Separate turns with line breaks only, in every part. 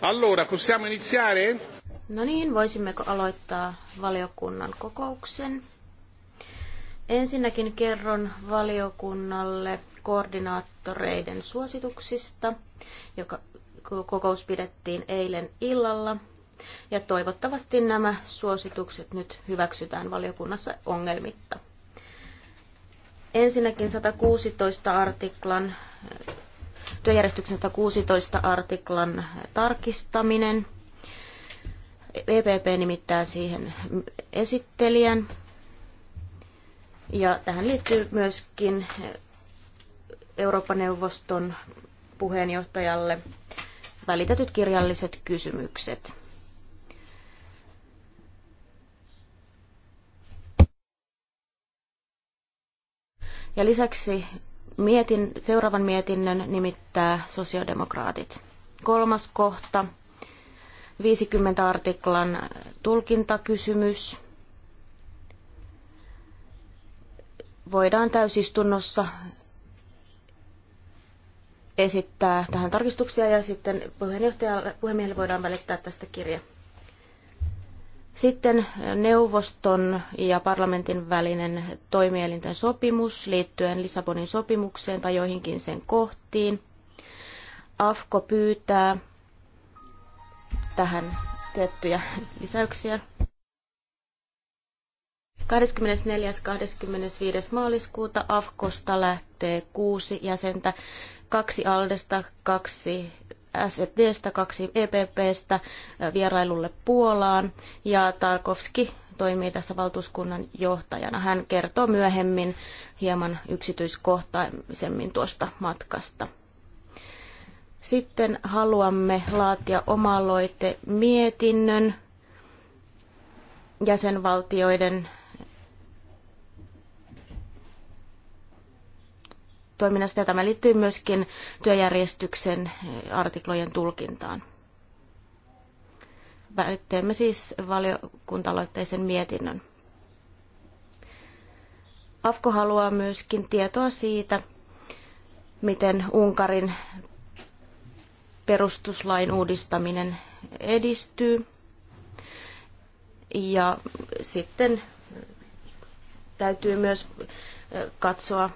Allora, possiamo iniziare?
No niin, voisimmeko aloittaa valiokunnan kokouksen? Ensinnäkin kerron valiokunnalle koordinaattoreiden suosituksista, joka kokous pidettiin eilen illalla. Ja toivottavasti nämä suositukset nyt hyväksytään valiokunnassa ongelmitta. Ensinnäkin 116 artiklan työjärjestyksen 116 artiklan tarkistaminen. EPP nimittää siihen esittelijän. Ja tähän liittyy myöskin Euroopan neuvoston puheenjohtajalle välitetyt kirjalliset kysymykset. Ja lisäksi mietin, seuraavan mietinnön nimittää sosiodemokraatit. Kolmas kohta, 50 artiklan tulkintakysymys. Voidaan täysistunnossa esittää tähän tarkistuksia ja sitten puheenjohtajalle, puhemiehelle voidaan välittää tästä kirje. Sitten neuvoston ja parlamentin välinen toimielinten sopimus liittyen Lissabonin sopimukseen tai joihinkin sen kohtiin. AFKO pyytää tähän tiettyjä lisäyksiä. 24.–25. maaliskuuta AFKosta lähtee kuusi jäsentä, kaksi Aldesta, kaksi SEDstä, kaksi EPPstä vierailulle Puolaan ja Tarkovski toimii tässä valtuuskunnan johtajana. Hän kertoo myöhemmin hieman yksityiskohtaisemmin tuosta matkasta. Sitten haluamme laatia omaloite mietinnön jäsenvaltioiden toiminnasta ja tämä liittyy myöskin työjärjestyksen eh, artiklojen tulkintaan. Teemme siis valiokuntaloitteisen mietinnön. AFKO haluaa myöskin tietoa siitä, miten Unkarin perustuslain uudistaminen edistyy. Ja sitten täytyy myös eh, katsoa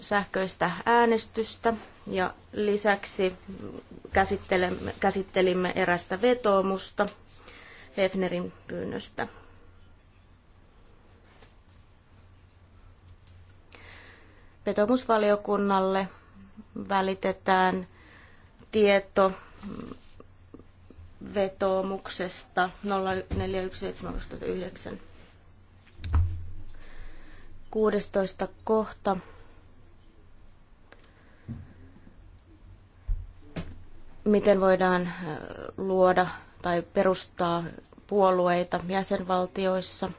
sähköistä äänestystä ja lisäksi käsittelimme erästä vetoomusta Hefnerin pyynnöstä. Vetomusvaliokunnalle välitetään tieto vetoomuksesta 04179 16 kohta miten voidaan äh, luoda tai perustaa puolueita jäsenvaltioissa,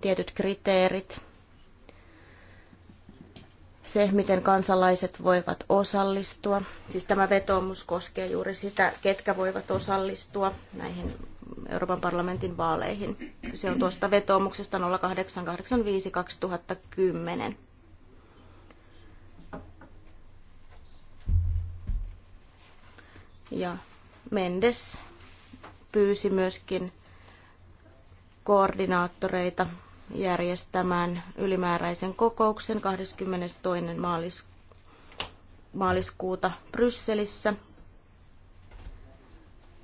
tietyt kriteerit, se, miten kansalaiset voivat osallistua. Siis tämä vetoomus koskee juuri sitä, ketkä voivat osallistua näihin Euroopan parlamentin vaaleihin. Se on tuosta vetoomuksesta 0885 2010. Ja Mendes pyysi myöskin koordinaattoreita järjestämään ylimääräisen kokouksen 22. Maalis- maaliskuuta Brysselissä,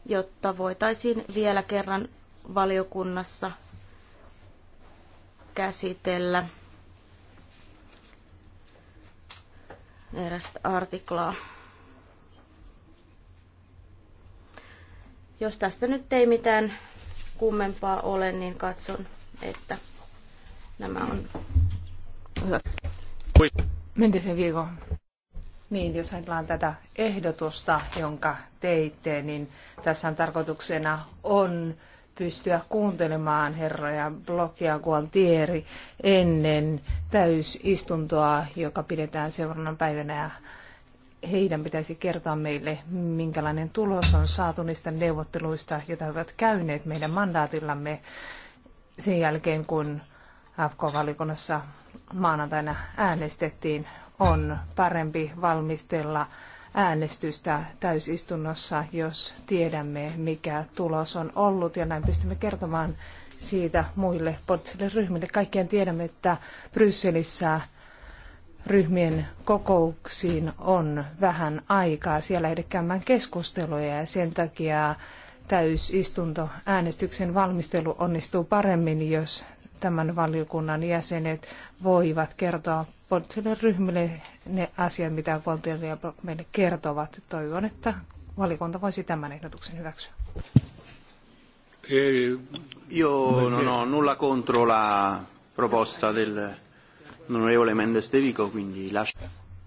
jotta voitaisiin vielä kerran valiokunnassa käsitellä erästä artiklaa Jos tästä nyt ei mitään kummempaa ole, niin katson, että nämä on hyvä.
Mentiin sen viikon. Niin, jos ajatellaan tätä ehdotusta, jonka teitte, niin tässä on tarkoituksena on pystyä kuuntelemaan herroja blogia Gualtieri ennen täysistuntoa, joka pidetään seuraavana päivänä heidän pitäisi kertoa meille, minkälainen tulos on saatu niistä neuvotteluista, joita he ovat käyneet meidän mandaatillamme sen jälkeen, kun FK-valikunnassa maanantaina äänestettiin, on parempi valmistella äänestystä täysistunnossa, jos tiedämme, mikä tulos on ollut, ja näin pystymme kertomaan siitä muille poliittisille ryhmille. Kaikkien tiedämme, että Brysselissä ryhmien kokouksiin on vähän aikaa. Siellä ei käymään keskusteluja ja sen takia täysistuntoäänestyksen valmistelu onnistuu paremmin, jos tämän valiokunnan jäsenet voivat kertoa poliittisille ryhmille ne asiat, mitä Gualtieri meille kertovat. Toivon, että valiokunta voisi tämän ehdotuksen hyväksyä.
Eh, io non nulla contro la proposta del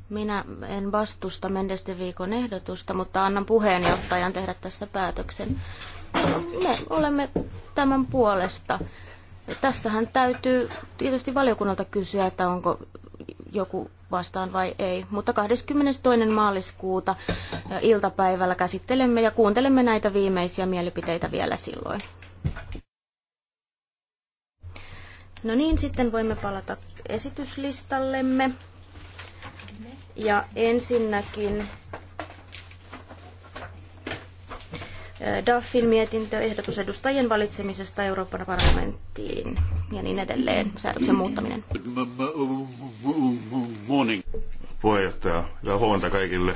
minä en vastusta Mendes de ehdotusta, mutta annan puheenjohtajan tehdä tästä päätöksen. Me olemme tämän puolesta. Tässähän täytyy tietysti valiokunnalta kysyä, että onko joku vastaan vai ei. Mutta 22. maaliskuuta eh, iltapäivällä käsittelemme ja kuuntelemme näitä viimeisiä mielipiteitä vielä silloin. No niin, sitten voimme palata esityslistallemme. Ja ensinnäkin eh, Daffin mietintö, ehdotus edustajien valitsemisesta Euroopan parlamenttiin ja niin edelleen, säädöksen muuttaminen.
Morning.
Puheenjohtaja, hyvää huomenta kaikille.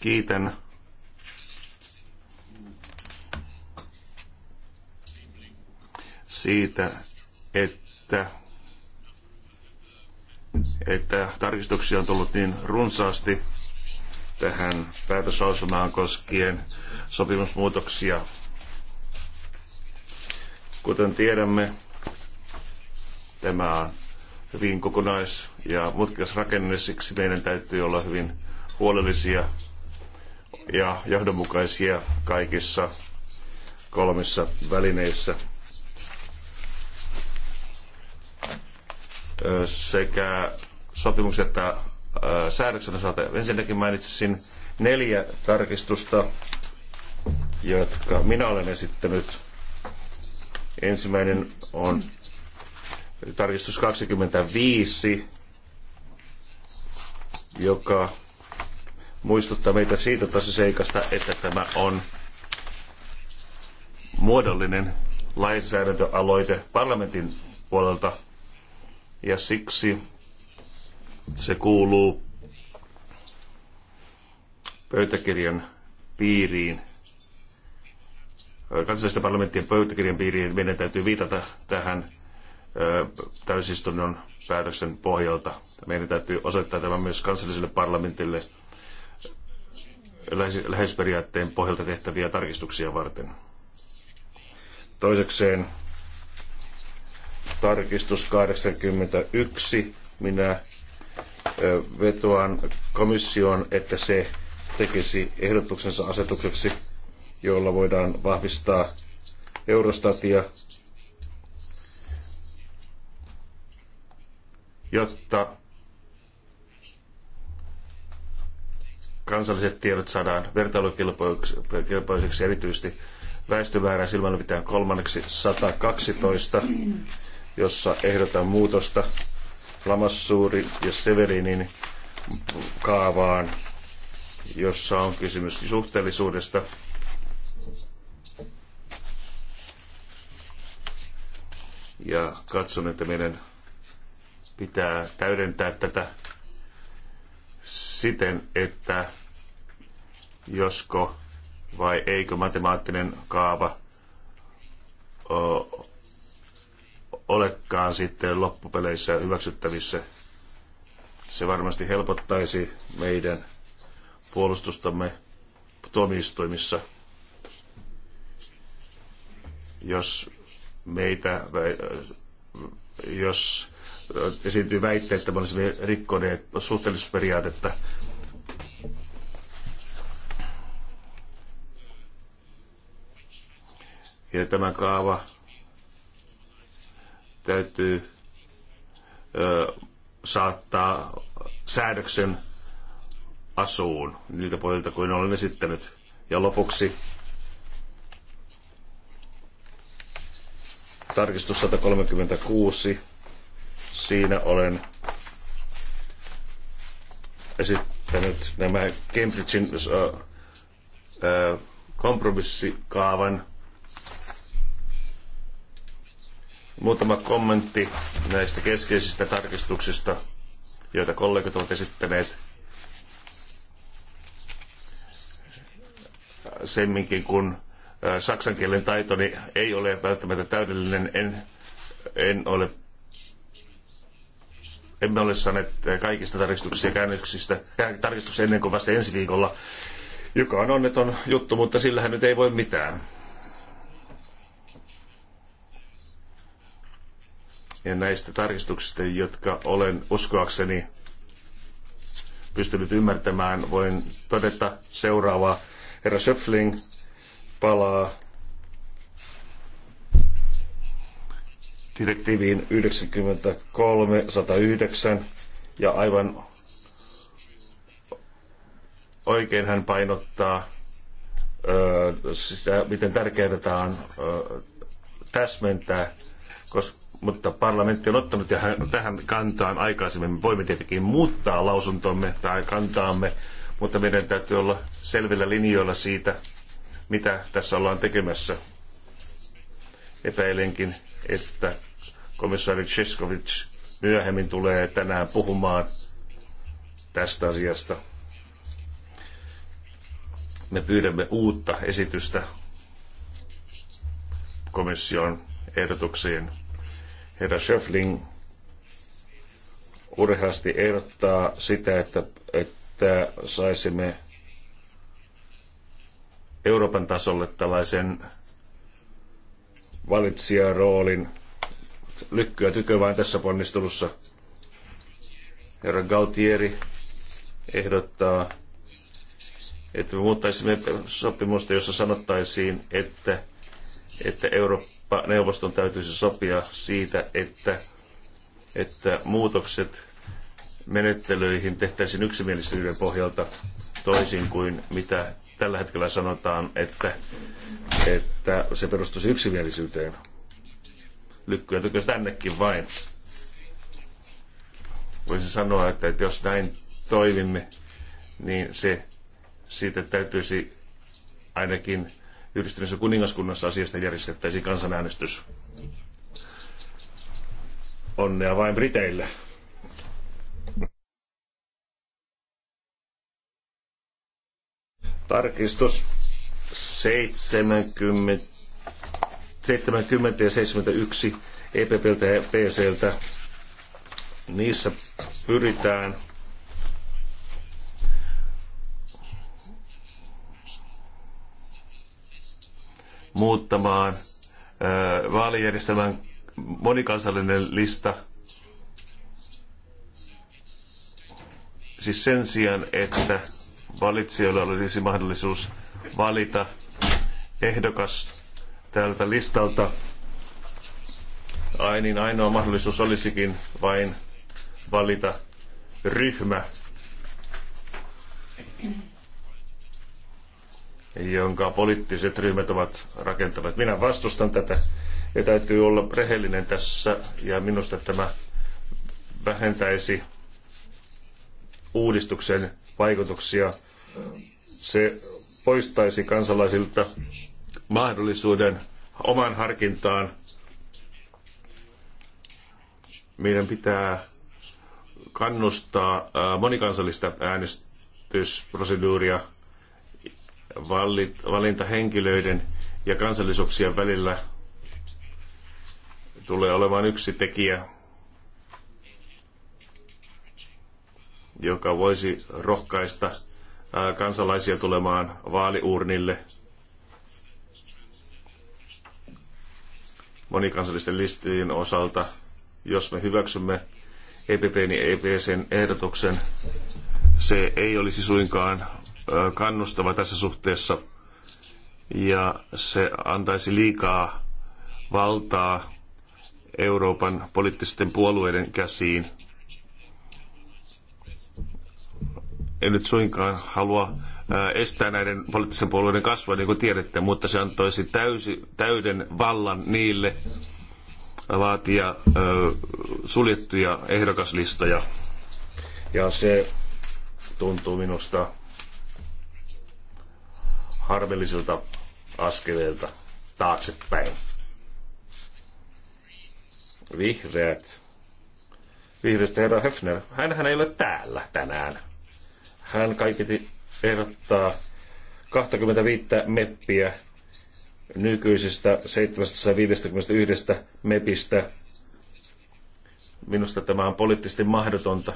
Kiitän siitä, että, että tarkistuksia on tullut niin runsaasti tähän päätösausumaan koskien sopimusmuutoksia. Kuten tiedämme, tämä on hyvin kokonais- ja mutkikas rakenne, siksi meidän täytyy olla hyvin huolellisia ja johdonmukaisia kaikissa kolmessa välineissä. sekä sopimuksen että säädöksen osalta. Ensinnäkin mainitsisin neljä tarkistusta, jotka minä olen esittänyt. Ensimmäinen on tarkistus 25, joka muistuttaa meitä siitä tosiseikasta, että tämä on muodollinen lainsäädäntöaloite parlamentin puolelta ja siksi se kuuluu pöytäkirjan piiriin, kansallisten parlamenttien pöytäkirjan piiriin. Meidän täytyy viitata tähän täysistunnon päätöksen pohjalta. Meidän täytyy osoittaa tämä myös kansalliselle parlamentille läheisperiaatteen pohjalta tehtäviä tarkistuksia varten. Toisekseen Tarkistus 81. Minä vetoan komissioon, että se tekisi ehdotuksensa asetukseksi, jolla voidaan vahvistaa Eurostatia, jotta kansalliset tiedot saadaan vertailukelpoisiksi erityisesti väestömäärää silmällä pitää kolmanneksi 112 jossa ehdotan muutosta Lamassuuri ja Severinin kaavaan, jossa on kysymys suhteellisuudesta. Ja katson, että meidän pitää täydentää tätä siten, että josko vai eikö matemaattinen kaava olekaan sitten loppupeleissä hyväksyttävissä. Se varmasti helpottaisi meidän puolustustamme tuomioistuimissa, jos meitä, jos esiintyy väitteet, että me olisimme rikkoneet suhteellisuusperiaatetta, ja tämä kaava täytyy ö, saattaa säädöksen asuun niiltä pohjalta kuin olen esittänyt. Ja lopuksi tarkistus 136. Siinä olen esittänyt nämä Cambridgein kompromissikaavan Muutama kommentti näistä keskeisistä tarkistuksista, joita kollegat ovat esittäneet. Semminkin kun saksan kielen taitoni ei ole välttämättä täydellinen, en, en ole emme ole saaneet kaikista tarkistuksista ja käännöksistä tarkistuksia ennen kuin vasta ensi viikolla, joka on onneton juttu, mutta sillähän nyt ei voi mitään. ja näistä tarkistuksista, jotka olen uskoakseni pystynyt ymmärtämään, voin todeta seuraavaa. Herra Schöpfling palaa direktiiviin 93.109 ja aivan oikein hän painottaa sitä, miten tärkeää tätä on täsmentää, koska mutta parlamentti on ottanut tähän kantaan aikaisemmin. Me voimme tietenkin muuttaa lausuntomme tai kantaamme, mutta meidän täytyy olla selvillä linjoilla siitä, mitä tässä ollaan tekemässä. Epäilenkin, että komissaari Cheskovic myöhemmin tulee tänään puhumaan tästä asiasta. Me pyydämme uutta esitystä komission ehdotuksiin Herra Schöfling urheasti ehdottaa sitä, että, että saisimme Euroopan tasolle tällaisen valitsijaroolin lykkyä tykö vain tässä ponnistelussa. Herra Galtieri ehdottaa, että me muuttaisimme sopimusta, jossa sanottaisiin, että, että Euro, Eurooppa neuvoston täytyisi sopia siitä, että, että muutokset menettelyihin tehtäisiin yksimielisyyden pohjalta toisin kuin mitä tällä hetkellä sanotaan, että, että se perustuisi yksimielisyyteen. Lykkyätykö tännekin vain? Voisin sanoa, että, että jos näin toimimme, niin se siitä täytyisi ainakin yhdistyneessä kuningaskunnassa asiasta järjestettäisiin kansanäänestys. Onnea vain Briteille. Tarkistus 70, 70 ja 71 EPPltä ja e PCltä. Niissä pyritään muuttamaan vaalijärjestelmän monikansallinen lista. Siis sen sijaan, että valitsijoilla olisi mahdollisuus valita ehdokas tältä listalta, niin ainoa mahdollisuus olisikin vain valita ryhmä jonka poliittiset ryhmät ovat rakentaneet. Minä vastustan tätä ja täytyy olla rehellinen tässä ja minusta tämä vähentäisi uudistuksen vaikutuksia. Se poistaisi kansalaisilta mahdollisuuden oman harkintaan. Meidän pitää kannustaa monikansallista äänestysproseduuria valinta ja kansallisuuksien välillä tulee olemaan yksi tekijä, joka voisi rohkaista kansalaisia tulemaan vaaliurnille. monikansallisten listojen osalta. Jos me hyväksymme EPP, niin EPCn ehdotuksen se ei olisi suinkaan kannustava tässä suhteessa ja se antaisi liikaa valtaa Euroopan poliittisten puolueiden käsiin. En nyt suinkaan halua estää näiden poliittisten puolueiden kasvua, niin kuin tiedätte, mutta se antoisi täysi, täyden vallan niille vaatia ö, suljettuja ehdokaslistoja. Ja se tuntuu minusta harmillisilta askeleilta taaksepäin. Vihreät. Vihreistä herra Höfner. Hänhän ei ole täällä tänään. Hän kaiketi ehdottaa 25 meppiä nykyisestä 751 mepistä. Minusta tämä on poliittisesti mahdotonta.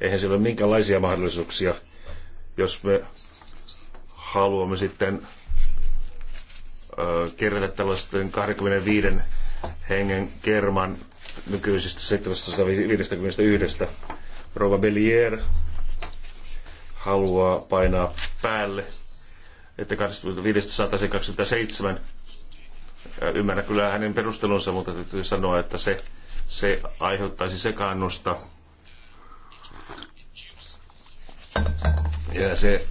Eihän sillä ole minkäänlaisia mahdollisuuksia, jos me haluamme sitten kerätä tällaisten 25 hengen kerman nykyisistä 751. Rova Bellier haluaa painaa päälle, että 25 saataisiin 27. Ymmärrän kyllä hänen perustelunsa, mutta täytyy sanoa, että se, se aiheuttaisi sekaannusta. Ja se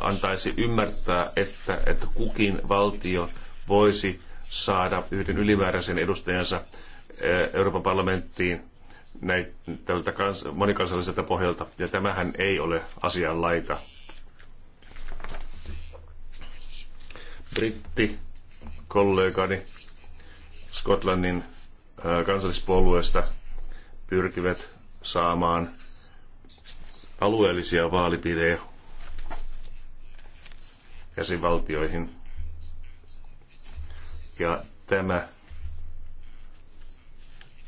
antaisi ymmärtää, että, että kukin valtio voisi saada yhden ylimääräisen edustajansa eh, Euroopan parlamenttiin näitä tältä kans, monikansalliselta pohjalta, ja tämähän ei ole asian laita. Britti, kollegani Skotlannin eh, kansallispuolueesta pyrkivät saamaan alueellisia vaalipiirejä jäsenvaltioihin. Ja tämä,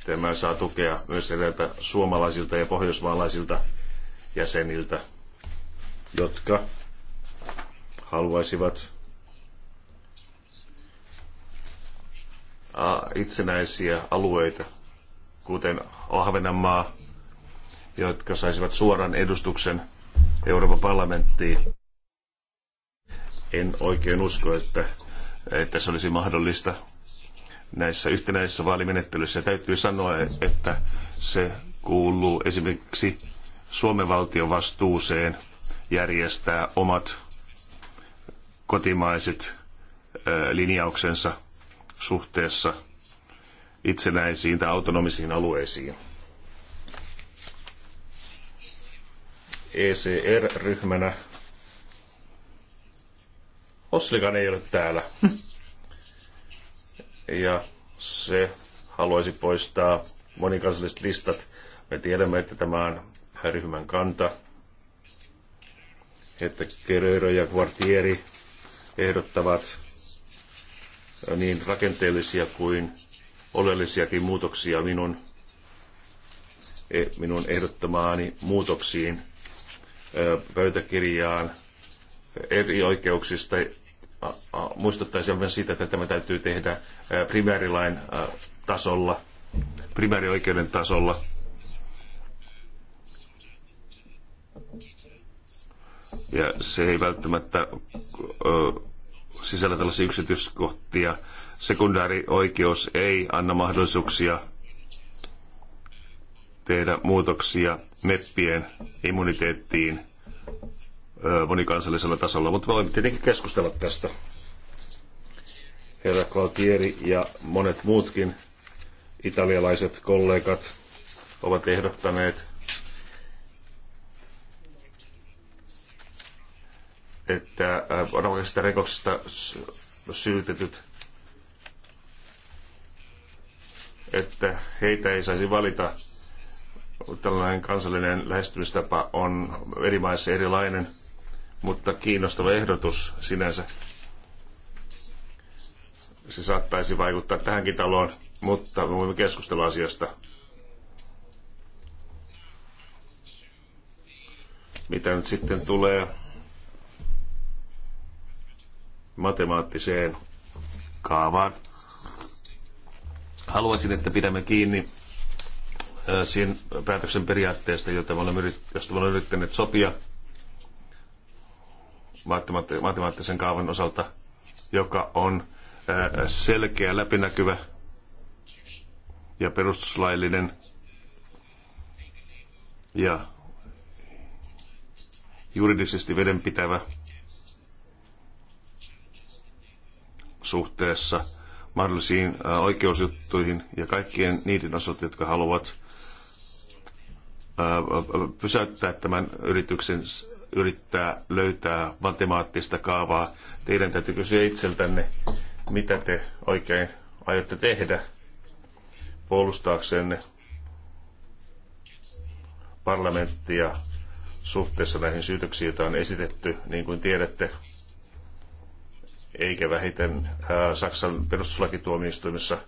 tämä saa tukea myös edeltä suomalaisilta ja pohjoismaalaisilta jäseniltä, jotka haluaisivat itsenäisiä alueita, kuten Ahvenanmaa, jotka saisivat suoran edustuksen Euroopan parlamenttiin. En oikein usko, että, että se olisi mahdollista näissä yhtenäisissä vaalimenettelyissä. Ja täytyy sanoa, että se kuuluu esimerkiksi Suomen valtion vastuuseen järjestää omat kotimaiset linjauksensa suhteessa itsenäisiin tai autonomisiin alueisiin. ECR-ryhmänä Oslikan ei ole täällä. Ja se haluaisi poistaa monikansalliset listat. Me tiedämme, että tämä on ryhmän kanta, että Guerrero ja Quartieri ehdottavat niin rakenteellisia kuin oleellisiakin muutoksia minun, e, minun ehdottamaani muutoksiin pöytäkirjaan eri oikeuksista muistuttaisin siitä, että tämä täytyy tehdä primäärilain tasolla, primäärioikeuden tasolla. Ja se ei välttämättä sisällä tällaisia yksityiskohtia. Sekundaarioikeus ei anna mahdollisuuksia tehdä muutoksia meppien immuniteettiin monikansallisella tasolla, mutta me voimme tietenkin keskustella tästä. Herra Gualtieri ja monet muutkin italialaiset kollegat ovat ehdottaneet, että rauhallisista rikoksista syytetyt, että heitä ei saisi valita. Tällainen kansallinen lähestymistapa on eri maissa erilainen – mutta kiinnostava ehdotus sinänsä. Se saattaisi vaikuttaa tähänkin taloon, mutta me voimme keskustella asiasta. Mitä nyt sitten tulee matemaattiseen kaavaan? Haluaisin, että pidämme kiinni siinä päätöksen periaatteesta, josta me olemme yrittäneet sopia – matemaattisen kaavan osalta, joka on selkeä, läpinäkyvä ja perustuslaillinen ja juridisesti vedenpitävä suhteessa mahdollisiin oikeusjuttuihin ja kaikkien niiden osalta, jotka haluavat pysäyttää tämän yrityksen yrittää löytää matemaattista kaavaa. Teidän täytyy kysyä itseltänne, mitä te oikein aiotte tehdä puolustaaksenne parlamenttia suhteessa näihin syytöksiin, joita on esitetty, niin kuin tiedätte, eikä vähiten Saksan perustuslakituomioistuimessa,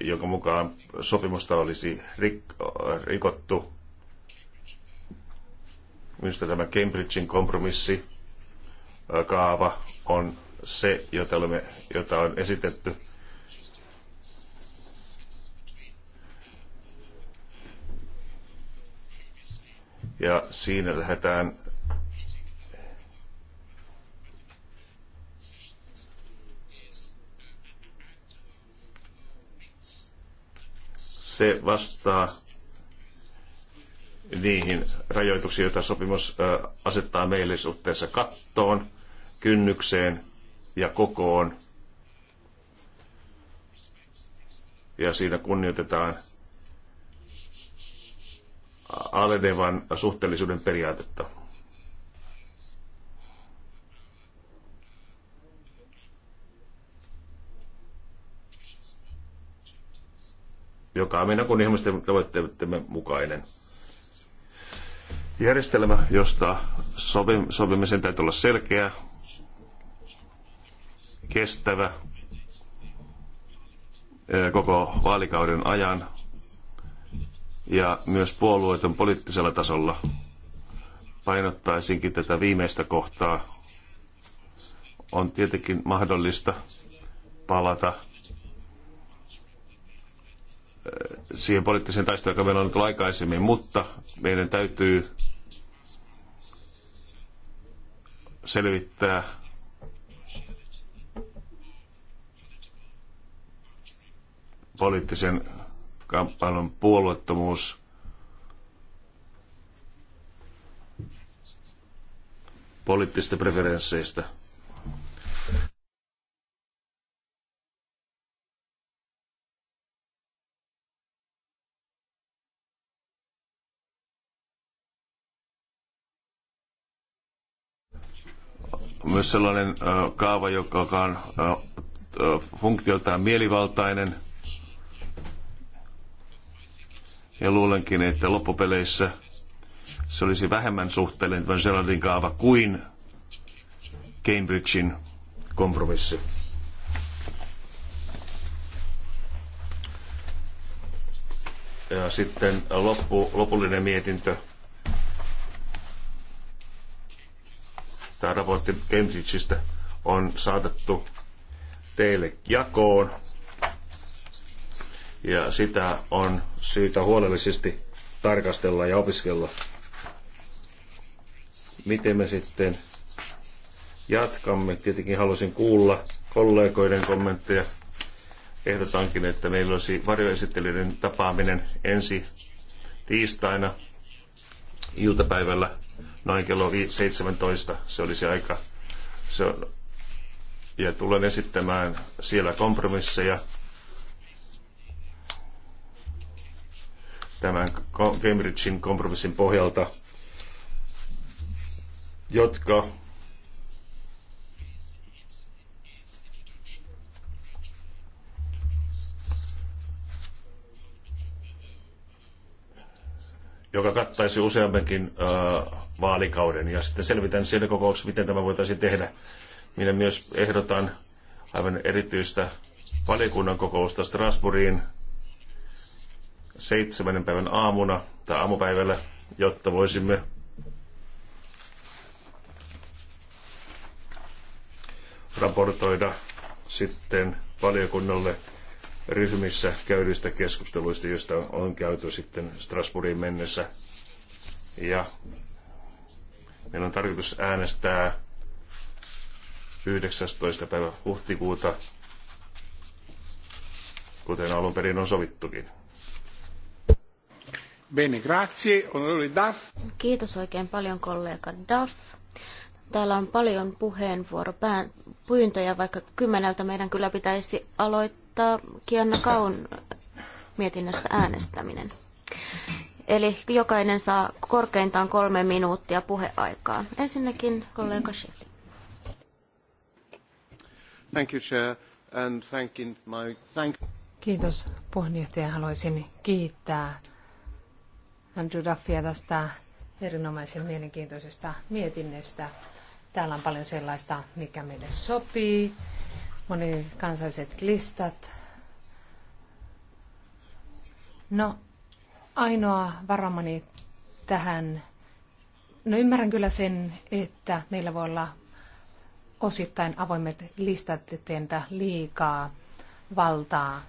jonka mukaan sopimusta olisi rikottu Minusta tämä Cambridgein kompromissi kaava on se, jota, olemme, jota on esitetty. Ja siinä lähdetään se vastaa niihin rajoituksiin, joita sopimus asettaa meille suhteessa kattoon, kynnykseen ja kokoon. Ja siinä kunnioitetaan alenevan suhteellisuuden periaatetta. joka on meidän kunnianhimoisten tavoitteidemme mukainen. Järjestelmä, josta sovimme, sen täytyy olla selkeä, kestävä koko vaalikauden ajan ja myös puolueeton poliittisella tasolla. Painottaisinkin tätä viimeistä kohtaa. On tietenkin mahdollista palata siihen poliittiseen taisteluun, joka meillä on ollut aikaisemmin, mutta meidän täytyy selvittää poliittisen kamppailun puolueettomuus. poliittisista preferensseistä. myös sellainen kaava, joka on funktioltaan mielivaltainen. Ja luulenkin, että loppupeleissä se olisi vähemmän suhteellinen Van Zelandin kaava kuin Cambridgein kompromissi. Ja sitten loppu, lopullinen mietintö Tämä raportti Cambridgeista on saatettu teille jakoon. Ja sitä on syytä huolellisesti tarkastella ja opiskella. Miten me sitten jatkamme? Tietenkin halusin kuulla kollegoiden kommentteja. Ehdotankin, että meillä olisi varjoesittelyiden tapaaminen ensi tiistaina iltapäivällä noin kello 17. Se olisi aika. Se on, ja tulen esittämään siellä kompromisseja tämän Cambridgein kompromissin pohjalta, jotka joka kattaisi useammankin äh, vaalikauden. Ja sitten selvitän siellä kokouksessa, miten tämä voitaisiin tehdä. Minä myös ehdotan aivan erityistä valiokunnan kokousta Strasbourgiin seitsemännen päivän aamuna tai aamupäivällä, jotta voisimme raportoida sitten valiokunnalle ryhmissä käydyistä keskusteluista, joista on käyty sitten Strasbourgin mennessä. Ja Meillä on tarkoitus äänestää 19. päivä huhtikuuta,
kuten alun perin on sovittukin. Bene, grazie, onorevole Duff.
Kiitos oikein paljon kollega Duff. Täällä on paljon puheenvuoropyyntöjä, pyyntöjä, vaikka kymmeneltä meidän kyllä pitäisi aloittaa Kianna Kaun mietinnöstä äänestäminen. Eli jokainen saa korkeintaan kolme minuuttia puheaikaa. Ensinnäkin kollega Schifrin.
Thank you, Chair, and thanking
my thank... Kiitos puheenjohtaja. Haluaisin kiittää Andrew Duffia tästä erinomaisen mielenkiintoisesta mietinnöstä. Täällä on paljon sellaista, mikä meille sopii. Monikansaiset listat. No, Ainoa varamani tähän, no ymmärrän kyllä sen, että meillä voi olla osittain avoimet listat teentä liikaa valtaa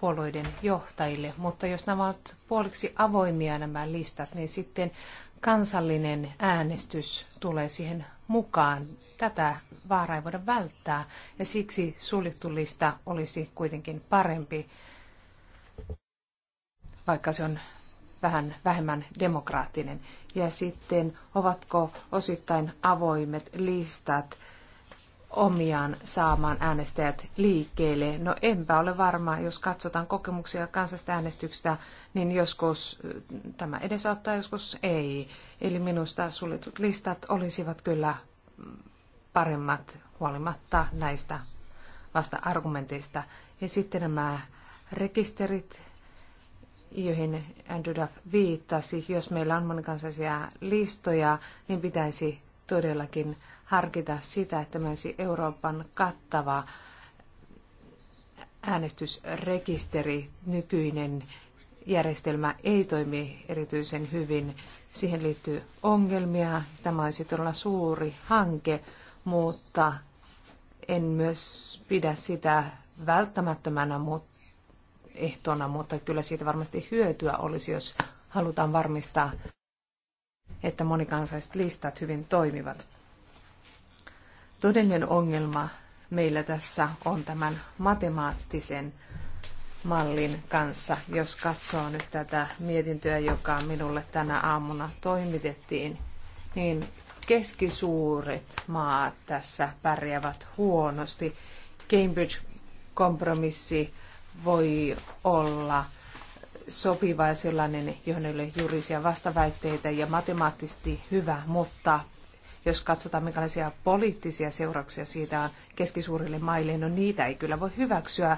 puolueiden johtajille, mutta jos nämä ovat puoliksi avoimia nämä listat, niin sitten kansallinen äänestys tulee siihen mukaan. Tätä vaaraa ei voida välttää ja siksi suljettu lista olisi kuitenkin parempi vaikka se on vähän vähemmän demokraattinen. Ja sitten ovatko osittain avoimet listat omiaan saamaan äänestäjät liikkeelle? No enpä ole varma, jos katsotaan kokemuksia kansasta äänestyksestä, niin joskus mm, tämä edesauttaa, joskus ei. Eli minusta suljetut listat olisivat kyllä mm, paremmat huolimatta näistä vasta-argumenteista. Ja sitten nämä rekisterit, joihin Andrew Duff viittasi, jos meillä on monikansaisia listoja, niin pitäisi todellakin harkita sitä, että meillä olisi Euroopan kattava äänestysrekisteri, nykyinen järjestelmä ei toimi erityisen hyvin. Siihen liittyy ongelmia. Tämä olisi todella suuri hanke, mutta en myös pidä sitä välttämättömänä, mutta ehtona, mutta kyllä siitä varmasti hyötyä olisi, jos halutaan varmistaa, että monikansaiset listat hyvin toimivat. Todellinen ongelma meillä tässä on tämän matemaattisen mallin kanssa, jos katsoo nyt tätä mietintöä, joka minulle tänä aamuna toimitettiin, niin keskisuuret maat tässä pärjäävät huonosti. Cambridge-kompromissi voi olla sopiva ja sellainen, johon ei ole juridisia vastaväitteitä ja matemaattisesti hyvä, mutta jos katsotaan minkälaisia poliittisia seurauksia siitä on keskisuurille maille, no niitä ei kyllä voi hyväksyä.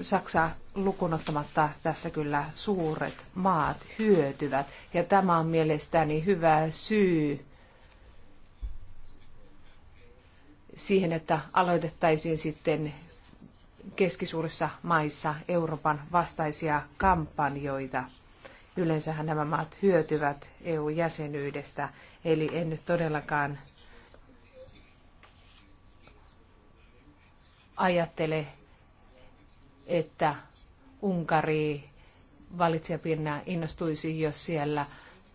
Saksa lukunottamatta tässä kyllä suuret maat hyötyvät. Ja tämä on mielestäni hyvä syy siihen, että aloitettaisiin sitten keskisuurissa maissa Euroopan vastaisia kampanjoita. Yleensähän nämä maat hyötyvät EU-jäsenyydestä, eli en nyt todellakaan ajattele, että Unkari valitsijapinnä innostuisi, jos siellä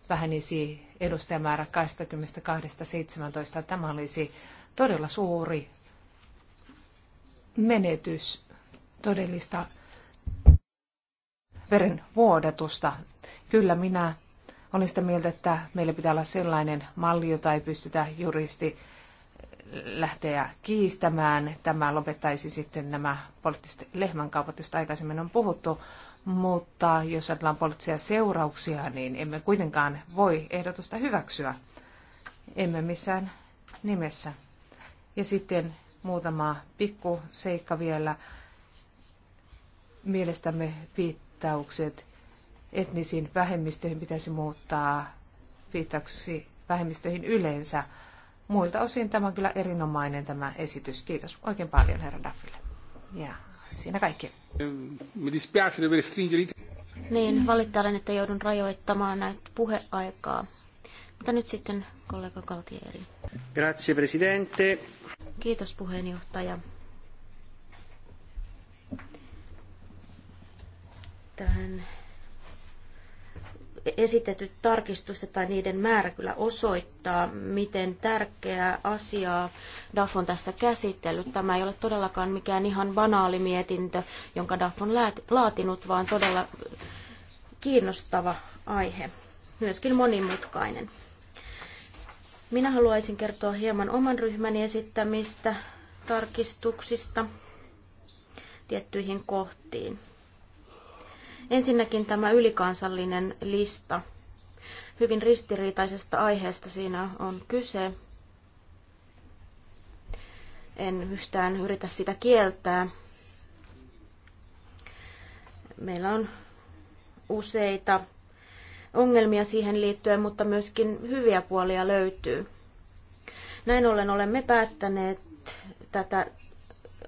vähenisi edustajamäärä 22-17. Tämä olisi todella suuri menetys, todellista veren vuodatusta. Kyllä minä olen sitä mieltä, että meillä pitää olla sellainen malli, jota ei pystytä juristi lähteä kiistämään. Tämä lopettaisi sitten nämä poliittiset lehmänkaupat, joista aikaisemmin on puhuttu. Mutta jos ajatellaan poliittisia seurauksia, niin emme kuitenkaan voi ehdotusta hyväksyä. Emme missään nimessä. Ja sitten Muutama pikku seikka vielä. Mielestämme viittaukset etnisiin vähemmistöihin pitäisi muuttaa viittauksi vähemmistöihin yleensä. Muilta osin tämä on kyllä erinomainen tämä esitys. Kiitos oikein paljon herra Daffille.
Ja siinä kaikki. Niin, valittelen, että joudun rajoittamaan näitä puheaikaa. Mutta nyt sitten kollega Kaltieri.
Grazie, presidente.
Kiitos puheenjohtaja. Tähän esitetyt tarkistukset tai niiden määrä kyllä osoittaa, miten tärkeää asiaa DAF on tässä käsitellyt. Tämä ei ole todellakaan mikään ihan banaali mietintö, jonka DAF on laatinut, vaan todella kiinnostava aihe, myöskin monimutkainen. Minä haluaisin kertoa hieman oman ryhmäni esittämistä tarkistuksista tiettyihin kohtiin. Ensinnäkin tämä ylikansallinen lista. Hyvin ristiriitaisesta aiheesta siinä on kyse. En yhtään yritä sitä kieltää. Meillä on useita ongelmia siihen liittyen, mutta myöskin hyviä puolia löytyy. Näin ollen olemme päättäneet tätä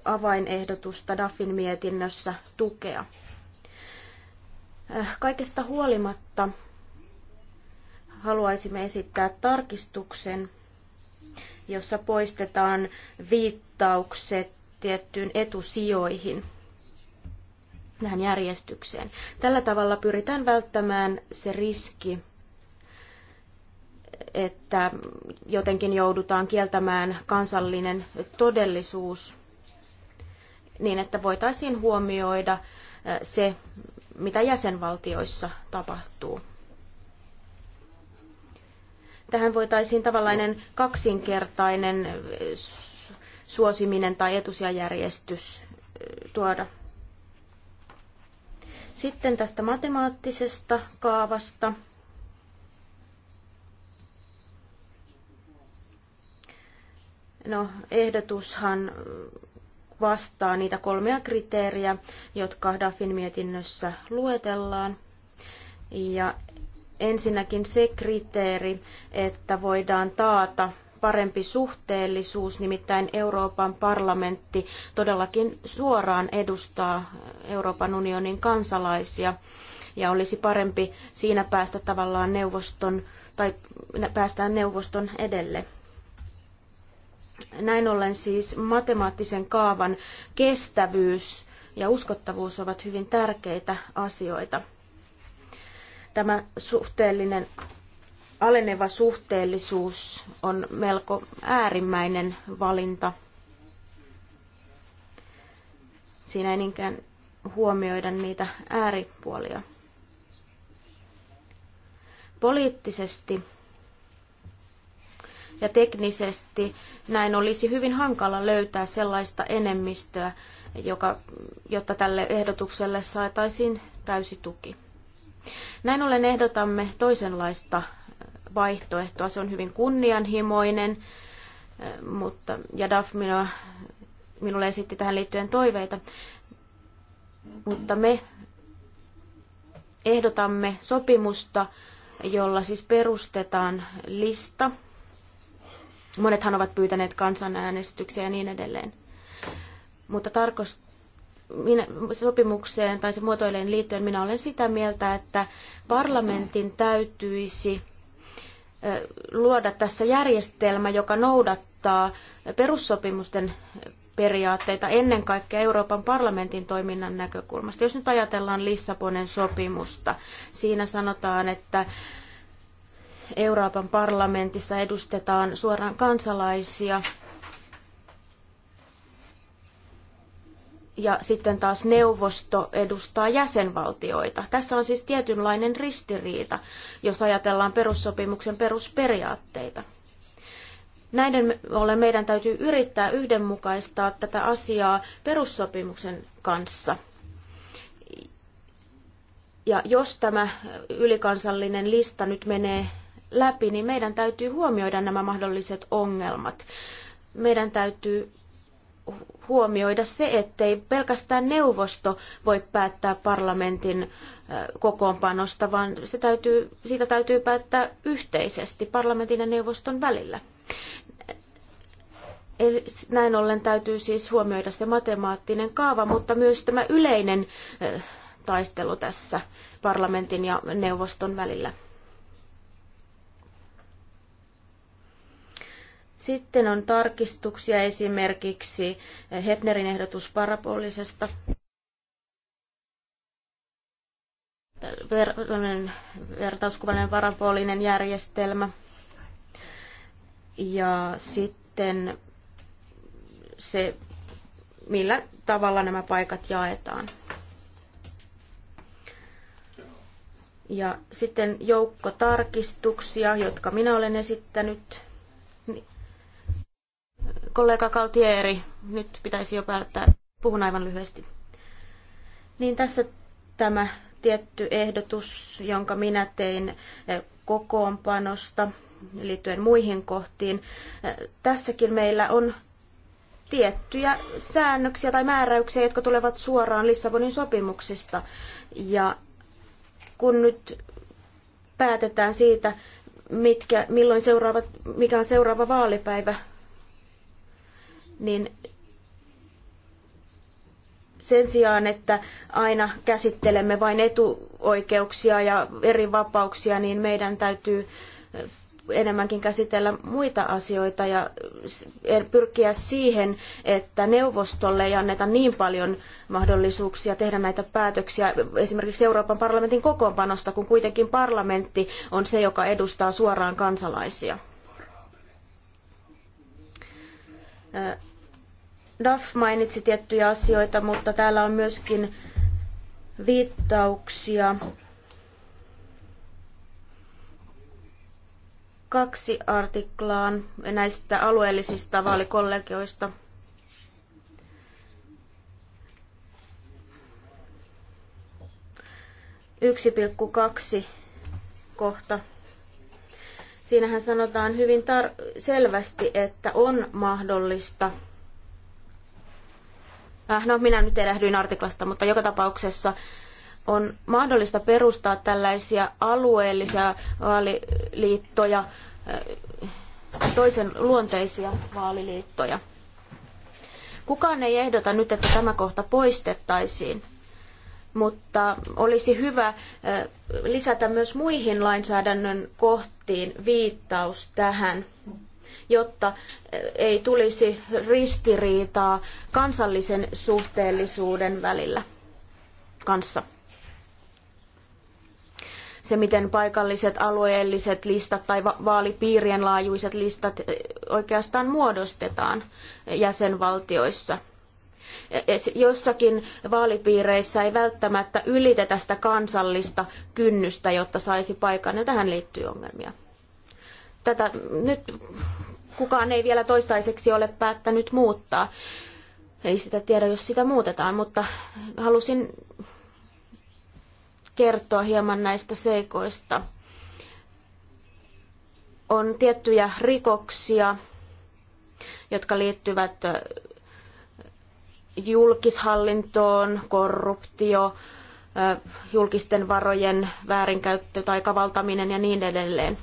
avainehdotusta DAFin mietinnössä tukea. Äh, kaikesta huolimatta haluaisimme esittää tarkistuksen, jossa poistetaan viittaukset tiettyyn etusijoihin tähän järjestykseen. Tällä tavalla pyritään välttämään se riski, että jotenkin joudutaan kieltämään kansallinen todellisuus niin, että voitaisiin huomioida se, mitä jäsenvaltioissa tapahtuu. Tähän voitaisiin tavallainen kaksinkertainen suosiminen tai etusijajärjestys tuoda sitten tästä matemaattisesta kaavasta. No, ehdotushan vastaa niitä kolmea kriteeriä, jotka DAFin mietinnössä luetellaan. Ja ensinnäkin se kriteeri, että voidaan taata parempi suhteellisuus, nimittäin Euroopan parlamentti todellakin suoraan edustaa Euroopan unionin kansalaisia ja olisi parempi siinä päästä tavallaan neuvoston tai päästään neuvoston edelle. Näin ollen siis matemaattisen kaavan kestävyys ja uskottavuus ovat hyvin tärkeitä asioita. Tämä suhteellinen aleneva suhteellisuus on melko äärimmäinen valinta. Siinä ei niinkään huomioida niitä ääripuolia. Poliittisesti ja teknisesti näin olisi hyvin hankala löytää sellaista enemmistöä, joka, jotta tälle ehdotukselle saataisiin täysi tuki. Näin ollen ehdotamme toisenlaista vaihtoehtoa. Se on hyvin kunnianhimoinen, eh, mutta, ja DAF minua, minulle esitti tähän liittyen toiveita, mutta me ehdotamme sopimusta, jolla siis perustetaan lista. Monethan ovat pyytäneet kansanäänestyksiä ja niin edelleen. Mutta tarkoitus minä, sopimukseen tai sen muotoileen liittyen minä olen sitä mieltä, että parlamentin täytyisi luoda tässä järjestelmä, joka noudattaa perussopimusten periaatteita ennen kaikkea Euroopan parlamentin toiminnan näkökulmasta. Jos nyt ajatellaan Lissabonin sopimusta, siinä sanotaan, että Euroopan parlamentissa edustetaan suoraan kansalaisia ja sitten taas neuvosto edustaa jäsenvaltioita. Tässä on siis tietynlainen ristiriita, jos ajatellaan perussopimuksen perusperiaatteita. Näiden ollen meidän täytyy yrittää yhdenmukaistaa tätä asiaa perussopimuksen kanssa. Ja jos tämä ylikansallinen lista nyt menee läpi, niin meidän täytyy huomioida nämä mahdolliset ongelmat. Meidän täytyy huomioida se, ettei pelkästään neuvosto voi päättää parlamentin kokoonpanosta, vaan se täytyy, siitä täytyy päättää yhteisesti parlamentin ja neuvoston välillä. Eli näin ollen täytyy siis huomioida se matemaattinen kaava, mutta myös tämä yleinen taistelu tässä parlamentin ja neuvoston välillä. Sitten on tarkistuksia esimerkiksi Hefnerin ehdotus parabolisesta ver, vertauskuvallinen parabolinen järjestelmä. Ja sitten se, millä tavalla nämä paikat jaetaan. Ja sitten joukko tarkistuksia, jotka minä olen esittänyt kollega Kaltieri, nyt pitäisi jo päättää, puhun aivan lyhyesti. Niin tässä tämä tietty ehdotus, jonka minä tein eh, kokoonpanosta liittyen muihin kohtiin. Eh, tässäkin meillä on tiettyjä säännöksiä tai määräyksiä, jotka tulevat suoraan Lissabonin sopimuksesta. Ja kun nyt päätetään siitä, mitkä, milloin seuraavat, mikä on seuraava vaalipäivä niin sen sijaan, että aina käsittelemme vain etuoikeuksia ja eri vapauksia, niin meidän täytyy eh, enemmänkin käsitellä muita asioita ja eh, pyrkiä siihen, että neuvostolle ei anneta niin paljon mahdollisuuksia tehdä näitä päätöksiä esimerkiksi Euroopan parlamentin kokoonpanosta, kun kuitenkin parlamentti on se, joka edustaa suoraan kansalaisia eh, Duff mainitsi tiettyjä asioita, mutta täällä on myöskin viittauksia. Kaksi artiklaan näistä alueellisista vaalikollegioista. Yksi kaksi kohta. Siinähän sanotaan hyvin tar- selvästi, että on mahdollista – Äh, no minä nyt erähdyin artiklasta, mutta joka tapauksessa on mahdollista perustaa tällaisia alueellisia vaaliliittoja, äh, toisen luonteisia vaaliliittoja. Kukaan ei ehdota nyt, että tämä kohta poistettaisiin, mutta olisi hyvä äh, lisätä myös muihin lainsäädännön kohtiin viittaus tähän jotta ei tulisi ristiriitaa kansallisen suhteellisuuden välillä kanssa. Se, miten paikalliset alueelliset listat tai vaalipiirien laajuiset listat eh, oikeastaan muodostetaan jäsenvaltioissa e, – e, jossakin vaalipiireissä ei välttämättä ylitetä sitä kansallista kynnystä, jotta saisi paikan, ja tähän liittyy ongelmia tätä nyt kukaan ei vielä toistaiseksi ole päättänyt muuttaa. Ei sitä tiedä, jos sitä muutetaan, mutta halusin kertoa hieman näistä seikoista. On tiettyjä rikoksia, jotka liittyvät julkishallintoon, korruptio, julkisten varojen väärinkäyttö tai kavaltaminen ja niin edelleen.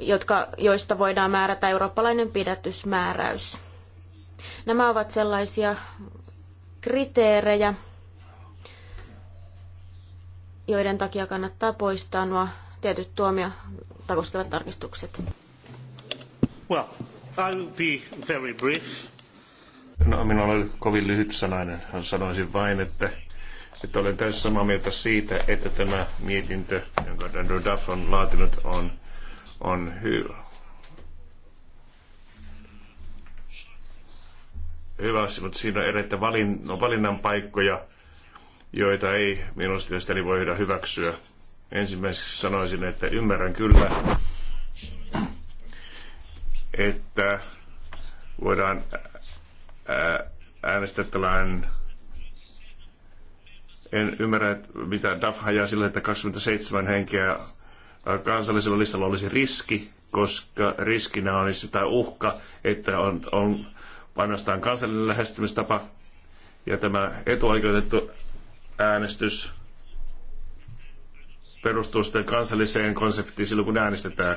jotka, joista voidaan määrätä eurooppalainen pidätysmääräys. Nämä ovat sellaisia kriteerejä, joiden takia kannattaa poistaa nuo tietyt tuomiota koskevat tarkistukset.
Well, I will be very brief.
No, minä olen kovin sanainen. Hän sanoisin vain, että, että olen täysin samaa mieltä siitä, että tämä mietintö, jonka Andrew Duff on laatinut, on on hyvä. Hyvä, mutta siinä on erittäin valin, no, valinnan paikkoja, joita ei minusta mielestäni voi hyväksyä. Ensimmäiseksi sanoisin, että ymmärrän kyllä, että voidaan äänestää tällainen en ymmärrä, mitä DAF hajaa sillä, että 27 henkeä Äh, kansallisella listalla olisi riski, koska riskinä olisi tai uhka, että on, on ainoastaan kansallinen lähestymistapa ja tämä etuoikeutettu äänestys perustuu sitten kansalliseen konseptiin silloin, kun äänestetään.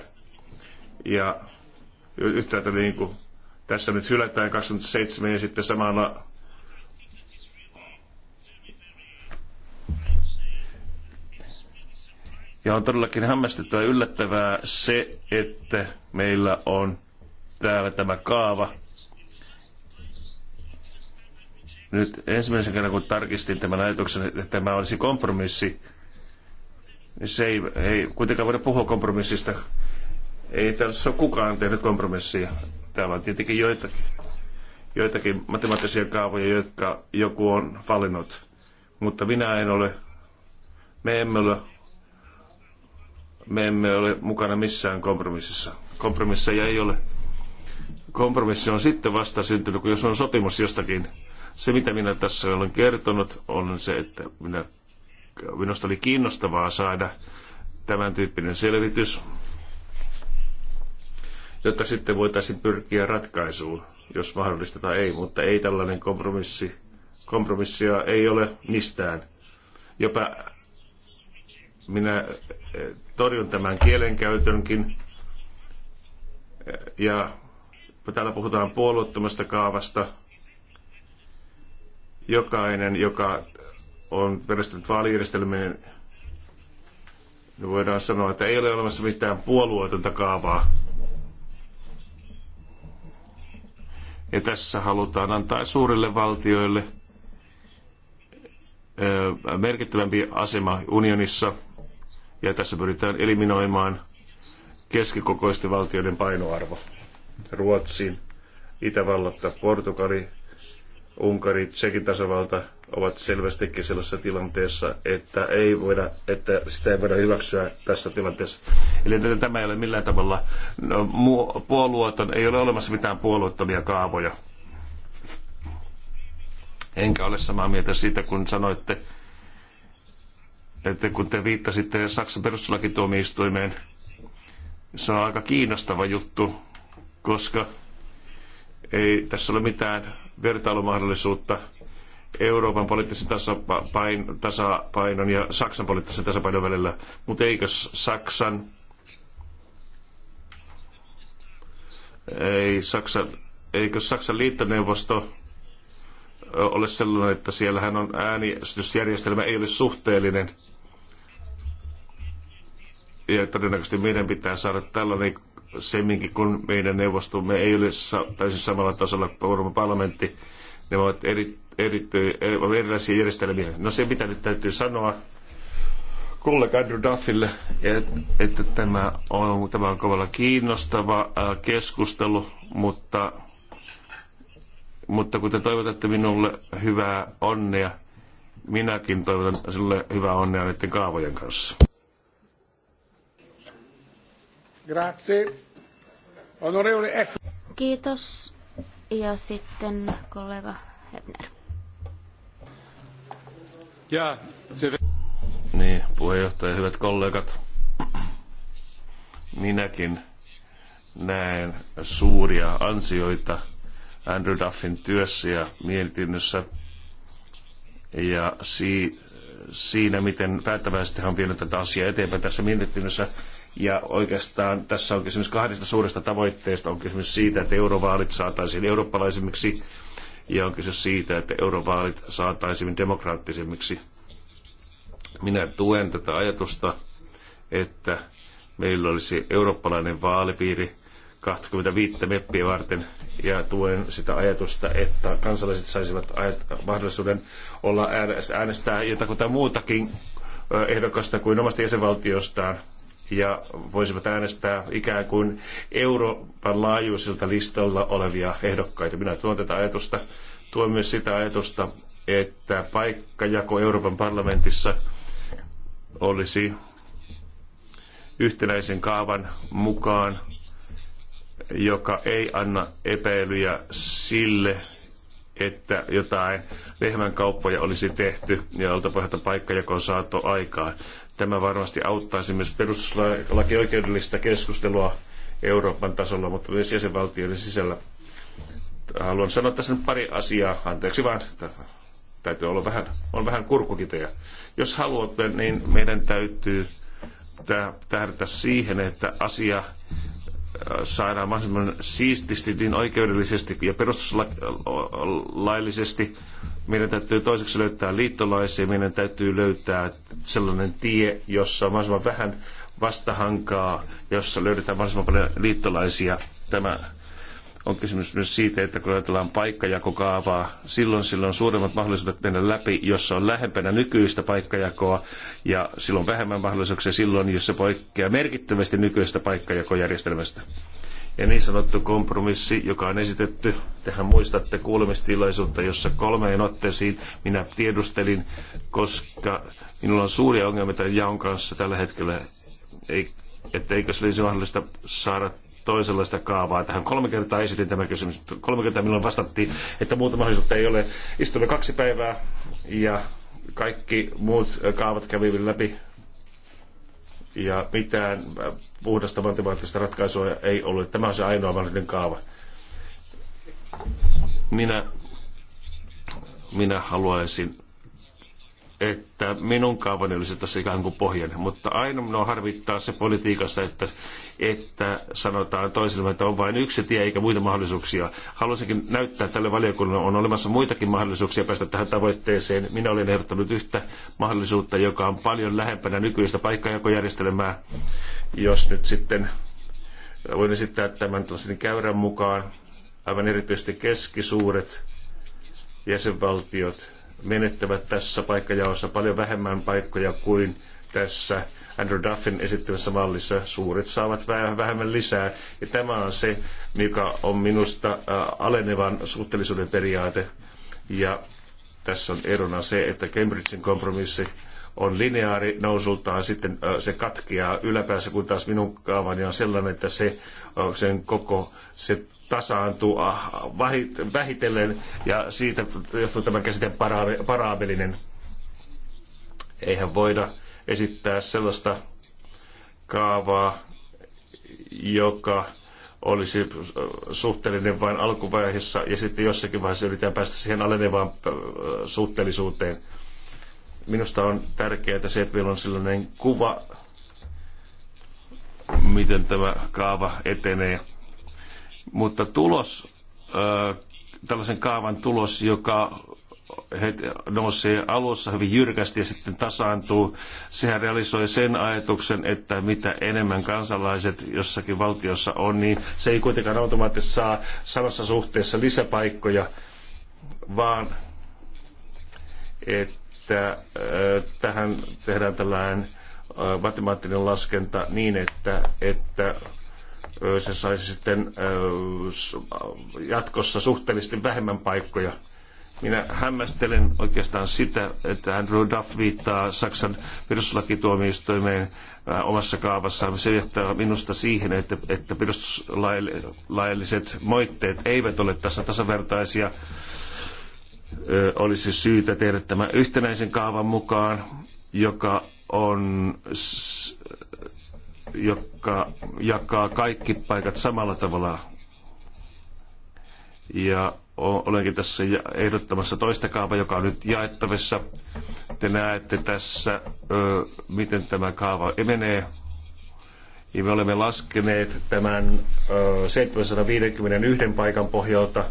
Ja yhtäältä niin kuin tässä nyt hylätään 27 ja sitten samalla Ja on todellakin hämmästyttävää yllättävää se, että meillä on täällä tämä kaava. Nyt ensimmäisen kerran, kun tarkistin tämän ajatuksen, että tämä olisi kompromissi, niin se ei, ei kuitenkaan voida puhua kompromissista. Ei tässä ole kukaan tehnyt kompromissia. Täällä on tietenkin joitakin, joitakin matemaattisia kaavoja, jotka joku on valinnut. Mutta minä en ole, me emme ole me emme ole mukana missään kompromississa. Kompromissa ei ole. Kompromissi on sitten vasta syntynyt, kun jos on sopimus jostakin. Se, mitä minä tässä olen kertonut, on se, että minä, minusta oli kiinnostavaa saada tämän tyyppinen selvitys, jotta sitten voitaisiin pyrkiä ratkaisuun, jos mahdollista tai ei, mutta ei tällainen kompromissi. Kompromissia ei ole mistään. Jopa minä torjun tämän kielenkäytönkin. Ja täällä puhutaan puolueettomasta kaavasta. Jokainen, joka on perustunut vaalijärjestelmien, niin voidaan sanoa, että ei ole olemassa mitään puolueetonta kaavaa. Ja tässä halutaan antaa suurille valtioille merkittävämpi asema unionissa – ja tässä pyritään eliminoimaan keskikokoisten valtioiden painoarvo. Ruotsin, Itävallatta, Portugali, Unkari, Tsekin tasavalta ovat selvästikin sellaisessa tilanteessa, että, ei voida, että sitä ei voida hyväksyä tässä tilanteessa. Eli tämä ei ole millään tavalla no, puolueeton, ei ole olemassa mitään puolueettomia kaavoja. Enkä ole samaa mieltä siitä, kun sanoitte, että kun te viittasitte Saksan perustuslakituomioistuimeen, se on aika kiinnostava juttu, koska ei tässä ole mitään vertailumahdollisuutta Euroopan poliittisen tasapain, tasapainon ja Saksan poliittisen tasapainon välillä. Mutta eikö Saksan, ei Saksan, eikö Saksan liittoneuvosto ole sellainen, että siellähän on äänestysjärjestelmä ei ole suhteellinen – ja todennäköisesti meidän pitää saada tällainen semminkin, kun meidän neuvostomme ei ole täysin siis samalla tasolla kuin Euroopan parlamentti. Ne ovat eri, eri, eri, erilaisia järjestelmiä. No se, mitä nyt täytyy sanoa kollega Andrew Duffille, että, että tämä, on, tämä on kovalla kiinnostava äh, keskustelu, mutta, mutta kun te toivotatte minulle hyvää onnea, minäkin toivotan sinulle hyvää onnea näiden kaavojen kanssa.
Kiitos. Ja sitten kollega Hebner.
Ja, se...
Niin, puheenjohtaja, hyvät kollegat. Minäkin näen suuria ansioita Andrew Duffin työssä ja mietinnössä ja si, siinä, miten päättäväisesti hän on vienyt tätä asiaa eteenpäin. Tässä mietinnössä ja oikeastaan tässä on kysymys kahdesta suuresta tavoitteesta. On kysymys siitä, että eurovaalit saataisiin eurooppalaisemmiksi ja on kysymys siitä, että eurovaalit saataisiin demokraattisemmiksi. Minä tuen tätä ajatusta, että meillä olisi eurooppalainen vaalipiiri 25 meppiä varten ja tuen sitä ajatusta, että kansalaiset saisivat mahdollisuuden olla äänestää jotakuta muutakin ehdokasta kuin omasta jäsenvaltiostaan ja voisivat äänestää ikään kuin Euroopan laajuisilta listalla olevia ehdokkaita. Minä tuon tätä ajatusta, tuon myös sitä ajatusta, että paikkajako Euroopan parlamentissa olisi yhtenäisen kaavan mukaan, joka ei anna epäilyjä sille, että jotain lehmän kauppoja olisi tehty ja jolta pohjalta paikkajako on saatu aikaan. Tämä varmasti auttaisi myös perustuslakioikeudellista keskustelua Euroopan tasolla, mutta myös jäsenvaltioiden sisällä. Haluan sanoa tässä nyt pari asiaa. Anteeksi vaan, täytyy olla vähän, on vähän kurkukiteja. Jos haluatte, niin meidän täytyy tähdätä siihen, että asia saadaan mahdollisimman siististi, niin oikeudellisesti ja perustuslaillisesti meidän täytyy toiseksi löytää liittolaisia, meidän täytyy löytää sellainen tie, jossa on mahdollisimman vähän vastahankaa, jossa löydetään mahdollisimman paljon liittolaisia. Tämä on kysymys myös siitä, että kun ajatellaan paikkajakokaavaa, silloin silloin on suuremmat mahdollisuudet mennä läpi, jossa on lähempänä nykyistä paikkajakoa, ja silloin vähemmän mahdollisuuksia silloin, jos se poikkeaa merkittävästi nykyistä paikkajakojärjestelmästä. Ja niin sanottu kompromissi, joka on esitetty, tehän muistatte kuulemistilaisuutta, jossa kolmeen otteisiin minä tiedustelin, koska minulla on suuria ongelmia tämän jaon kanssa tällä hetkellä, Ei, että eikö se olisi mahdollista saada toisenlaista kaavaa tähän. Kolme kertaa esitin tämä kysymys. Kolme kertaa minulle vastattiin, että muuta mahdollisuutta ei ole. Istuimme kaksi päivää ja kaikki muut kaavat kävivät läpi ja mitään puhdasta matemaattista ratkaisua ei ollut. Tämä on se ainoa mahdollinen kaava. Minä, minä haluaisin että minun kaavani olisi tässä ikään kuin pohjana, mutta aina minua harvittaa se politiikassa, että, että sanotaan toisille, että on vain yksi tie eikä muita mahdollisuuksia. Haluaisinkin näyttää tälle valiokunnalle, on olemassa muitakin mahdollisuuksia päästä tähän tavoitteeseen. Minä olen ehdottanut yhtä mahdollisuutta, joka on paljon lähempänä nykyistä paikkajakojärjestelmää, jos nyt sitten voin esittää tämän käyrän mukaan, aivan erityisesti keskisuuret jäsenvaltiot, menettävät tässä paikkajaossa paljon vähemmän paikkoja kuin tässä Andrew Duffin esittämässä mallissa. Suuret saavat vähemmän lisää. Ja tämä on se, mikä on minusta alenevan suhteellisuuden periaate. Ja tässä on erona se, että Cambridgein kompromissi on lineaari nousultaan, sitten se katkeaa yläpäässä, kun taas minun kaavani on sellainen, että se, sen koko se tasaantuu ah, vähitellen ja siitä johtuu tämä käsite paraabelinen. Eihän voida esittää sellaista kaavaa, joka olisi suhteellinen vain alkuvaiheessa ja sitten jossakin vaiheessa yritetään päästä siihen alenevaan äh, suhteellisuuteen. Minusta on tärkeää se, että meillä on sellainen kuva, miten tämä kaava etenee mutta tulos, tällaisen kaavan tulos, joka nousee alussa hyvin jyrkästi ja sitten tasaantuu, sehän realisoi sen ajatuksen, että mitä enemmän kansalaiset jossakin valtiossa on, niin se ei kuitenkaan automaattisesti saa samassa suhteessa lisäpaikkoja, vaan että tähän tehdään tällainen matemaattinen laskenta niin, että, että se saisi sitten jatkossa suhteellisesti vähemmän paikkoja. Minä hämmästelen oikeastaan sitä, että Andrew Duff viittaa Saksan perustuslakituomioistuimeen omassa kaavassaan. Se johtaa minusta siihen, että, että perustuslailliset moitteet eivät ole tässä tasavertaisia. Olisi syytä tehdä tämä yhtenäisen kaavan mukaan, joka on joka jakaa kaikki paikat samalla tavalla. Ja olenkin tässä ehdottamassa toista kaavaa, joka on nyt jaettavissa. Te näette tässä, miten tämä kaava menee. Ja me olemme laskeneet tämän 751 paikan pohjalta.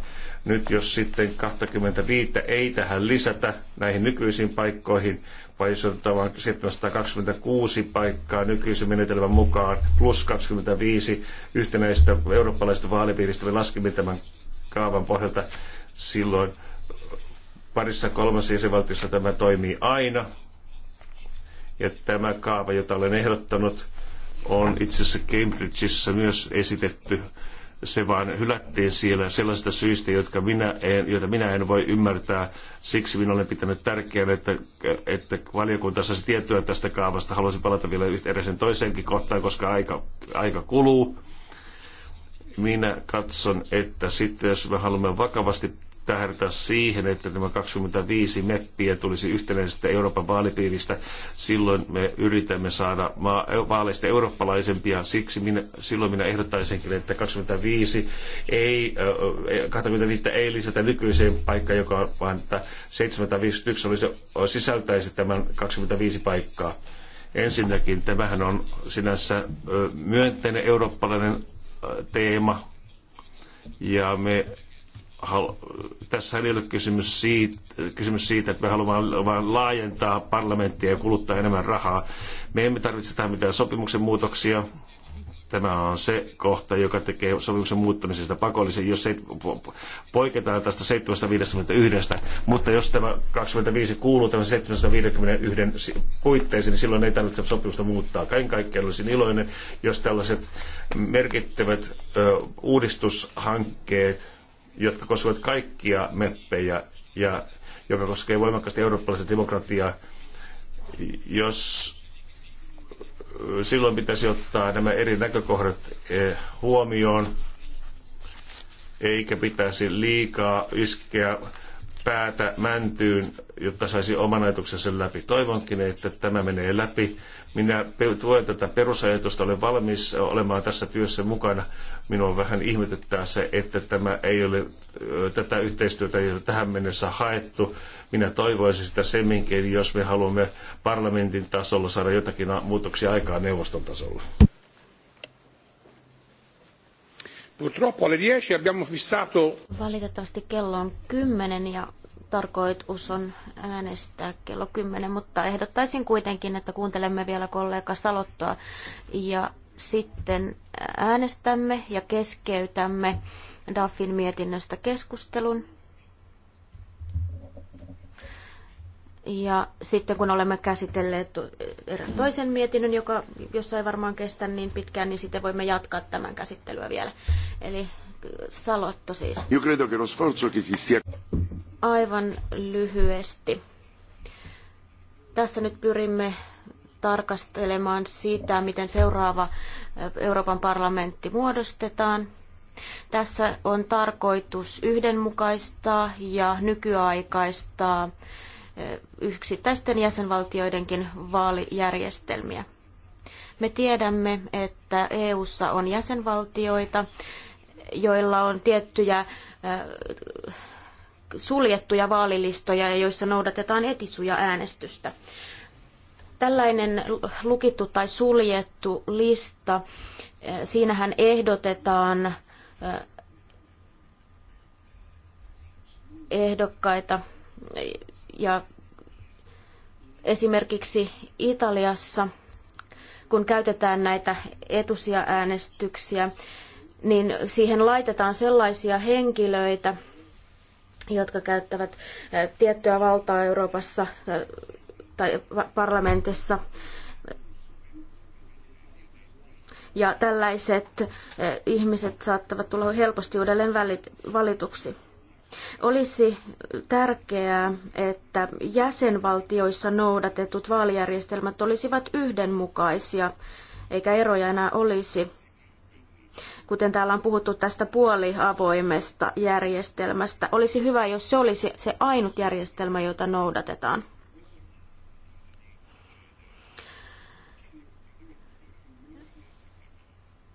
Nyt jos sitten 25 ei tähän lisätä näihin nykyisiin paikkoihin, paisutetaan vain 726 paikkaa nykyisen menetelmän mukaan, plus 25 yhtenäistä eurooppalaista vaalipiiristä. Me laskimme tämän kaavan pohjalta silloin parissa kolmassa jäsenvaltiossa tämä toimii aina. Ja tämä kaava, jota olen ehdottanut, on itse asiassa Cambridgeissa myös esitetty se vaan hylättiin siellä sellaista syistä, jotka minä en, joita minä en voi ymmärtää. Siksi minä olen pitänyt tärkeänä, että, että valiokunta saisi tietoa tästä kaavasta. Haluaisin palata vielä yhteen toiseenkin kohtaan, koska aika, aika kuluu. Minä katson, että sitten jos me haluamme vakavasti tähdätä siihen, että nämä 25 meppiä tulisi yhtenäisestä Euroopan vaalipiiristä. Silloin me yritämme saada e- vaaleista eurooppalaisempia. Siksi minä, silloin minä ehdottaisinkin, että 25 ei, 25 ei lisätä nykyiseen paikkaan, joka on vaan, että 751 olisi, sisältäisi tämän 25 paikkaa. Ensinnäkin tämähän on sinänsä myönteinen eurooppalainen teema, ja me Halu, tässä ei ole kysymys siitä, kysymys siitä, että me haluamme vain laajentaa parlamenttia ja kuluttaa enemmän rahaa. Me emme tarvitse tähän mitään sopimuksen muutoksia. Tämä on se kohta, joka tekee sopimuksen muuttamisesta pakollisen, jos se poiketaan tästä 751. Mutta jos tämä 25 kuuluu tämän 751 puitteisiin, niin silloin ei tarvitse sopimusta muuttaa. Kaiken kaikkiaan olisin iloinen, jos tällaiset merkittävät ö, uudistushankkeet – jotka koskevat kaikkia meppejä ja joka koskee voimakkaasti eurooppalaista demokratiaa, jos silloin pitäisi ottaa nämä eri näkökohdat huomioon, eikä pitäisi liikaa iskeä päätä mäntyyn, jotta saisi oman ajatuksensa läpi. Toivonkin, että tämä menee läpi. Minä tuen tätä perusajatusta, olen valmis olemaan tässä työssä mukana. Minua vähän ihmetyttää se, että tämä ei ole, tätä yhteistyötä ei ole tähän mennessä haettu. Minä toivoisin sitä semminkin, jos me haluamme parlamentin tasolla saada jotakin muutoksia aikaa neuvoston tasolla.
Purtroppo alle 10 abbiamo fissato...
Valitettavasti kello on 10 ja tarkoitus on äänestää kello 10, mutta ehdottaisin kuitenkin, että kuuntelemme vielä kollega Salottoa ja sitten äänestämme ja keskeytämme DAFin mietinnöstä keskustelun. Ja sitten kun olemme käsitelleet erään toisen mietinnön, joka, jossa ei varmaan kestä niin pitkään, niin sitten voimme jatkaa tämän käsittelyä vielä. Eli salotto siis. Aivan lyhyesti. Tässä nyt pyrimme tarkastelemaan sitä, miten seuraava Euroopan parlamentti muodostetaan. Tässä on tarkoitus yhdenmukaistaa ja nykyaikaistaa yksittäisten jäsenvaltioidenkin vaalijärjestelmiä. Me tiedämme, että EU:ssa on jäsenvaltioita, joilla on tiettyjä suljettuja vaalilistoja, joissa noudatetaan etisuja äänestystä. Tällainen lukittu tai suljettu lista, siinähän ehdotetaan ehdokkaita ja esimerkiksi Italiassa, kun käytetään näitä etusia äänestyksiä niin siihen laitetaan sellaisia henkilöitä, jotka käyttävät tiettyä valtaa Euroopassa tai parlamentissa. Ja tällaiset ihmiset saattavat tulla helposti uudelleen valituksi. Olisi tärkeää, että jäsenvaltioissa noudatetut vaalijärjestelmät olisivat yhdenmukaisia, eikä eroja enää olisi. Kuten täällä on puhuttu tästä puoliavoimesta järjestelmästä, olisi hyvä, jos se olisi se ainut järjestelmä, jota noudatetaan.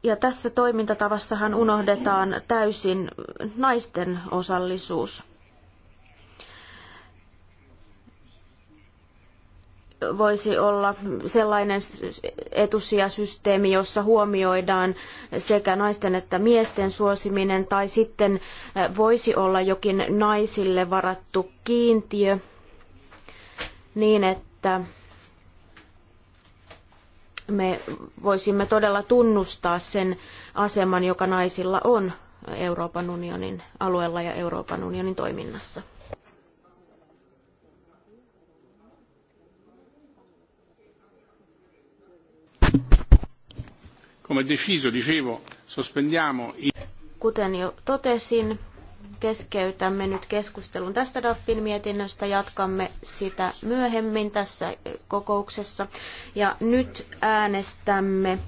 Ja tässä toimintatavassahan unohdetaan täysin naisten osallisuus. Voisi olla sellainen etusijasysteemi, jossa huomioidaan sekä naisten että miesten suosiminen, tai sitten voisi olla jokin naisille varattu kiintiö niin, että me voisimme todella tunnustaa sen aseman, joka naisilla on Euroopan unionin alueella ja Euroopan unionin toiminnassa. Kuten jo totesin, keskeytämme nyt keskustelun tästä DAFin mietinnöstä. Jatkamme sitä myöhemmin tässä kokouksessa. Ja nyt äänestämme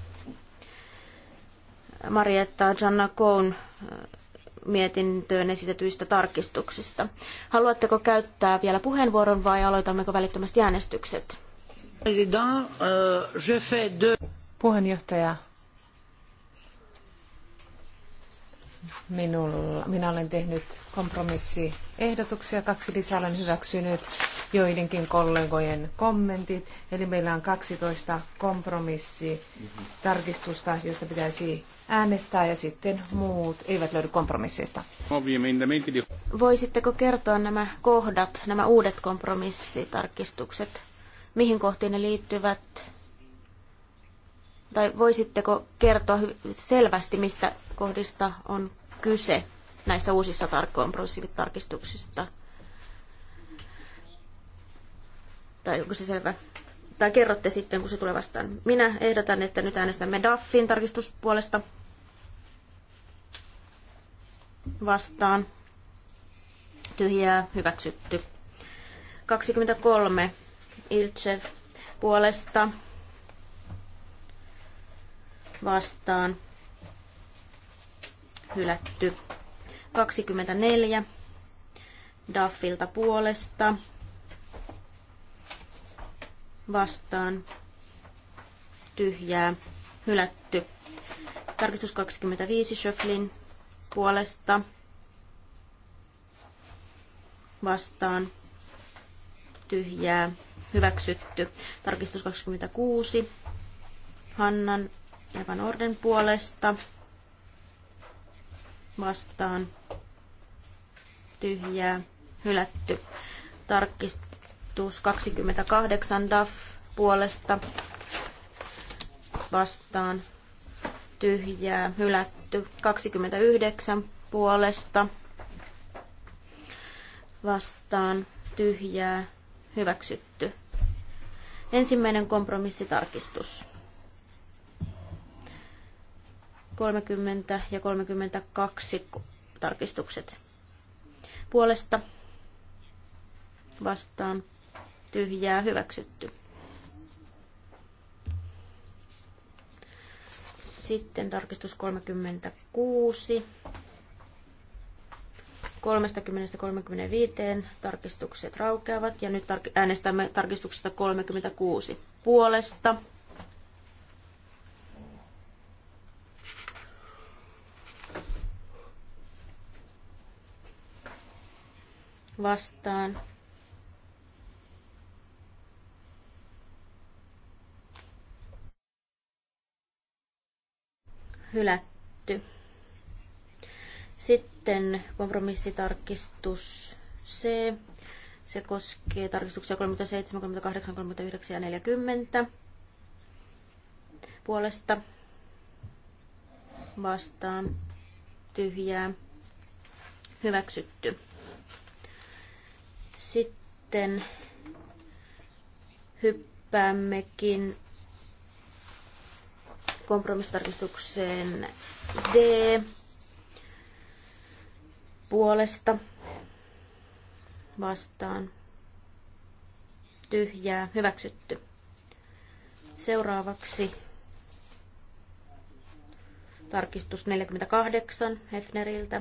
Marietta Janna Koon äh, mietintöön esitetyistä tarkistuksista. Haluatteko käyttää vielä puheenvuoron vai aloitammeko välittömästi äänestykset?
Euh, Puheenjohtaja, Minulla, minä olen tehnyt kompromissiehdotuksia, kaksi lisää olen hyväksynyt joidenkin kollegojen kommentit. Eli meillä on 12 kompromissitarkistusta, joista pitäisi
äänestää ja sitten muut eivät löydy kompromisseista. Voisitteko kertoa nämä kohdat, nämä uudet kompromissitarkistukset, mihin kohtiin ne liittyvät? Tai voisitteko kertoa selvästi, mistä kohdista on kyse näissä uusissa tarkkoompressiivitarkistuksista? Tai onko se selvä? Tai kerrotte sitten, kun se tulee vastaan. Minä ehdotan, että nyt äänestämme DAFin tarkistuspuolesta vastaan. Tyhjää hyväksytty. 23 Ilchev puolesta vastaan hylätty. 24 Daffilta puolesta vastaan tyhjää hylätty. Tarkistus 25 Schöflin puolesta vastaan tyhjää hyväksytty. Tarkistus 26 Hannan Evan Orden puolesta vastaan tyhjää hylätty. Tarkistus 28 DAF puolesta vastaan tyhjää hylätty. 29 puolesta vastaan tyhjää hyväksytty. Ensimmäinen kompromissitarkistus 30 ja 32 tarkistukset. Puolesta vastaan tyhjää hyväksytty. Sitten tarkistus 36. 30-35 tarkistukset raukeavat ja nyt äänestämme tarkistuksesta 36 puolesta vastaan. Hylätty. Sitten kompromissitarkistus C. Se koskee tarkistuksia 37, 38, 39 ja 40 puolesta vastaan tyhjää hyväksytty. Sitten hyppäämmekin kompromissitarkistukseen D puolesta vastaan tyhjää hyväksytty. Seuraavaksi tarkistus 48 Hefneriltä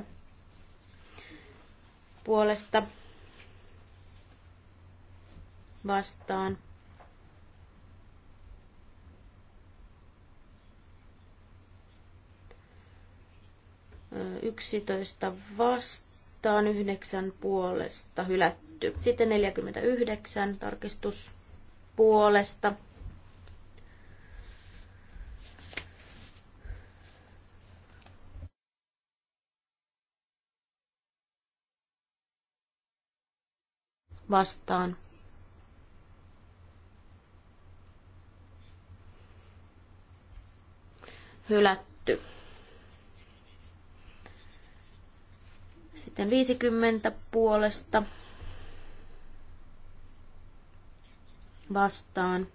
puolesta vastaan. Yksitoista vastaan, yhdeksän puolesta hylätty. Sitten 49 tarkistus puolesta. vastaan. hylätty. Sitten 50 puolesta vastaan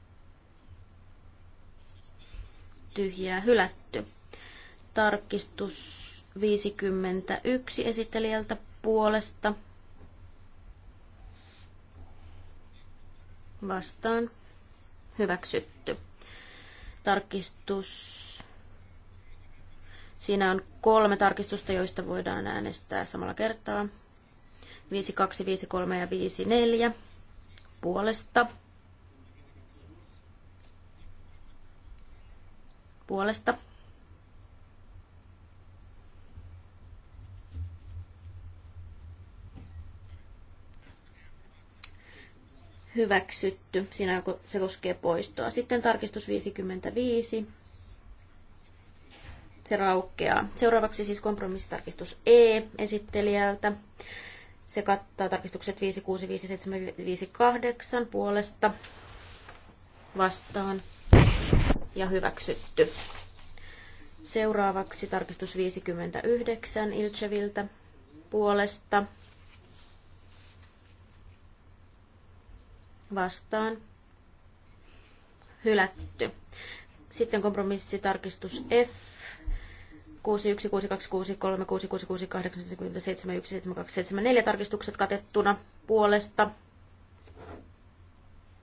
tyhjää hylätty. Tarkistus 51 esittelijältä puolesta vastaan hyväksytty. Tarkistus Siinä on kolme tarkistusta, joista voidaan äänestää samalla kertaa. 5, 2, 5, 3 ja 5, 4 puolesta. Puolesta. Hyväksytty. Siinä se koskee poistoa. Sitten tarkistus 55 se raukeaa. Seuraavaksi siis kompromissitarkistus E esittelijältä. Se kattaa tarkistukset 5, 6, 5, 7, 5, 8 puolesta vastaan ja hyväksytty. Seuraavaksi tarkistus 59 Ilcheviltä puolesta vastaan hylätty. Sitten kompromissitarkistus F 6162636668717274 tarkistukset katettuna puolesta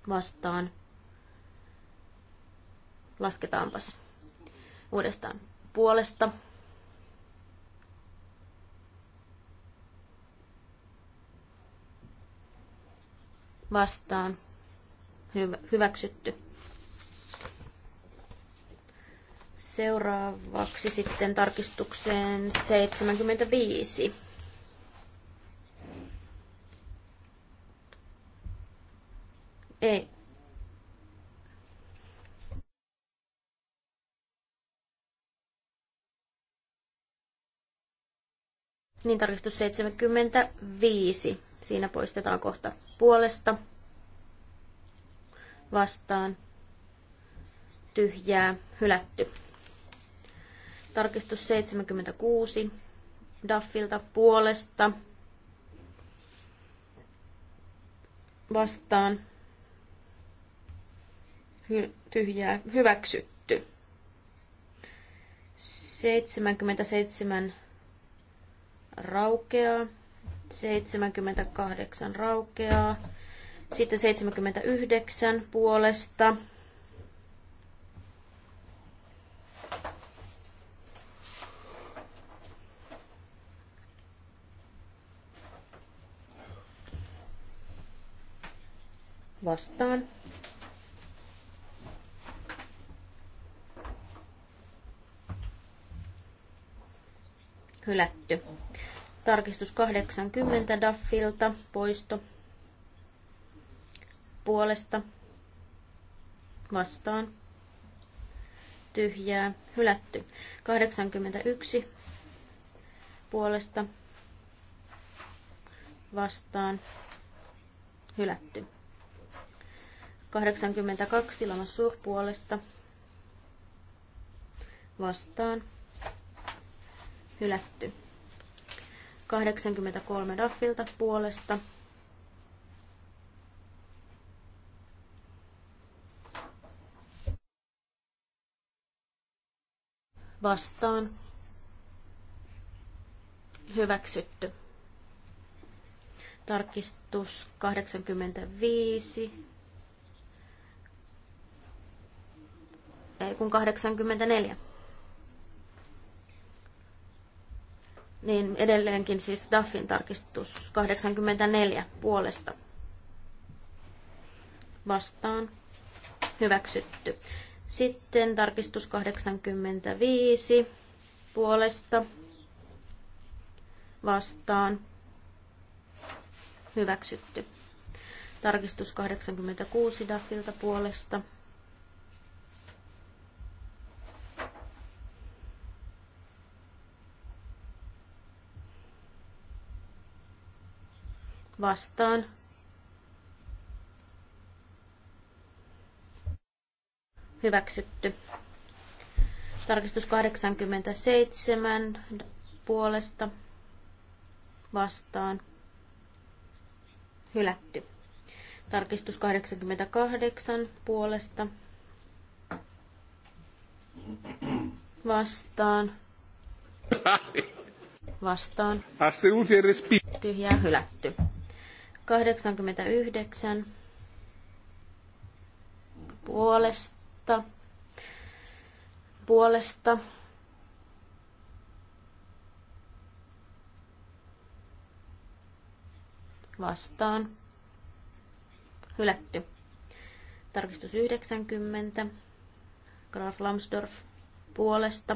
vastaan. Lasketaanpas uudestaan puolesta. Vastaan. Hyvä, hyväksytty. Seuraavaksi sitten tarkistukseen 75. Ei. Niin tarkistus 75. Siinä poistetaan kohta puolesta vastaan tyhjää hylätty. Tarkistus 76 Daffilta puolesta vastaan Hy- tyhjää hyväksytty. 77 raukeaa, 78 raukeaa, sitten 79 puolesta vastaan. Hylätty. Tarkistus 80 Daffilta, poisto. Puolesta. Vastaan. Tyhjää. Hylätty. 81 puolesta. Vastaan. Hylätty. 82 Lamassur puolesta vastaan. Hylätty. 83 Daffilta puolesta. Vastaan. Hyväksytty. Tarkistus 85 ei kun 84. Niin edelleenkin siis Duffin tarkistus 84 puolesta vastaan hyväksytty. Sitten tarkistus 85 puolesta vastaan hyväksytty. Tarkistus 86 Daffilta puolesta vastaan. Hyväksytty. Tarkistus 87 puolesta vastaan. Hylätty. Tarkistus 88 puolesta vastaan. Vastaan. Tyhjää hylätty. 89 puolesta puolesta vastaan hylätty. Tarkistus 90 Graf Lambsdorff puolesta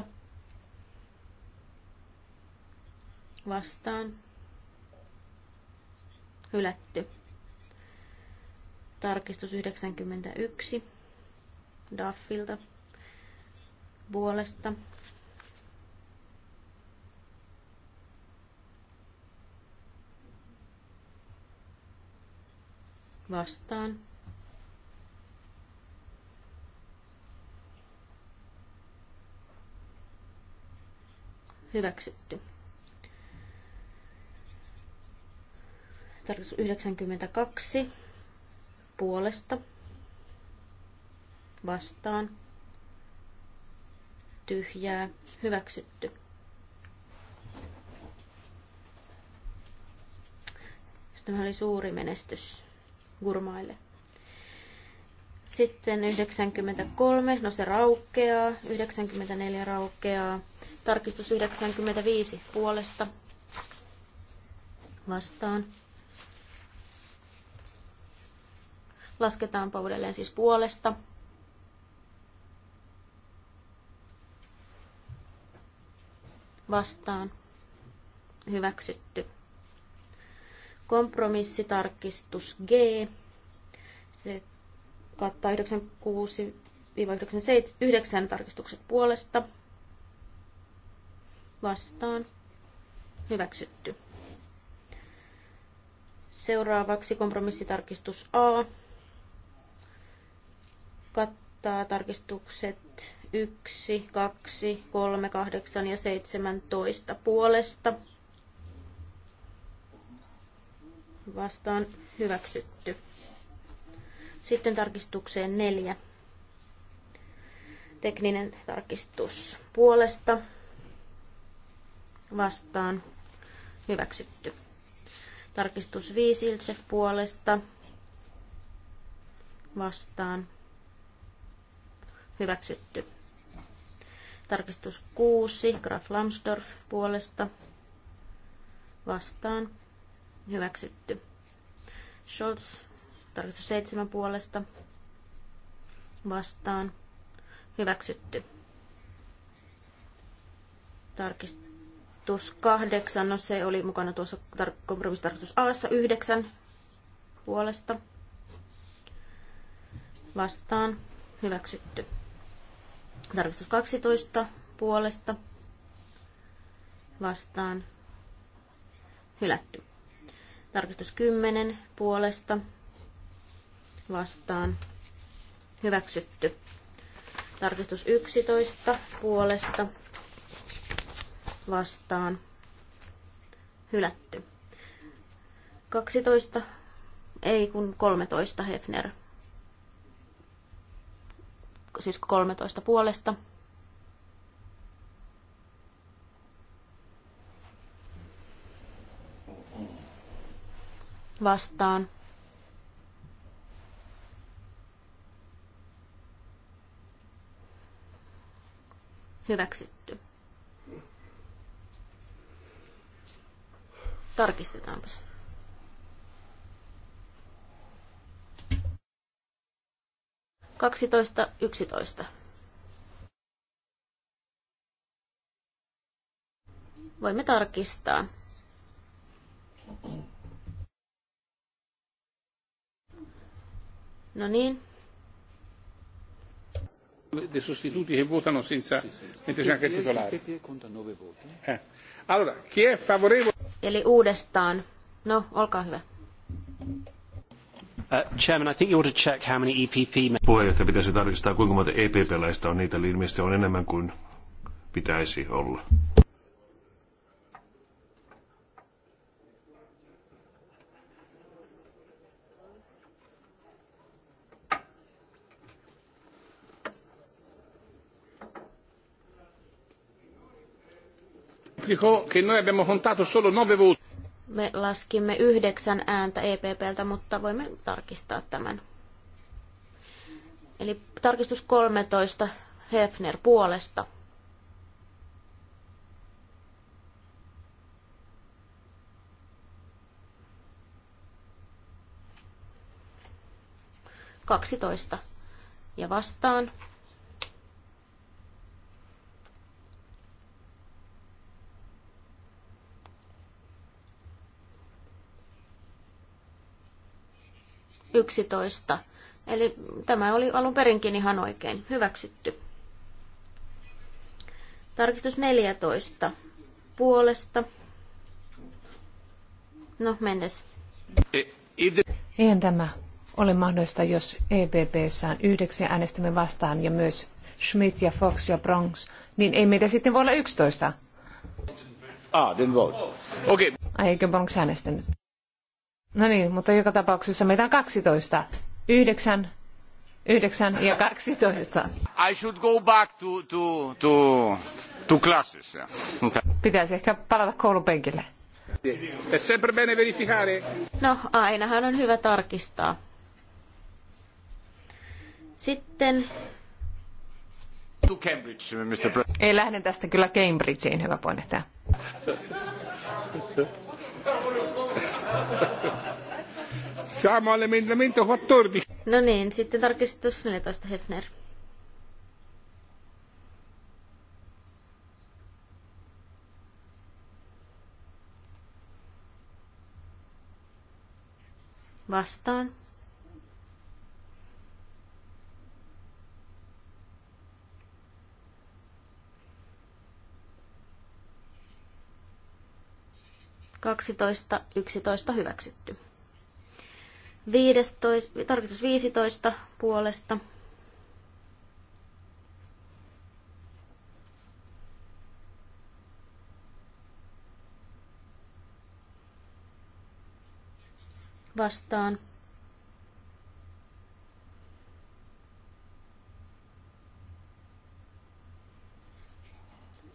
vastaan hylätty. Tarkistus 91 Daffilta puolesta. Vastaan. Hyväksytty. Tarkistus 92 puolesta vastaan tyhjää hyväksytty. Tämä oli suuri menestys gurmaille. Sitten 93, no se raukeaa, 94 raukeaa, tarkistus 95 puolesta vastaan Lasketaanpa uudelleen siis puolesta. Vastaan. Hyväksytty. Kompromissitarkistus G. Se kattaa 96-99 tarkistukset puolesta. Vastaan. Hyväksytty. Seuraavaksi kompromissitarkistus A kattaa tarkistukset 1, 2, 3, 8 ja 17 puolesta. Vastaan hyväksytty. Sitten tarkistukseen 4. Tekninen tarkistus puolesta. Vastaan hyväksytty. Tarkistus 5 Iltsef puolesta. Vastaan Hyväksytty. Tarkistus 6. Graf Lambsdorff puolesta. Vastaan. Hyväksytty. Scholz. Tarkistus 7 puolesta. Vastaan. Hyväksytty. Tarkistus 8. No se oli mukana tuossa tar- kompromissitarkistus Aassa 9 puolesta. Vastaan. Hyväksytty. Tarkistus 12 puolesta vastaan hylätty. Tarkistus 10 puolesta vastaan hyväksytty. Tarkistus 11 puolesta vastaan hylätty. 12, ei kun 13 Hefner siis 13 puolesta. Vastaan. Hyväksytty. Tarkistetaanpas. 12.11. Voimme tarkistaa. No niin.
Dei sostituti che votano senza mentre c'è anche il titolare.
Eh. Allora, chi è favorevole? Eli uudestaan. No, olkaa hyvä.
Uh, chairman, I think you ought to check how many EPP... Puheenjohtaja pitäisi tarkistaa, kuinka monta EPP-läistä on niitä, eli ilmeisesti on enemmän kuin pitäisi olla.
che noi abbiamo contato solo nove voti.
Me laskimme yhdeksän ääntä EPPltä, mutta voimme tarkistaa tämän. Eli tarkistus 13 Hefner puolesta. Kaksitoista. Ja vastaan 11. Eli tämä oli alun perinkin ihan oikein hyväksytty. Tarkistus 14. Puolesta. No, mennes.
Eihän tämä ole mahdollista, jos EPP on yhdeksän äänestämme vastaan ja myös Schmidt ja Fox ja Bronx, niin ei meitä sitten voi olla yksitoista.
Ah, didn't vote. Okay.
Ai, eikö Bronx äänestänyt? No niin, mutta joka tapauksessa meitä on 12. 9, 9 ja 12.
I should go back to, to, to, to classes.
Pitäisi ehkä palata koulupenkille.
È sempre bene verificare.
No, ainahan on hyvä tarkistaa. Sitten...
To Cambridge, Mr.
Ei lähden tästä kyllä Cambridgeen, hyvä
puheenjohtaja.
Siamo all'emendamento 14.
No niin, sitten tarkistus 14, Hefner. Vastaan. 12.11. hyväksytty. 15, tarkistus 15 puolesta. Vastaan.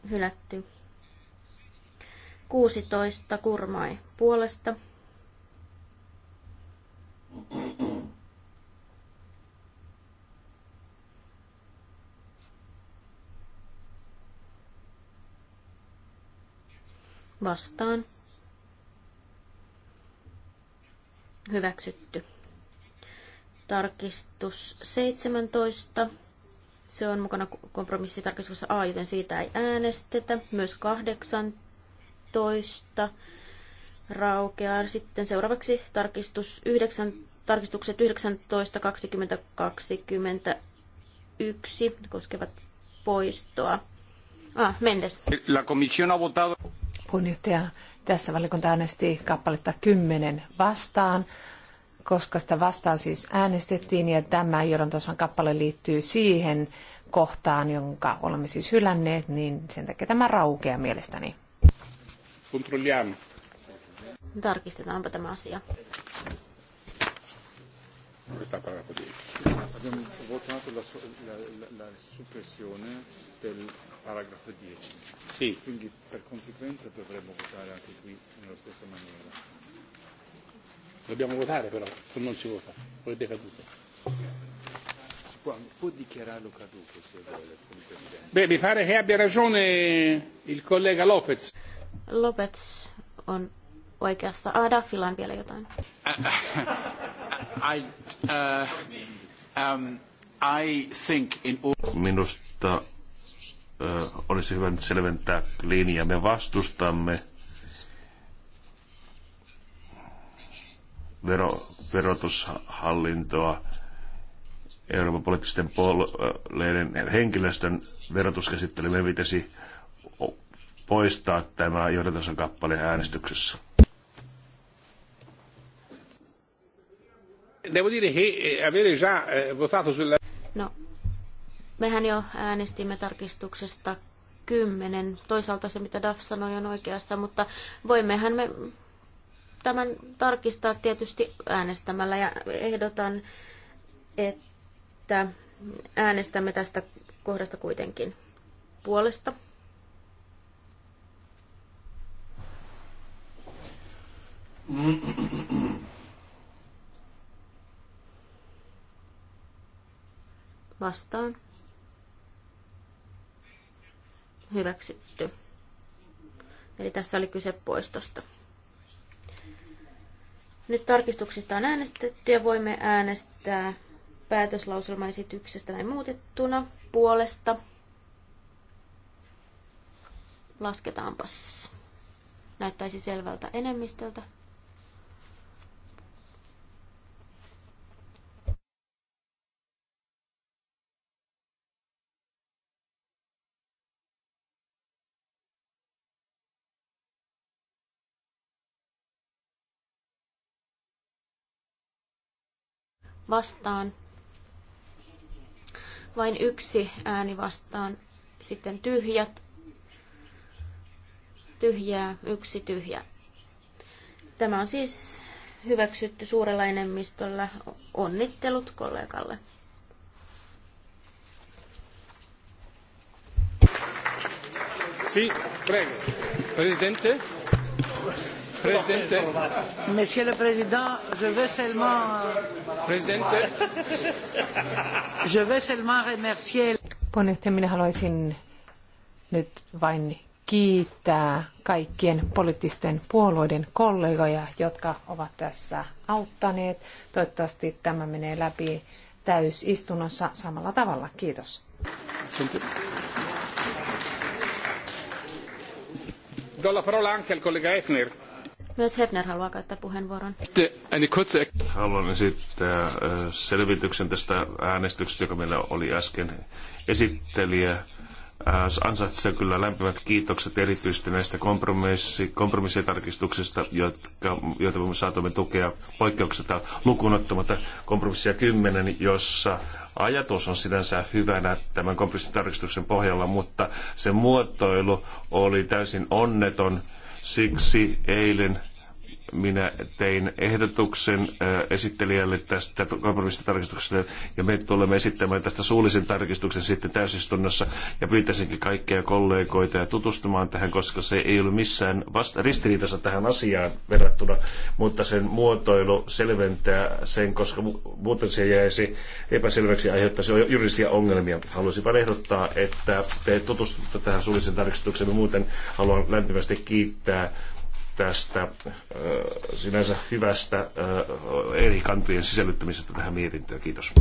Hylätty. 16 kurmai puolesta. Vastaan. Hyväksytty. Tarkistus 17. Se on mukana kompromissitarkistuksessa A, joten siitä ei äänestetä. Myös 8 12 raukeaa. Sitten seuraavaksi tarkistus 9, tarkistukset 19, 20, 21 koskevat poistoa. Ah, mennessä.
La comisión ha votado...
Puheenjohtaja, tässä valiokunta äänesti kappaletta 10 vastaan koska sitä vastaan siis äänestettiin ja tämä tuossa kappale liittyy siihen kohtaan, jonka olemme siis hylänneet, niin sen takia tämä raukeaa mielestäni.
Controlliamo.
Tarkistetaanpa tämä asia.
Questa paragrafo 10. Abbiamo votato la, la, la, la soppressione del paragrafo 10. Sì. Quindi per conseguenza dovremmo votare anche qui nella stessa maniera. Dobbiamo votare però, se non si vota, poi è decaduto. Si può, può dichiararlo caduto se vuole. Beh, mi pare che abbia ragione il collega Lopez.
Lopets on oikeassa. Ah, Daffilla on vielä jotain.
I, uh, um, I think in...
Minusta uh, olisi hyvä nyt selventää linja. Me vastustamme vero, verotushallintoa Euroopan poliittisten puolueiden henkilöstön verotuskäsittely. Me pitäisi poistaa tämä johdantason kappale äänestyksessä.
Devo dire che eh, avere già eh, votato sulla...
No, mehän jo äänestimme tarkistuksesta kymmenen. Toisaalta se, mitä Daf sanoi, on oikeassa, mutta voimmehan me tämän tarkistaa tietysti äänestämällä ja ehdotan, että äänestämme tästä kohdasta kuitenkin puolesta Vastaan. Hyväksytty. Eli tässä oli kyse poistosta. Nyt tarkistuksista on äänestetty ja voimme äänestää päätöslauselmaesityksestä näin muutettuna puolesta. Lasketaanpas. Näyttäisi selvältä enemmistöltä. vastaan. Vain yksi ääni vastaan. Sitten tyhjät. Tyhjää, yksi tyhjä. Tämä on siis hyväksytty suurella enemmistöllä. Onnittelut kollegalle.
Si, prego. Presidente. Presidente.
Monsieur le Président, je veux seulement. Presidente. Euh, je veux seulement remercier. Puheenjohtaja, minä haluaisin nyt vain kiittää kaikkien poliittisten puolueiden kollegoja, jotka ovat tässä auttaneet. Toivottavasti tämä menee läpi täysistunnossa samalla tavalla. Kiitos.
Do la parola anche al collega Efner.
Myös Hefner haluaa käyttää puheenvuoron.
Haluan esittää äh, selvityksen tästä äänestyksestä, joka meillä oli äsken esittelijä. Äh, ansaitsee kyllä lämpimät kiitokset erityisesti näistä kompromissi, kompromissitarkistuksista, jotka, joita me saatamme tukea poikkeuksetta lukunottamatta kompromissia 10, jossa ajatus on sinänsä hyvänä tämän kompromissitarkistuksen pohjalla, mutta se muotoilu oli täysin onneton Siksi eilen minä tein ehdotuksen esittelijälle tästä tarkistuksesta ja me tulemme esittämään tästä suullisen tarkistuksen sitten täysistunnossa ja pyytäisinkin kaikkia kollegoita ja tutustumaan tähän, koska se ei ole missään vasta- ristiriitassa tähän asiaan verrattuna, mutta sen muotoilu selventää sen, koska muuten se jäisi epäselväksi ja aiheuttaisi juridisia ongelmia. Haluaisin vain ehdottaa, että te tutustutte tähän suullisen tarkistukseen. Muuten haluan lämpimästi kiittää tästä äh, sinänsä hyvästä äh, eri kantojen sisällyttämisestä tähän mietintöön. Kiitos.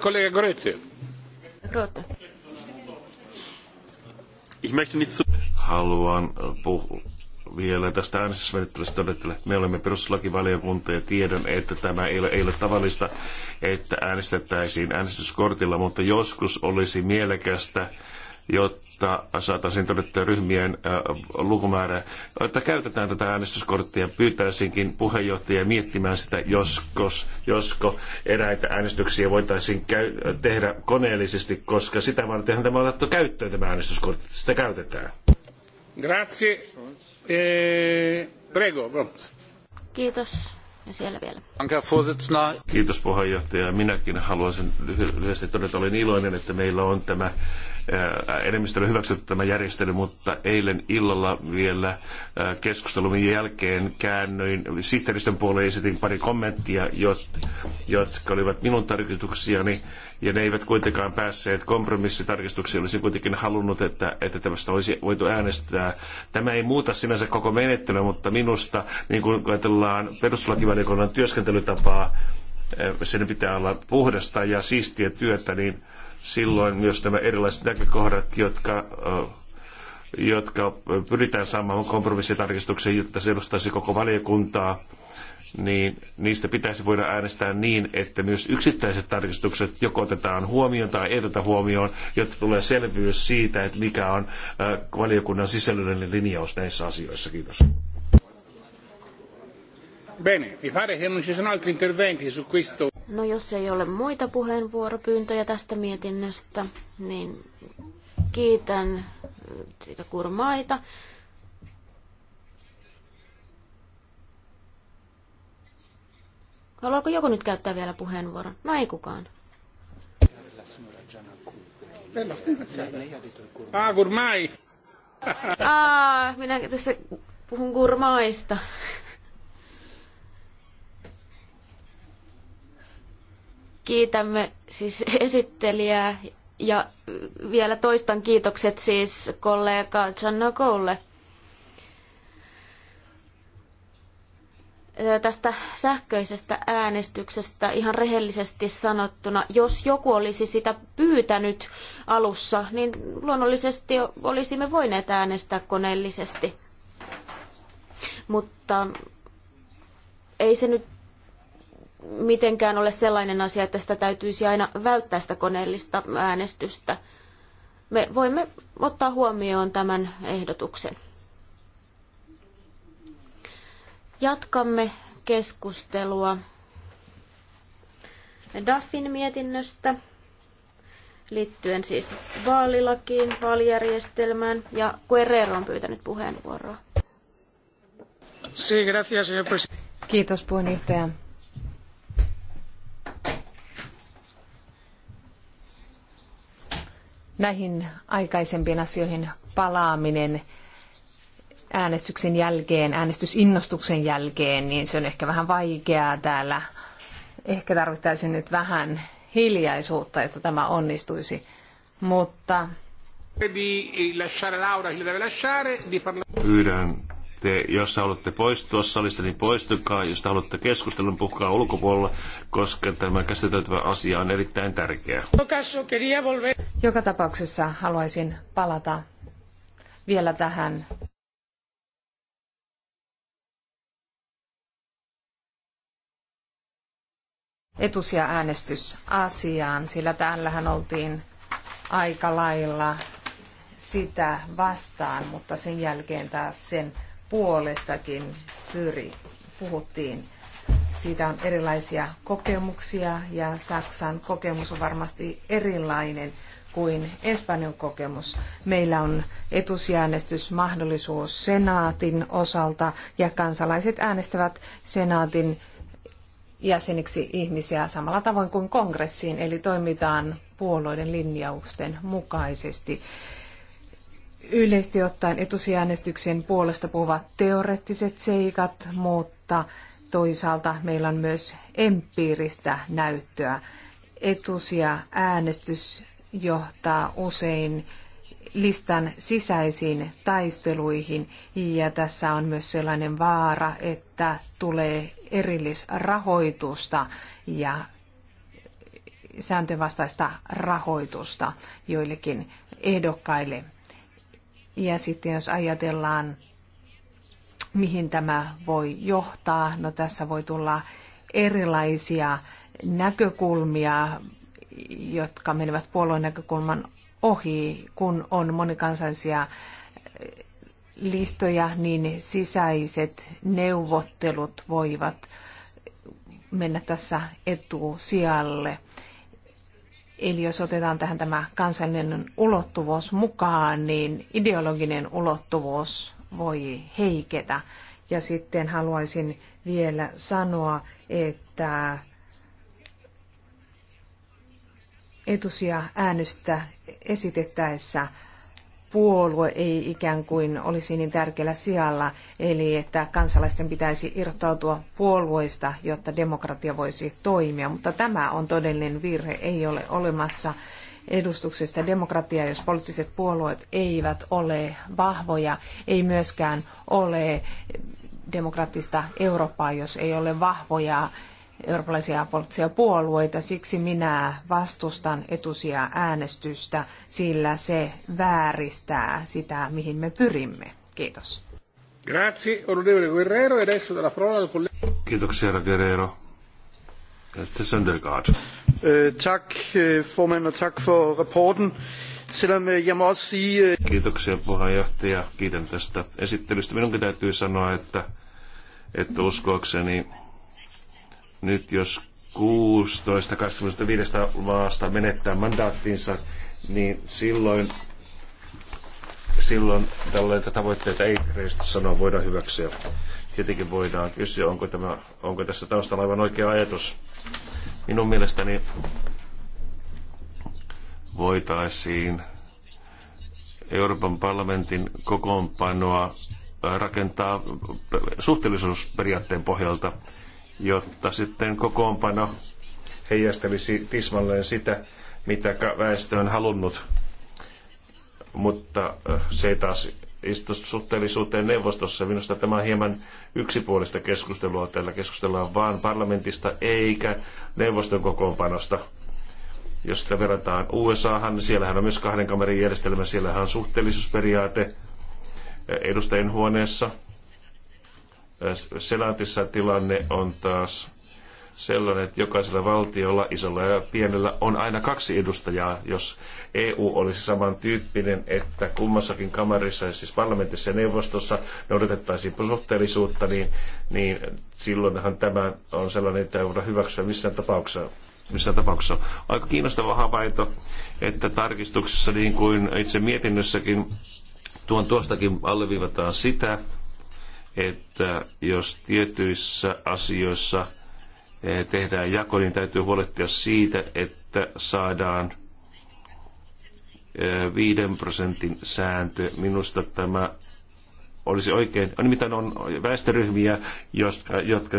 kollega Grote. Grote. Haluan äh, puhua
vielä tästä äänestysmenettelystä todettele. Me olemme perustuslakivaliokunta ja tiedän, että tämä ei ole, ei ole tavallista, että äänestettäisiin äänestyskortilla, mutta joskus olisi mielekästä, jotta jotta saataisiin todettua ryhmien lukumäärä. Että käytetään tätä äänestyskorttia. Pyytäisinkin puheenjohtajia miettimään sitä, joskos, josko eräitä äänestyksiä voitaisiin käy- tehdä koneellisesti, koska sitä
varten tämä on otettu käyttöön tämä äänestyskortti. Sitä käytetään. Grazie. E... Prego,
Kiitos. Ja siellä vielä.
Kiitos puheenjohtaja. Minäkin haluaisin lyhyesti todeta, että olen iloinen, että meillä on tämä Äh, enemmistöllä hyväksytty tämä järjestely, mutta eilen illalla vielä äh, keskustelun jälkeen käännyin sihteeristön puoleen esitin pari kommenttia, jotka olivat minun tarkoituksiani, ja ne eivät kuitenkaan päässeet kompromissitarkistuksiin. Olisin kuitenkin halunnut, että, että tämästä olisi voitu äänestää. Tämä ei muuta sinänsä koko menettelyä, mutta minusta, niin kuin ajatellaan perustuslakivaliokunnan työskentelytapaa, äh, sen pitää olla puhdasta ja siistiä työtä, niin silloin myös nämä erilaiset näkökohdat, jotka, jotka pyritään saamaan kompromissitarkistukseen, jotta se edustaisi koko valiokuntaa, niin niistä pitäisi voida äänestää niin, että myös yksittäiset tarkistukset joko otetaan huomioon tai ei oteta huomioon, jotta tulee selvyys siitä, että mikä on valiokunnan sisällöllinen linjaus näissä asioissa.
Kiitos. Bene, mi pare che non ci sono altri interventi su questo.
No jos ei ole muita puheenvuoropyyntöjä tästä mietinnöstä, niin kiitän siitä kurmaita. Haluaako joku nyt käyttää vielä puheenvuoron? No ei kukaan.
Ah, gurmai!
Ah, minä tässä puhun gurmaista. Kiitämme siis esittelijää ja vielä toistan kiitokset siis kollega Giannakoulle. tästä sähköisestä äänestyksestä ihan rehellisesti sanottuna, jos joku olisi sitä pyytänyt alussa, niin luonnollisesti olisimme voineet äänestää koneellisesti. Mutta ei se nyt mitenkään ole sellainen asia, että sitä täytyisi aina välttää sitä koneellista äänestystä. Me voimme ottaa huomioon tämän ehdotuksen. Jatkamme keskustelua Daffin mietinnöstä liittyen siis vaalilakiin, vaalijärjestelmään ja Guerrero on pyytänyt puheenvuoroa.
Kiitos puheenjohtaja. näihin aikaisempiin asioihin palaaminen äänestyksen jälkeen, äänestysinnostuksen jälkeen, niin se on ehkä vähän vaikeaa täällä. Ehkä tarvittaisiin nyt vähän hiljaisuutta, jotta tämä onnistuisi. Mutta...
Pyydän
te, jos haluatte poistua salista, niin poistukaa. Jos haluatte keskustelun, niin puhukaa ulkopuolella, koska tämä käsiteltävä asia on erittäin tärkeä.
Joka tapauksessa haluaisin palata vielä tähän etusia äänestysasiaan, sillä täällähän oltiin aika lailla sitä vastaan, mutta sen jälkeen taas sen puolestakin pyri, puhuttiin. Siitä on erilaisia kokemuksia ja Saksan kokemus on varmasti erilainen kuin Espanjan kokemus. Meillä on etusjäänestysmahdollisuus senaatin osalta ja kansalaiset äänestävät senaatin jäseniksi ihmisiä samalla tavoin kuin kongressiin, eli toimitaan puolueiden linjausten mukaisesti. Yleisesti ottaen etusijäänestyksen puolesta puhuvat teoreettiset seikat, mutta toisaalta meillä on myös empiiristä näyttöä. Etusia äänestys johtaa usein listan sisäisiin taisteluihin ja tässä on myös sellainen vaara, että tulee erillisrahoitusta ja sääntövastaista rahoitusta joillekin ehdokkaille. Ja sitten jos ajatellaan, mihin tämä voi johtaa, no tässä voi tulla erilaisia näkökulmia, jotka menevät puolueen näkökulman ohi, kun on monikansallisia eh, listoja, niin sisäiset neuvottelut voivat mennä tässä etusijalle. Eli jos otetaan tähän tämä kansallinen ulottuvuus mukaan, niin ideologinen ulottuvuus voi heiketä. Ja sitten haluaisin vielä sanoa, että etusia äänystä esitettäessä puolue ei ikään kuin olisi niin tärkeällä sijalla, eli että kansalaisten pitäisi irtautua puolueista, jotta demokratia voisi toimia. Mutta tämä on todellinen virhe, ei ole olemassa edustuksesta demokratiaa, jos poliittiset puolueet eivät ole vahvoja, ei myöskään ole demokraattista Eurooppaa, jos ei ole vahvoja eurooppalaisia poliittisia puolueita. Siksi minä vastustan etusia äänestystä, sillä se vääristää sitä, mihin me pyrimme. Kiitos.
Grazie, onorevole Guerrero. E adesso dalla parola al collega. Kiitoksia, Guerrero.
Herr Søndergaard.
Eh, tak, eh, formand, og tak for rapporten. Selvom eh, jeg må også sige...
Kiitoksia, puheenjohtaja. Kiitän tästä esittelystä. Minunkin täytyy sanoa, että, että uskoakseni nyt jos 16-25 maasta menettää mandaattinsa, niin silloin, silloin tällaista tavoitteita ei reisesti sanoa voida hyväksyä. Tietenkin voidaan kysyä, onko, tämä, onko tässä taustalla aivan oikea ajatus. Minun mielestäni voitaisiin Euroopan parlamentin kokoonpanoa rakentaa suhteellisuusperiaatteen pohjalta – jotta sitten kokoonpano heijastelisi tismalleen sitä, mitä väestö on halunnut. Mutta äh, se ei taas suhteellisuuteen neuvostossa. Minusta tämä on hieman yksipuolista keskustelua. Täällä keskustellaan vain parlamentista eikä neuvoston kokoonpanosta. Jos sitä verrataan USAhan, niin siellähän on myös kahden kamerin järjestelmä. Siellähän on suhteellisuusperiaate edustajien huoneessa – Äh, Senaatissa tilanne on taas sellainen, että jokaisella valtiolla, isolla ja pienellä, on aina kaksi edustajaa, jos EU olisi samantyyppinen, että kummassakin kamarissa, siis parlamentissa ja neuvostossa, noudatettaisiin suhteellisuutta, niin, niin silloinhan tämä on sellainen, että ei voida hyväksyä missään tapauksessa. Missään tapauksessa. Aika kiinnostava havainto, että tarkistuksessa, niin kuin itse mietinnössäkin, tuon tuostakin alleviivataan sitä, että jos tietyissä asioissa eh, tehdään jako, niin täytyy huolehtia siitä, että saadaan 5 eh, prosentin sääntö. Minusta tämä olisi oikein. On nimittäin on väestöryhmiä, jotka, jotka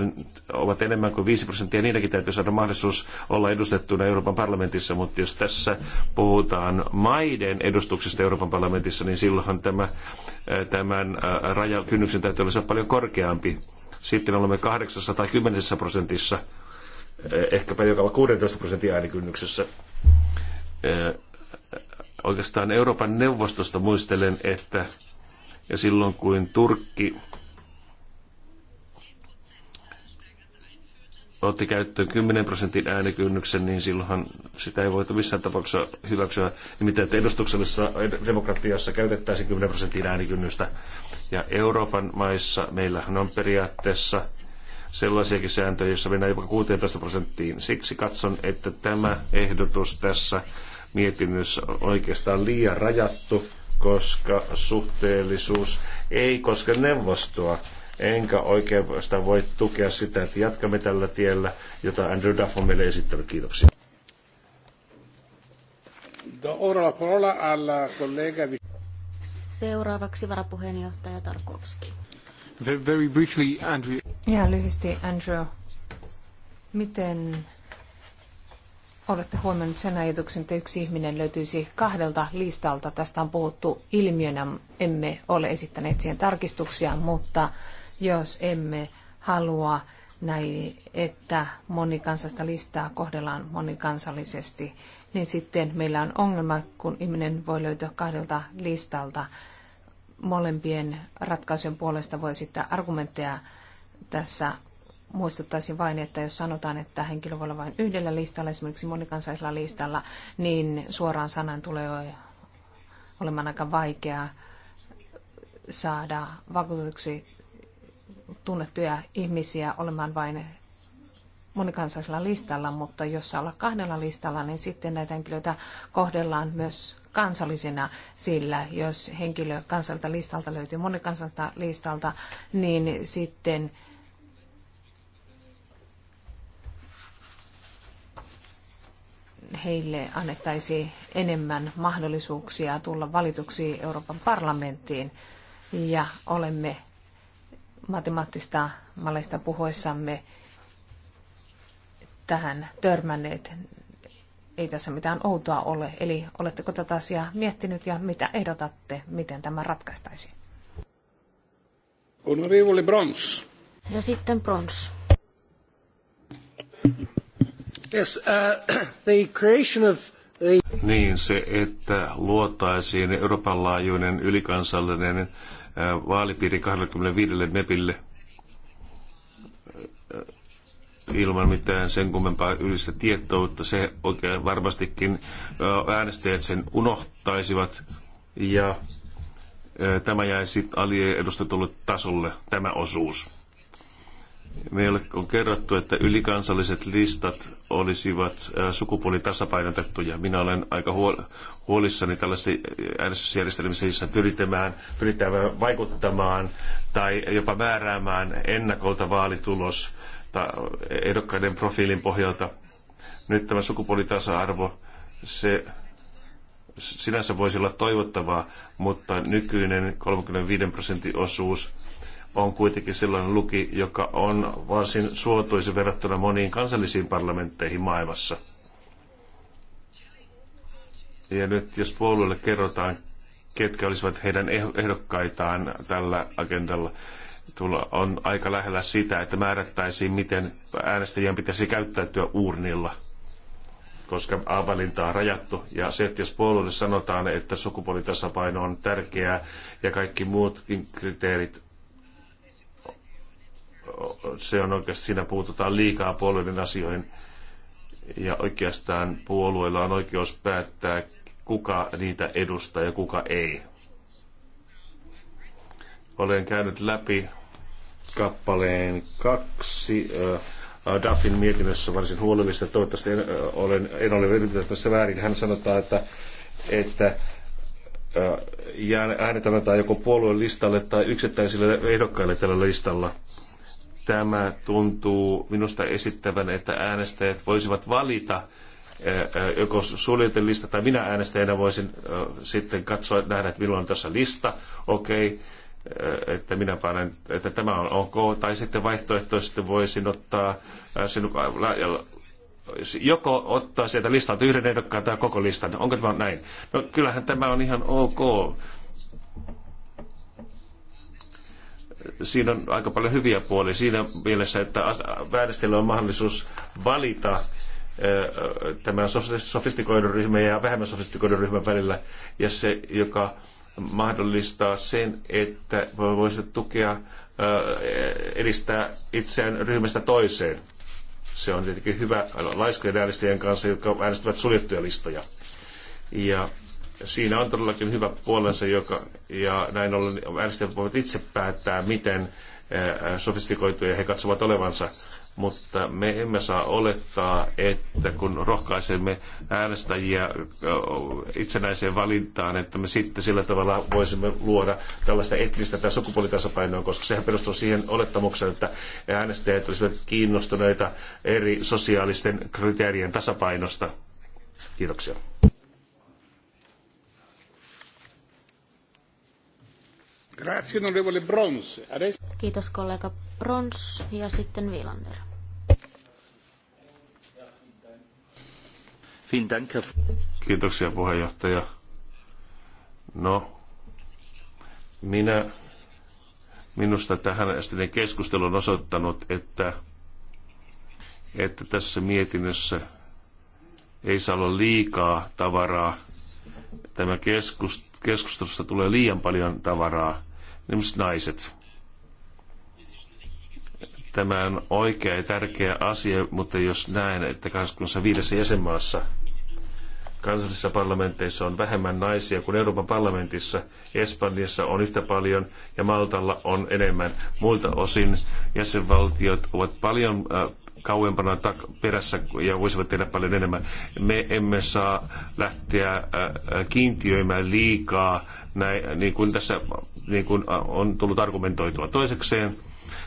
ovat enemmän kuin 5 prosenttia, niidenkin täytyy saada mahdollisuus olla edustettuna Euroopan parlamentissa, mutta jos tässä puhutaan maiden edustuksesta Euroopan parlamentissa, niin silloin tämä, tämän rajakynnyksen täytyy olla paljon korkeampi. Sitten olemme 8 tai 10 prosentissa, ehkäpä joka 16 prosentin äänikynnyksessä oikeastaan Euroopan neuvostosta muistelen, että ja silloin kuin Turkki otti käyttöön 10 prosentin äänikynnyksen, niin silloinhan sitä ei voitu missään tapauksessa hyväksyä. Nimittäin, että edustuksellisessa demokratiassa käytettäisiin 10 prosentin äänikynnystä. Ja Euroopan maissa meillä on periaatteessa sellaisiakin sääntöjä, joissa mennään jopa 16 prosenttiin. Siksi katson, että tämä ehdotus tässä mietinnössä on oikeastaan liian rajattu koska suhteellisuus ei koske neuvostoa, enkä oikeastaan voi tukea sitä, että jatkamme tällä tiellä, jota Andrew Duff
on meille esittänyt. Kiitoksia.
Seuraavaksi varapuheenjohtaja Tarkovski.
Very briefly, Andrew.
Ihan lyhyesti, Andrew.
Miten
olette huomannut sen ajatuksen, että yksi ihminen löytyisi kahdelta listalta. Tästä on puhuttu ilmiönä, emme ole esittäneet siihen tarkistuksia, mutta jos emme halua näin, että monikansasta listaa kohdellaan monikansallisesti, niin sitten meillä on ongelma, kun ihminen voi löytyä kahdelta listalta. Molempien ratkaisujen puolesta voi sitten argumentteja tässä muistuttaisin vain, että jos sanotaan, että henkilö voi olla vain yhdellä listalla, esimerkiksi monikansaisella listalla, niin suoraan sanan tulee olemaan aika vaikea saada vakuutuksi tunnettuja ihmisiä olemaan vain monikansaisella listalla, mutta jos saa olla kahdella listalla, niin sitten näitä henkilöitä kohdellaan myös kansallisina, sillä jos henkilö kansalta listalta löytyy monikansalta listalta, niin sitten heille annettaisiin enemmän mahdollisuuksia tulla valituksi Euroopan parlamenttiin ja olemme matemaattista maleista puhuessamme tähän törmänneet. Ei tässä mitään outoa ole. Eli oletteko tätä asiaa miettinyt ja mitä ehdotatte, miten tämä ratkaistaisi?
Honorevole Brons.
Ja no sitten Brons. Yes, uh, the creation of the...
Niin, se, että luotaisiin Euroopan laajuinen ylikansallinen äh, vaalipiiri 25 MEPille äh, ilman mitään sen kummempaa ylistä tietoutta. Se oikein varmastikin äh, äänestäjät sen unohtaisivat ja tämä jäi sitten aliedustetulle tasolle, tämä osuus. Meille on kerrottu, että ylikansalliset listat olisivat sukupuolitasapainotettuja. Minä olen aika huolissani tällaisista äänestysjärjestelmistä, joissa pyritään, pyritään vaikuttamaan tai jopa määräämään ennakolta vaalitulos tai ehdokkaiden profiilin pohjalta. Nyt tämä sukupuolitasa-arvo, se sinänsä voisi olla toivottavaa, mutta nykyinen 35 prosentin osuus on kuitenkin sellainen luki, joka on varsin suotuisa verrattuna moniin kansallisiin parlamentteihin maailmassa. Ja nyt jos puolueelle kerrotaan, ketkä olisivat heidän eh- ehdokkaitaan tällä agendalla, tulla, on aika lähellä sitä, että määrättäisiin, miten äänestäjien pitäisi käyttäytyä urnilla, koska A-valinta on rajattu. Ja se, että jos puolueelle sanotaan, että sukupuolitasapaino on tärkeää ja kaikki muutkin kriteerit se on oikeasti, siinä puututaan liikaa puolueiden asioihin. Ja oikeastaan puolueilla on oikeus päättää, kuka niitä edustaa ja kuka ei. Olen käynyt läpi kappaleen kaksi äh, Duffin mietinnössä varsin huolellista. Toivottavasti en, äh, olen, en ole yrittänyt tässä väärin. Hän sanotaan, että, että äh, äänet annetaan joko puolueen listalle tai yksittäisille ehdokkaille tällä listalla. Tämä tuntuu minusta esittävän, että äänestäjät voisivat valita joko suljetun lista, tai minä äänestäjänä voisin sitten katsoa, nähdä, että milloin on tässä lista, okei, okay että minä panen, että tämä on ok, tai sitten vaihtoehtoisesti voisin ottaa sinun, joko ottaa sieltä listalta yhden ehdokkaan tai koko listan. Onko tämä näin? No kyllähän tämä on ihan ok. siinä on aika paljon hyviä puolia siinä mielessä, että väestöllä on mahdollisuus valita tämän sofistikoidun ryhmän ja vähemmän sofistikoidun ryhmän välillä, ja se, joka mahdollistaa sen, että voisi tukea, edistää itseään ryhmästä toiseen. Se on tietenkin hyvä laiskojen äänestäjien kanssa, jotka äänestävät suljettuja listoja. Ja siinä on todellakin hyvä puolensa, joka, ja näin ollen äänestäjät voivat itse päättää, miten sofistikoituja he katsovat olevansa, mutta me emme saa olettaa, että kun rohkaisemme äänestäjiä itsenäiseen valintaan, että me sitten sillä tavalla voisimme luoda tällaista etnistä tai sukupuolitasapainoa, koska sehän perustuu siihen olettamukseen, että äänestäjät olisivat kiinnostuneita eri sosiaalisten kriteerien tasapainosta. Kiitoksia.
Grazie, onorevole Brons.
Kiitos kollega Brons ja sitten Vilander.
Kiitoksia puheenjohtaja. No, minä, minusta tähän äskeinen keskustelu on osoittanut, että, että tässä mietinnössä ei saa olla liikaa tavaraa. Tämä keskus, keskustelusta tulee liian paljon tavaraa esimerkiksi naiset. Tämä on oikea ja tärkeä asia, mutta jos näen, että 25 jäsenmaassa kansallisissa parlamenteissa on vähemmän naisia kuin Euroopan parlamentissa, Espanjassa on yhtä paljon ja Maltalla on enemmän. Muilta osin jäsenvaltiot ovat paljon äh, kauempana perässä ja voisivat tehdä paljon enemmän. Me emme saa lähteä äh, äh, kiintiöimään liikaa, näin, niin kuin tässä niin kuin äh, on tullut argumentoitua. Toisekseen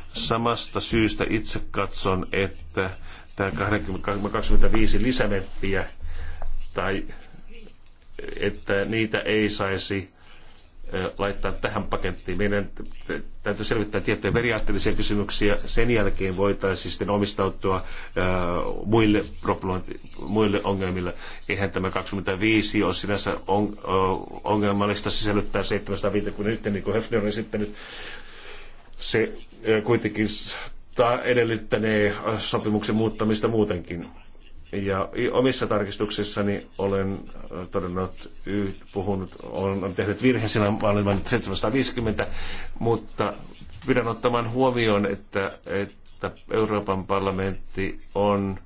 samasta syystä itse katson, että tämä 25 lisämeppiä tai että niitä ei saisi laittaa tähän pakettiin. Meidän täytyy selvittää tiettyjä periaatteellisia kysymyksiä. Sen jälkeen voitaisiin sitten omistautua muille, muille ongelmille. Eihän tämä 25 ole sinänsä on, ongelmallista sisällyttää 751, niin kuin Hefner on esittänyt. Se kuitenkin edellyttänee sopimuksen muuttamista muutenkin ja omissa tarkistuksissani olen äh, todennut, puhunut, olen tehnyt virheen sillä olen 750, mutta pidän ottamaan huomioon, että, että Euroopan parlamentti on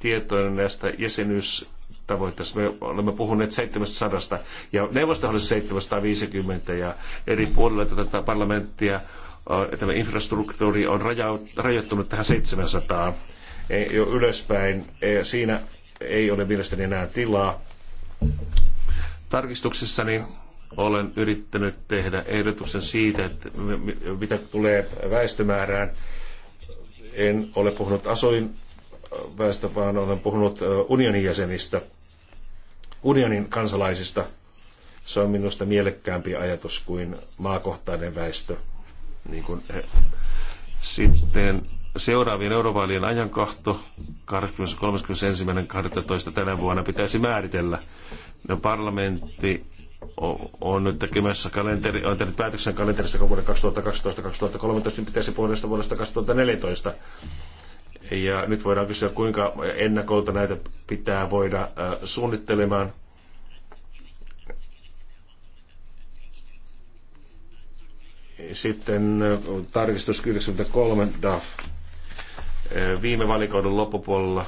tietoinen näistä jäsenyys tavoitteessa. Me olemme puhuneet 700 ja neuvosto olisi 750 ja eri puolilla tätä parlamenttia äh, tämä infrastruktuuri on rajoittunut tähän 700 jo ylöspäin. Siinä ei ole mielestäni enää tilaa. Tarkistuksessani olen yrittänyt tehdä ehdotuksen siitä, että mitä tulee väestömäärään. En ole puhunut asoin äh, väestö, vaan olen puhunut äh, unionin jäsenistä, unionin kansalaisista. Se on minusta mielekkäämpi ajatus kuin maakohtainen väestö. Niin kuin he. Sitten seuraavien eurovaalien ajankahto 31.12. tänä vuonna pitäisi määritellä. No, parlamentti on nyt tekemässä kalenteri, on tehnyt päätöksen kalenterista vuoden 2012-2013, niin pitäisi puolesta vuodesta 2014. Ja nyt voidaan kysyä, kuinka ennakolta näitä pitää voida äh, suunnittelemaan. Sitten äh, tarkistus 93 DAF Eh, viime valikoidun loppupuolella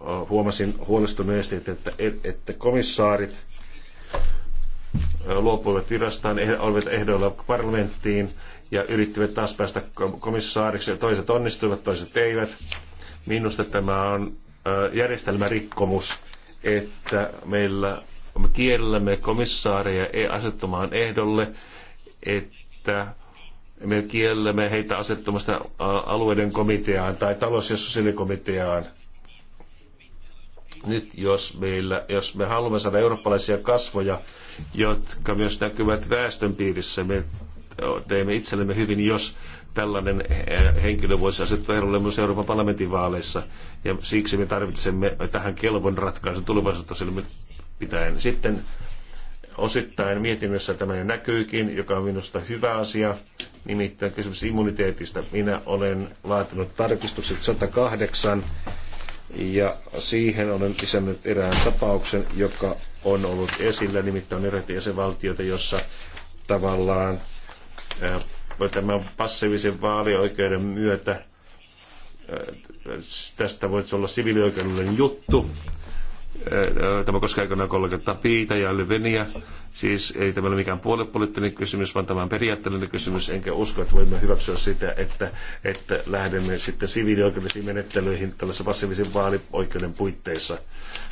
eh, huomasin huolestuneesti, että, että komissaarit eh, luopuivat virastaan, olivat ehdoilla parlamenttiin ja yrittivät taas päästä komissaariksi. Toiset onnistuivat, toiset eivät. Minusta tämä on järjestelmärikkomus, että meillä me kiellämme komissaareja asettumaan ehdolle, että me kiellämme heitä asettumasta alueiden komiteaan tai talous- ja sosiaalikomiteaan. Nyt jos, meillä, jos me haluamme saada eurooppalaisia kasvoja, jotka myös näkyvät väestön piirissä, me teemme itsellemme hyvin, jos tällainen henkilö voisi asettua ehdolle myös Euroopan parlamentin vaaleissa. Ja siksi me tarvitsemme tähän kelvon ratkaisun tulevaisuutta silmällä pitäen. Sitten Osittain mietinnössä tämä jo näkyykin, joka on minusta hyvä asia, nimittäin kysymys immuniteetista. Minä olen laatinut tarkistukset 108 ja siihen olen lisännyt erään tapauksen, joka on ollut esillä, nimittäin on eräitä jäsenvaltioita, jossa tavallaan äh, tämän passiivisen vaalioikeuden myötä äh, tästä voisi olla sivilioikeudellinen juttu, Tämä koskee aikanaan kollegat Piita ja Lyveniä. Siis ei tämä ole mikään puolepoliittinen kysymys, vaan tämä on periaatteellinen kysymys. Enkä usko, että voimme hyväksyä sitä, että, että lähdemme sitten siviilioikeudellisiin menettelyihin tällaisen passiivisen vaalioikeuden puitteissa.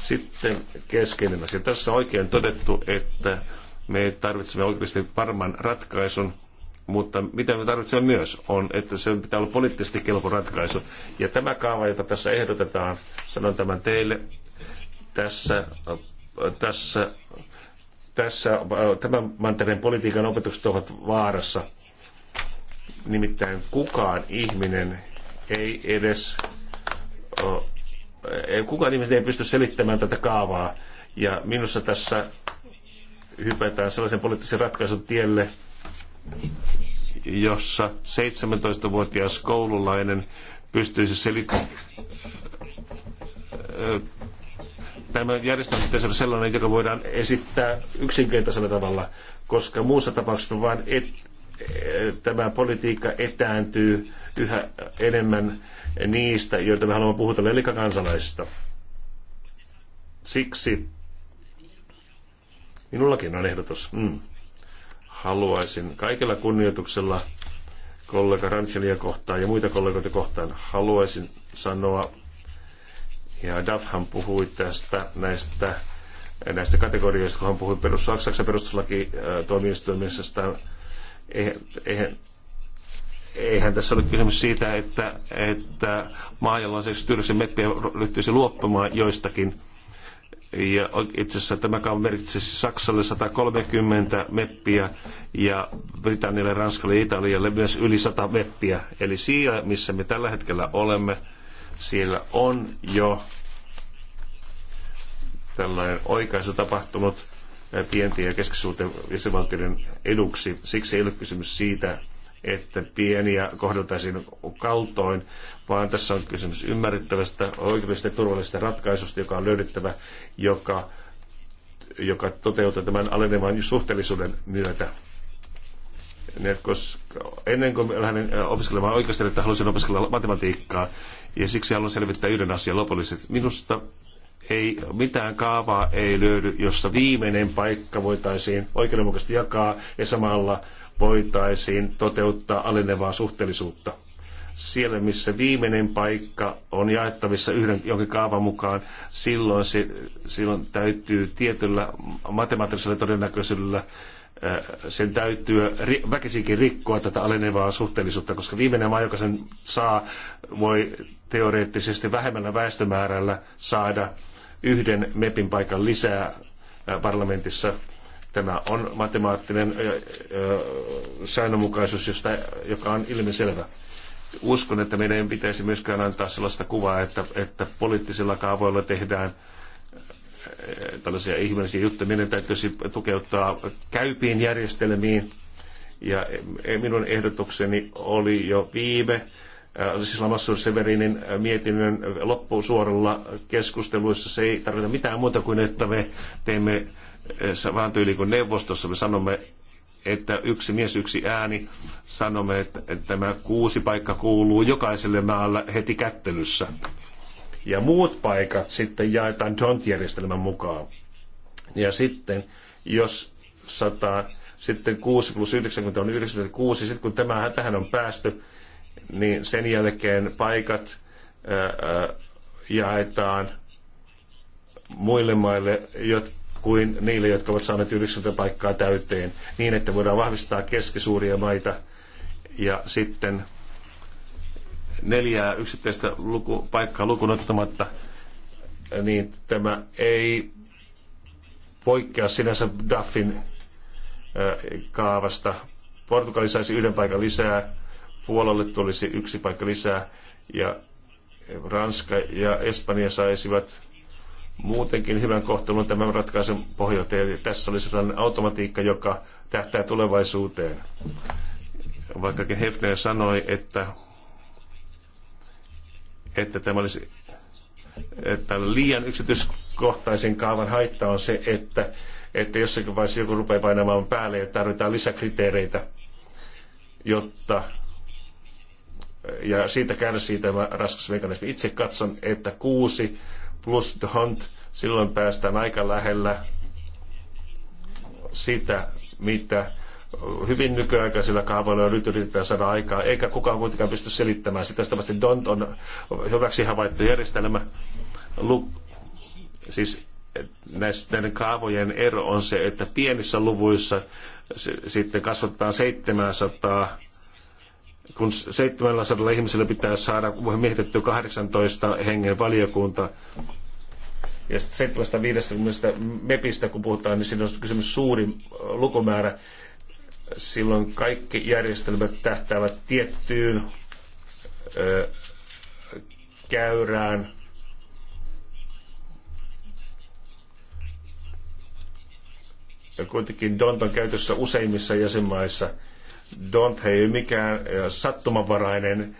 Sitten keskeinen asia. Tässä on oikein todettu, että me tarvitsemme oikeasti varman ratkaisun, mutta mitä me tarvitsemme myös on, että se pitää olla poliittisesti kelpo ratkaisu. Ja tämä kaava, jota tässä ehdotetaan, sanon tämän teille, tässä, tässä, tässä tämän mantereen politiikan opetukset ovat vaarassa. Nimittäin kukaan ihminen ei edes kukaan ihminen ei pysty selittämään tätä kaavaa. Ja minussa tässä hypätään sellaisen poliittisen ratkaisun tielle, jossa 17-vuotias koululainen pystyisi selittämään Tämä järjestelmä pitäisi olla sellainen, joka voidaan esittää yksinkertaisella tavalla, koska muussa tapauksessa vain et, eh, tämä politiikka etääntyy yhä enemmän niistä, joita me haluamme puhutella, eli kansalaisista. Siksi minullakin on ehdotus. Mm. Haluaisin kaikella kunnioituksella kollega Rangelia kohtaan ja muita kollegoita kohtaan haluaisin sanoa ja Dafhan puhui tästä näistä, näistä kategorioista, kun hän puhui perus, perustuslaki perustuslakituomioistuimisesta. Äh, eihän, eihän tässä ole kysymys siitä, että, että maa, jolla on seksi tyylisen meppiä, ryhtyisi luopumaan joistakin. Ja itse asiassa tämä merkitsisi Saksalle 130 meppiä ja Britannialle, Ranskalle ja Italialle myös yli 100 meppiä. Eli siellä, missä me tällä hetkellä olemme, siellä on jo tällainen oikaisu tapahtunut pienten ja keskisuurten jäsenvaltioiden eduksi. Siksi ei ole kysymys siitä, että pieniä kohdeltaisiin kaltoin, vaan tässä on kysymys ymmärrettävästä, oikeudellisesta ja turvallisesta ratkaisusta, joka on löydettävä, joka, joka toteutuu tämän alenevan suhteellisuuden myötä. Koska ennen kuin lähden opiskelemaan oikeustiedettä, halusin opiskella matematiikkaa, ja siksi haluan selvittää yhden asian lopullisesti. Minusta ei, mitään kaavaa ei löydy, jossa viimeinen paikka voitaisiin oikeudenmukaisesti jakaa ja samalla voitaisiin toteuttaa alenevaa suhteellisuutta. Siellä, missä viimeinen paikka on jaettavissa yhden jonkin kaavan mukaan, silloin, se, silloin täytyy tietyllä matemaattisella todennäköisyydellä sen täytyy väkisinkin rikkoa tätä alenevaa suhteellisuutta, koska viimeinen maa, joka sen saa, voi teoreettisesti vähemmällä väestömäärällä saada yhden MEPin paikan lisää parlamentissa. Tämä on matemaattinen säännönmukaisuus, josta, joka on ilmiselvä. Uskon, että meidän ei pitäisi myöskään antaa sellaista kuvaa, että, että poliittisilla kaavoilla tehdään tällaisia ihmeellisiä juttuja. Meidän täytyisi tukeuttaa käypiin järjestelmiin. Ja e, minun ehdotukseni oli jo viime äh, siis Lamassur Severinin äh, mietinnön loppusuoralla keskusteluissa. Se ei tarvita mitään muuta kuin, että me teemme vähän tyyliin kuin neuvostossa, me sanomme, että yksi mies, yksi ääni, sanomme, että, että tämä kuusi paikka kuuluu jokaiselle maalle heti kättelyssä. Ja muut paikat sitten jaetaan DONT-järjestelmän mukaan. Ja sitten, jos 100, sitten 6 plus 90 on 96, sitten kun tämä, tähän on päästy, niin sen jälkeen paikat ää, jaetaan muille maille, jot, kuin niille, jotka ovat saaneet 90 paikkaa täyteen, niin että voidaan vahvistaa keskisuuria maita ja sitten neljää yksittäistä luku, paikkaa lukuun ottamatta, niin tämä ei poikkea sinänsä Duffin kaavasta. Portugali saisi yhden paikan lisää, Puolalle tulisi yksi paikka lisää ja Ranska ja Espanja saisivat muutenkin hyvän kohtelun tämän ratkaisun pohjalta. Ja tässä oli sellainen automatiikka, joka tähtää tulevaisuuteen. Vaikkakin Hefner sanoi, että että tämä olisi että liian yksityiskohtaisen kaavan haitta on se, että, että jossakin vaiheessa joku rupeaa painamaan päälle ja tarvitaan lisäkriteereitä, jotta ja siitä kärsii tämä raskas mekanismi. Itse katson, että kuusi plus hunt silloin päästään aika lähellä sitä, mitä hyvin nykyaikaisilla kaavoilla nyt yritetään saada aikaa, eikä kukaan kuitenkaan pysty selittämään sitä. Tästä DONT on hyväksi havaittu järjestelmä. Lu- siis näiden kaavojen ero on se, että pienissä luvuissa sitten kasvatetaan 700 kun 700 ihmisellä pitää saada miehitetty 18 hengen valiokunta, ja 750 mepistä kun puhutaan, niin siinä on kysymys suuri lukumäärä, silloin kaikki järjestelmät tähtäävät tiettyyn ö, käyrään. Kuitenkin DONT on käytössä useimmissa jäsenmaissa. DONT ei ole mikään sattumanvarainen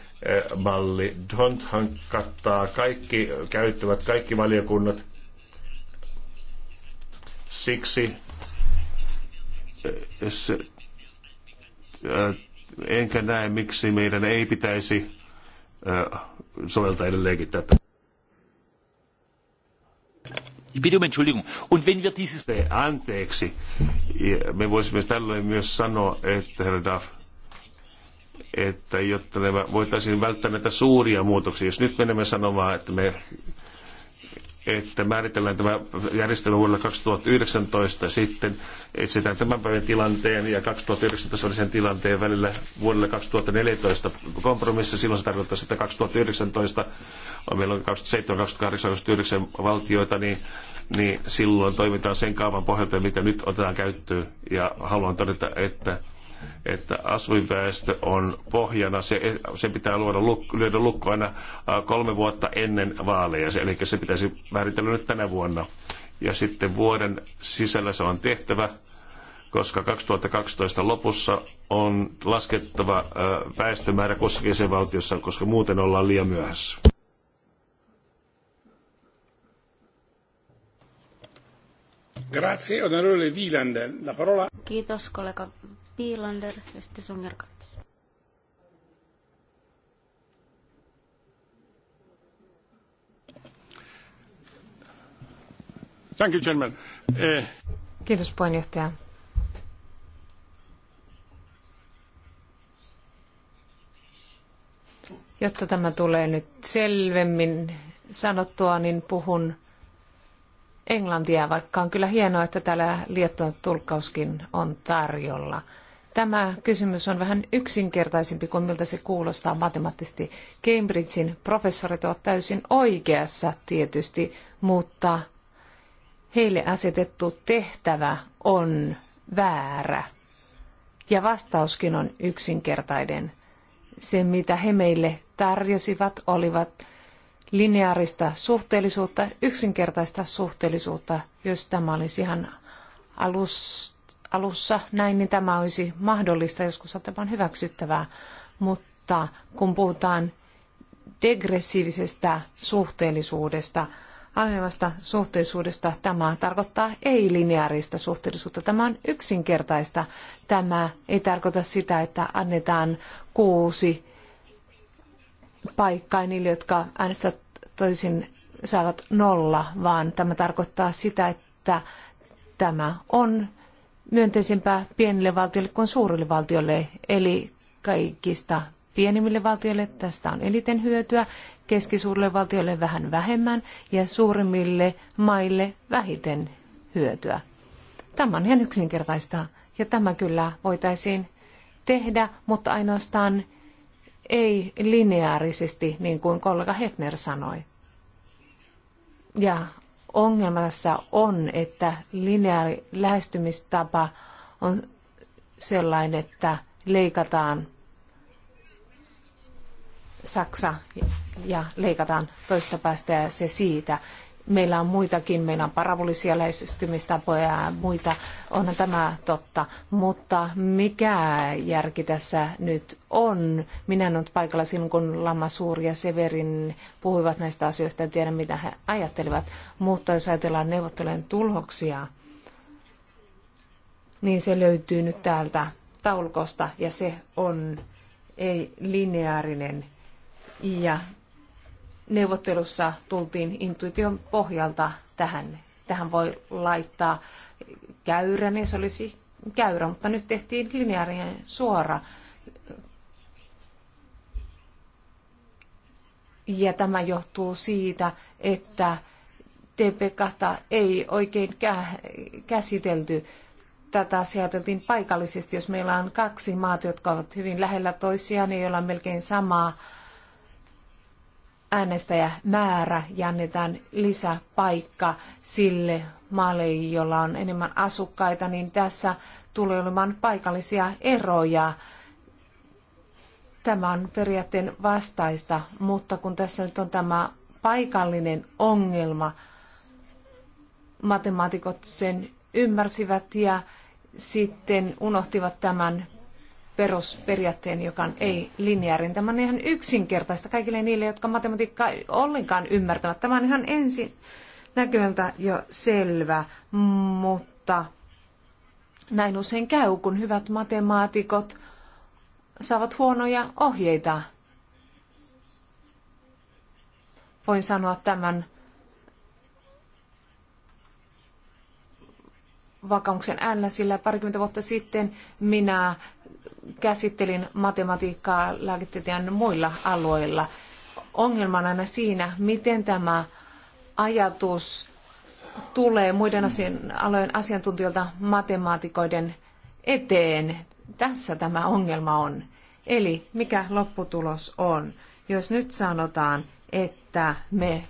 malli. DONThan kattaa kaikki, käyttävät kaikki valiokunnat. Siksi se, Äh, enkä näe, miksi meidän ei pitäisi äh, soveltaa edelleenkin tätä. Um anteeksi. Me voisimme tällöin myös sanoa, että herra Duff, että jotta me voitaisiin välttää näitä suuria muutoksia. Jos nyt menemme sanomaan, että me että määritellään tämä järjestelmä vuodelle 2019 sitten etsitään tämän päivän tilanteen ja 2019 välisen tilanteen välillä vuodelle 2014 kompromissi. Silloin se tarkoittaa, että 2019 on meillä on 27, 28, 29 valtioita, niin, niin silloin toimitaan sen kaavan pohjalta, mitä nyt otetaan käyttöön. Ja haluan todeta, että että asuinväestö on pohjana. Se, se pitää luoda lukko, lyödä lukko aina kolme vuotta ennen vaaleja, eli se pitäisi määritellä nyt tänä vuonna. Ja sitten vuoden sisällä se on tehtävä, koska 2012 lopussa on laskettava väestömäärä kussakin sen valtiossa, koska muuten ollaan liian myöhässä.
Grazie, onorevole Wieland. La parola...
Kiitos, kollega Viilander ja sitten Songerkats.
Thank you, gentlemen. Eh.
Kiitos puheenjohtaja. Jotta tämä tulee nyt selvemmin sanottua, niin puhun englantia, vaikka on kyllä hienoa, että täällä liettuan tulkkauskin on tarjolla. Tämä kysymys on vähän yksinkertaisempi kuin miltä se kuulostaa matemaattisesti. Cambridgein professorit ovat täysin oikeassa tietysti, mutta heille asetettu tehtävä on väärä. Ja vastauskin on yksinkertainen. Se, mitä he meille tarjosivat, olivat lineaarista suhteellisuutta, yksinkertaista suhteellisuutta, jos tämä olisi ihan alusta alussa näin, niin tämä olisi mahdollista, joskus tämä hyväksyttävää. Mutta kun puhutaan degressiivisestä suhteellisuudesta, alememmasta suhteellisuudesta, tämä tarkoittaa ei-lineaarista suhteellisuutta. Tämä on yksinkertaista. Tämä ei tarkoita sitä, että annetaan kuusi paikkaa niille, jotka äänestävät toisin saavat nolla, vaan tämä tarkoittaa sitä, että tämä on myönteisempää pienille valtioille kuin suurille valtioille, eli kaikista pienimmille valtioille tästä on eniten hyötyä, keskisuurille valtioille vähän vähemmän ja suurimmille maille vähiten hyötyä. Tämä on ihan yksinkertaista ja tämä kyllä voitaisiin tehdä, mutta ainoastaan ei lineaarisesti, niin kuin kollega Hefner sanoi. Ja ongelmassa on, että lineaali lähestymistapa on sellainen, että leikataan Saksa ja leikataan toista päästä ja se siitä meillä on muitakin, meillä on parabolisia lähestymistapoja ja muita, onhan tämä totta. Mutta mikä järki tässä nyt on? Minä en ollut paikalla silloin, kun Lama Suuri ja Severin puhuivat näistä asioista, en tiedä mitä he ajattelivat. Mutta jos ajatellaan neuvottelujen tuloksia, niin se löytyy nyt täältä taulukosta ja se on ei-lineaarinen ja neuvottelussa tultiin intuition pohjalta tähän. Tähän voi laittaa käyrän ja se olisi käyrä, mutta nyt tehtiin lineaarinen suora. Ja tämä johtuu siitä, että TP2 ei oikein käsitelty. Tätä ajateltiin paikallisesti, jos meillä on kaksi maata, jotka ovat hyvin lähellä toisiaan niin joilla on melkein samaa äänestäjämäärä ja annetaan lisäpaikka sille maalle, jolla on enemmän asukkaita, niin tässä tulee olemaan paikallisia eroja. Tämä on periaatteen vastaista, mutta kun tässä nyt on tämä paikallinen ongelma, matemaatikot sen ymmärsivät ja sitten unohtivat tämän perusperiaatteen, joka on ei-lineaarinen. Tämä on ihan yksinkertaista kaikille niille, jotka matematiikkaa ollenkaan ymmärtävät. Tämä on ihan ensin näkööltä jo selvä, mutta näin usein käy, kun hyvät matemaatikot saavat huonoja ohjeita. Voin sanoa tämän vakaumuksen äänellä, sillä parikymmentä vuotta sitten minä käsittelin matematiikkaa lääketieteen muilla aloilla. Ongelmana aina siinä, miten tämä ajatus tulee muiden asian, alojen asiantuntijoilta matemaatikoiden eteen. Tässä tämä ongelma on. Eli mikä lopputulos on? Jos nyt sanotaan, että me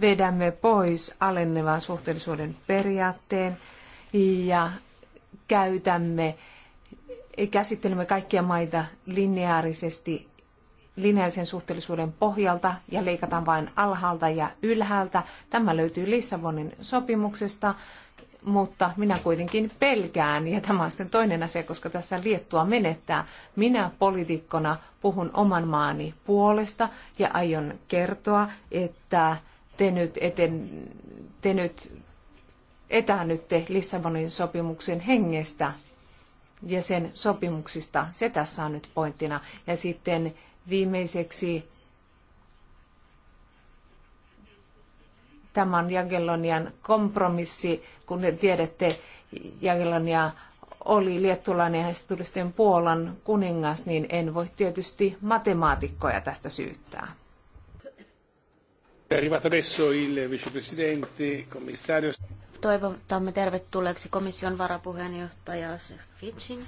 vedämme pois alennevan suhteellisuuden periaatteen ja käytämme käsittelemme kaikkia maita lineaarisesti lineaarisen suhteellisuuden pohjalta ja leikataan vain alhaalta ja ylhäältä. Tämä löytyy Lissabonin sopimuksesta, mutta minä kuitenkin pelkään, ja tämä on sitten toinen asia, koska tässä Liettua menettää. Minä poliitikkona puhun oman maani puolesta ja aion kertoa, että te nyt, eten, te nyt etäännytte Lissabonin sopimuksen hengestä ja sen sopimuksista. Se tässä on nyt pointtina. Ja sitten viimeiseksi tämän Jagellonian kompromissi, kun tiedätte, Jagellonia oli liettulainen ja se tuli sitten Puolan kuningas, niin en voi tietysti matemaatikkoja tästä
syyttää.
Arrivato adesso il vicepresidente, commissario.
Toivotamme tervetulleeksi komission varapuheenjohtaja Fitchin.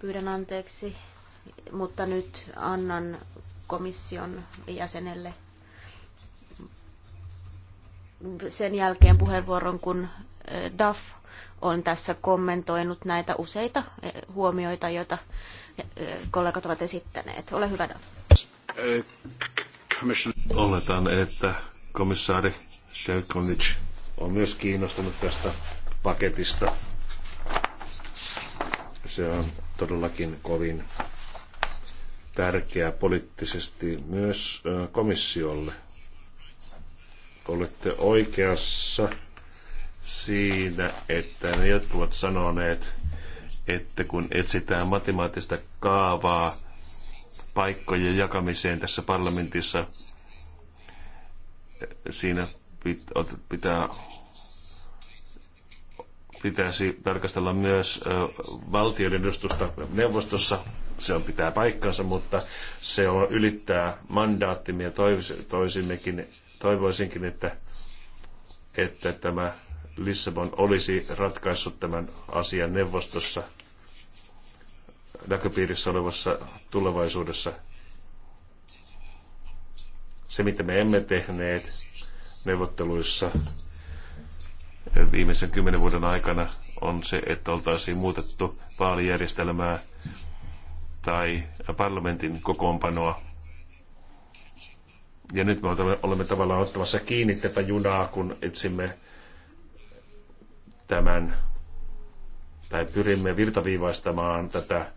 Pyydän anteeksi, mutta nyt annan komission jäsenelle sen jälkeen puheenvuoron, kun eh, DAF on tässä kommentoinut näitä useita eh, huomioita, joita eh, kollegat ovat esittäneet. Ole hyvä, DAF.
Oletan, että komissaari Sherkovich on myös kiinnostunut tästä paketista. Se on todellakin kovin tärkeä poliittisesti myös komissiolle. Olette oikeassa siinä, että ne jotkut ovat sanoneet, että kun etsitään matemaattista kaavaa paikkojen jakamiseen tässä parlamentissa, siinä pitää pitäisi tarkastella myös valtioiden edustusta neuvostossa. Se on pitää paikkansa, mutta se on, ylittää mandaattimia Toivoisinkin, Toivoisinkin, että, että tämä Lissabon olisi ratkaissut tämän asian neuvostossa näköpiirissä olevassa tulevaisuudessa. Se, mitä me emme tehneet, neuvotteluissa viimeisen kymmenen vuoden aikana on se, että oltaisiin muutettu vaalijärjestelmää tai parlamentin kokoonpanoa. Ja nyt me olemme tavallaan ottamassa kiinni tätä junaa, kun etsimme tämän tai pyrimme virtaviivaistamaan tätä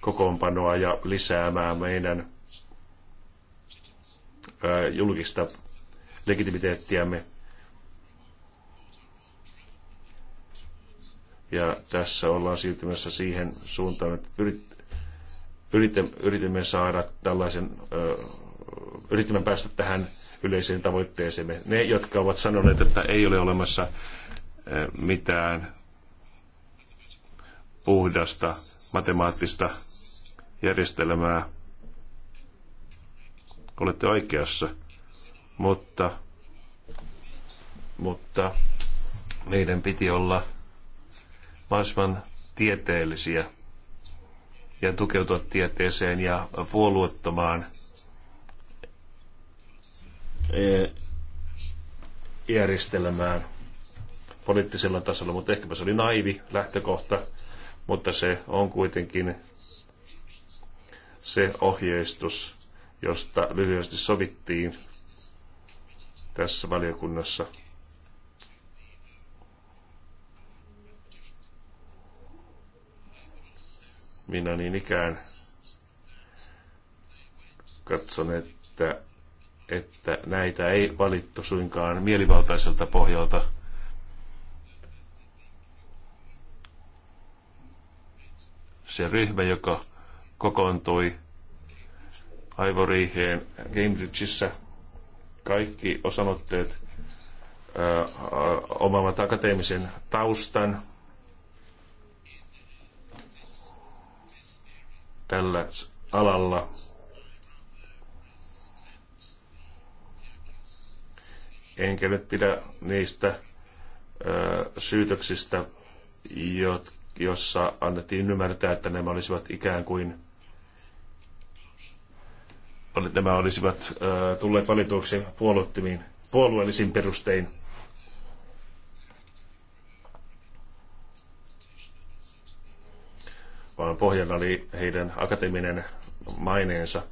kokoonpanoa ja lisäämään meidän julkista legitimiteettiämme. Ja tässä ollaan siirtymässä siihen suuntaan, että yritämme saada tällaisen, yritämme päästä tähän yleiseen tavoitteeseemme. Ne, jotka ovat sanoneet, että ei ole olemassa mitään puhdasta matemaattista järjestelmää, olette oikeassa – mutta, mutta meidän piti olla mahdollisimman tieteellisiä ja tukeutua tieteeseen ja puolueettomaan e, järjestelmään poliittisella tasolla, mutta ehkäpä se oli naivi lähtökohta, mutta se on kuitenkin se ohjeistus, josta lyhyesti sovittiin tässä valiokunnassa. Minä niin ikään katson, että, että näitä ei valittu suinkaan mielivaltaiselta pohjalta. Se ryhmä, joka kokoontui Aivoriiheen Cambridgeissa – kaikki osanotteet omaavat akateemisen taustan tällä alalla. Enkä nyt pidä niistä syytöksistä, jot, jossa annettiin ymmärtää, että nämä olisivat ikään kuin nämä olisivat tulleet valituiksi puolueettomiin, puolueellisiin perustein. Vaan pohjana oli heidän akateeminen maineensa.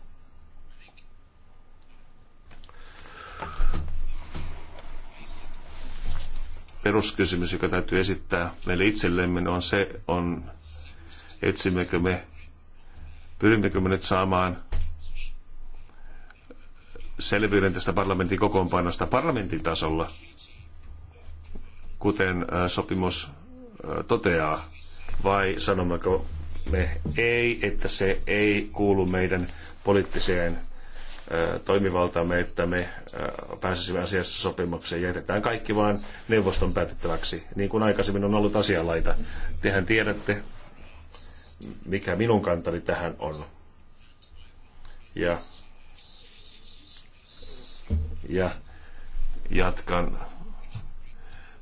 Peruskysymys, joka täytyy esittää meille itsellemme, on se, on etsimmekö me, pyrimmekö me nyt saamaan selvyyden tästä parlamentin kokoonpanosta parlamentin tasolla, kuten sopimus toteaa, vai sanommeko me ei, että se ei kuulu meidän poliittiseen toimivaltaamme, että me pääsisimme asiassa sopimukseen. Jätetään kaikki vaan neuvoston päätettäväksi, niin kuin aikaisemmin on ollut asianlaita. Tehän tiedätte, mikä minun kantani tähän on. Ja ja jatkan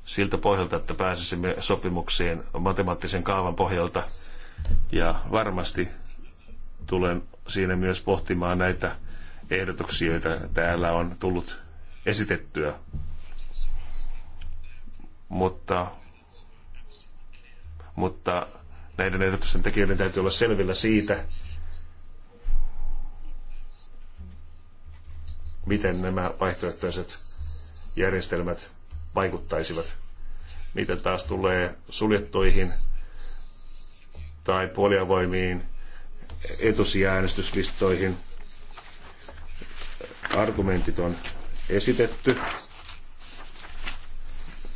siltä pohjalta, että pääsisimme sopimukseen matemaattisen kaavan pohjalta. Ja varmasti tulen siinä myös pohtimaan näitä ehdotuksia, joita täällä on tullut esitettyä. Mutta, mutta näiden ehdotusten tekijöiden täytyy olla selvillä siitä, miten nämä vaihtoehtoiset järjestelmät vaikuttaisivat. Mitä taas tulee suljettuihin tai puoliavoimiin etusijäänestyslistoihin. Argumentit on esitetty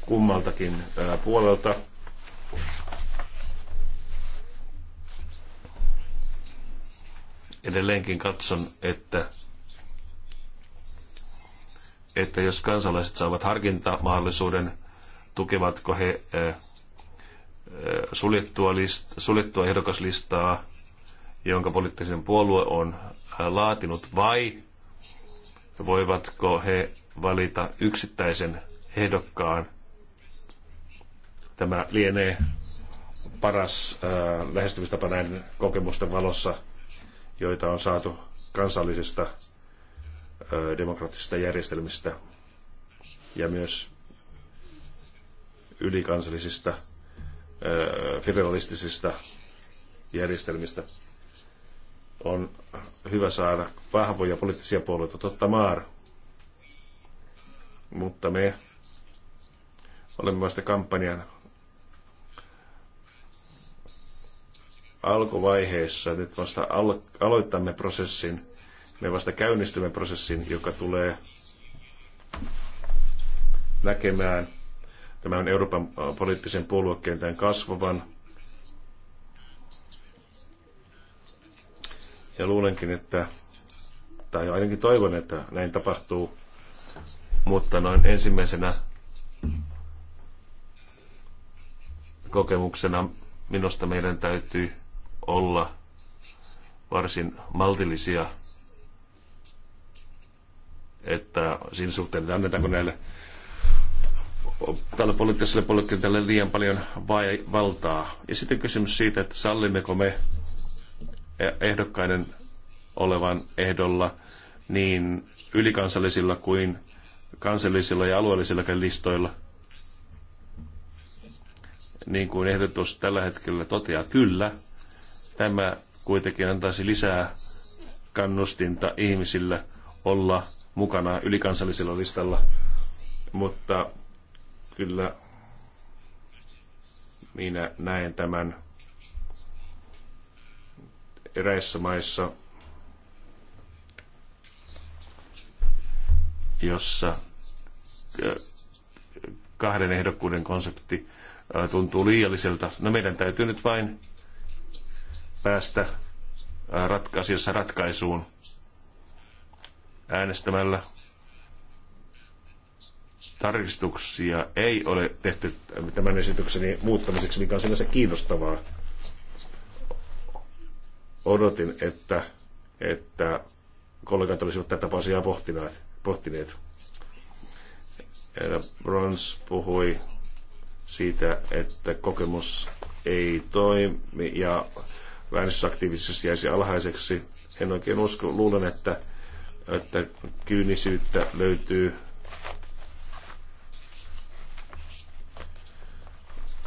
kummaltakin puolelta. Edelleenkin katson, että että jos kansalaiset saavat harkintamahdollisuuden, tukevatko he eh, eh, suljettua, list, suljettua ehdokaslistaa, jonka poliittisen puolue on eh, laatinut, vai voivatko he valita yksittäisen ehdokkaan. Tämä lienee paras äh, lähestymistapa näiden kokemusten valossa, joita on saatu kansallisista demokraattisista järjestelmistä ja myös ylikansallisista federalistisista järjestelmistä on hyvä saada vahvoja poliittisia puolueita, totta maar. Mutta me olemme vasta kampanjan alkuvaiheessa, nyt vasta al- aloittamme prosessin me vasta käynnistymme prosessin, joka tulee näkemään tämän Euroopan poliittisen puoluekentän kasvavan. Ja luulenkin, että, tai ainakin toivon, että näin tapahtuu, mutta noin ensimmäisenä kokemuksena minusta meidän täytyy olla varsin maltillisia että siinä suhteen, että annetaanko näille tälle poliittiselle poliittiselle liian paljon vai, valtaa. Ja sitten kysymys siitä, että sallimmeko me ehdokkaiden olevan ehdolla niin ylikansallisilla kuin kansallisilla ja alueellisilla listoilla. Niin kuin ehdotus tällä hetkellä toteaa, kyllä, tämä kuitenkin antaisi lisää kannustinta ihmisille olla mukana ylikansallisella listalla, mutta kyllä minä näen tämän eräissä maissa, jossa kahden ehdokkuuden konsepti tuntuu liialliselta. No meidän täytyy nyt vain päästä ratkaisijassa ratkaisuun äänestämällä. Tarkistuksia ei ole tehty tämän esitykseni muuttamiseksi, mikä on sinänsä kiinnostavaa. Odotin, että, että kollegat olisivat tätä asiaa pohtineet. pohtineet. Brons puhui siitä, että kokemus ei toimi ja väännösaktiivisuus jäisi alhaiseksi. En oikein usko, luulen, että että kyynisyyttä löytyy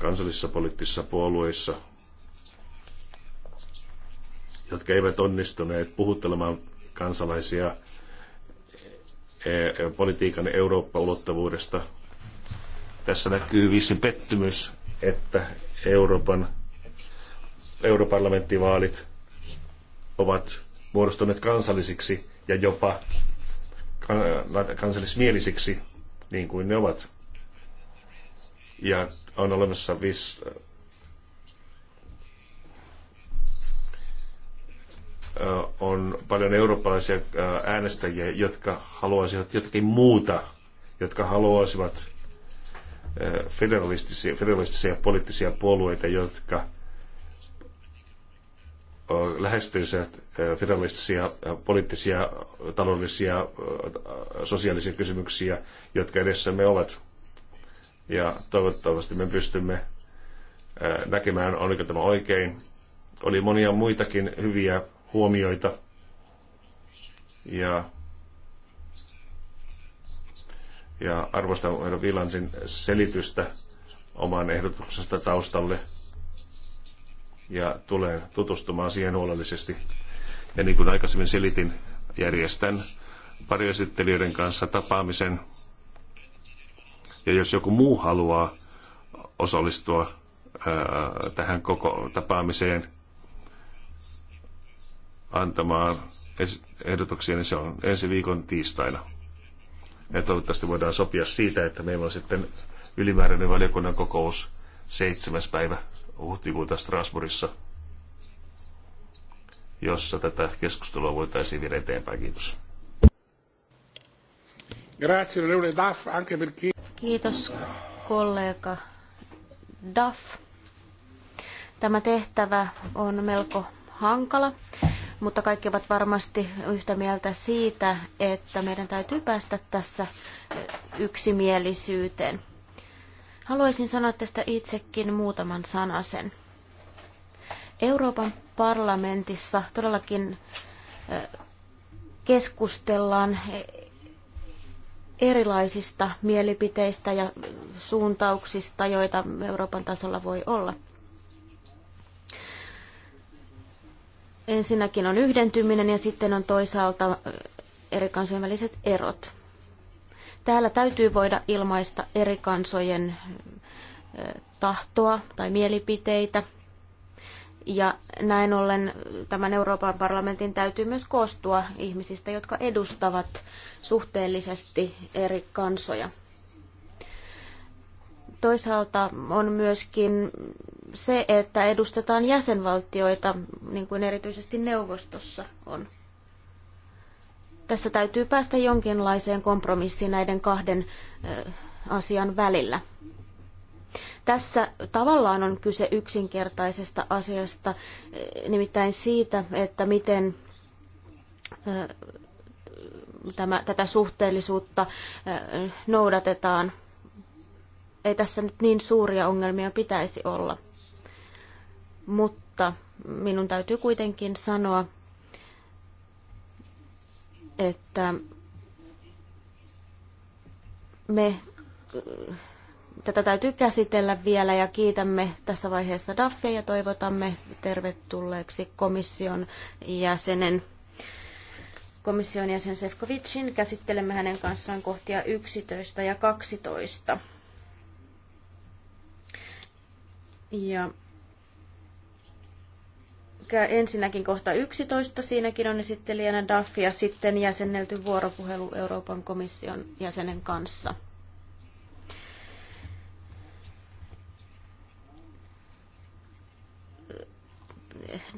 kansallisissa poliittisissa puolueissa, jotka eivät onnistuneet puhuttelemaan kansalaisia e, e, politiikan eurooppa ulottavuudesta Tässä näkyy vissi pettymys, että Euroopan europarlamenttivaalit ovat muodostuneet kansallisiksi ja jopa äh, kansallismielisiksi, niin kuin ne ovat. Ja on olemassa viisi äh, on paljon eurooppalaisia äh, äänestäjiä, jotka haluaisivat jotakin muuta, jotka haluaisivat federalistisia, federalistisia poliittisia puolueita, jotka lähestyisivät virallisia, poliittisia, taloudellisia, sosiaalisia kysymyksiä, jotka edessämme ovat. Ja toivottavasti me pystymme näkemään, oliko tämä oikein. Oli monia muitakin hyviä huomioita. Ja, ja arvostan herra Vilansin selitystä oman ehdotuksesta taustalle – ja tulee tutustumaan siihen huolellisesti. Ja niin kuin aikaisemmin selitin, järjestän pariesittelijöiden kanssa tapaamisen. Ja jos joku muu haluaa osallistua tähän koko tapaamiseen antamaan ehdotuksia, niin se on ensi viikon tiistaina. Ja toivottavasti voidaan sopia siitä, että meillä on sitten ylimääräinen valiokunnan kokous 7. päivä huhtikuuta Strasbourgissa, jossa tätä keskustelua voitaisiin viedä eteenpäin.
Kiitos.
Kiitos kollega Duff. Tämä tehtävä on melko hankala, mutta kaikki ovat varmasti yhtä mieltä siitä, että meidän täytyy päästä tässä yksimielisyyteen. Haluaisin sanoa tästä itsekin muutaman sanasen. Euroopan parlamentissa todellakin keskustellaan e, erilaisista mielipiteistä ja suuntauksista, joita Euroopan tasolla voi olla. Ensinnäkin on yhdentyminen ja sitten on toisaalta eri kansainväliset erot. Täällä täytyy voida ilmaista eri kansojen tahtoa tai mielipiteitä. Ja näin ollen tämän Euroopan parlamentin täytyy myös koostua ihmisistä, jotka edustavat suhteellisesti eri kansoja. Toisaalta on myöskin se, että edustetaan jäsenvaltioita, niin kuin erityisesti neuvostossa on tässä täytyy päästä jonkinlaiseen kompromissiin näiden kahden asian välillä. Tässä tavallaan on kyse yksinkertaisesta asiasta, nimittäin siitä, että miten tämä, tätä suhteellisuutta noudatetaan. Ei tässä nyt niin suuria ongelmia pitäisi olla. Mutta minun täytyy kuitenkin sanoa, että me tätä täytyy käsitellä vielä ja kiitämme tässä vaiheessa Daffia ja toivotamme tervetulleeksi komission jäsenen komission jäsen Sefcovicin. Käsittelemme hänen kanssaan kohtia 11 ja 12. Ja ensinnäkin kohta 11, siinäkin on esittelijänä DAF ja sitten jäsennelty vuoropuhelu Euroopan komission jäsenen kanssa.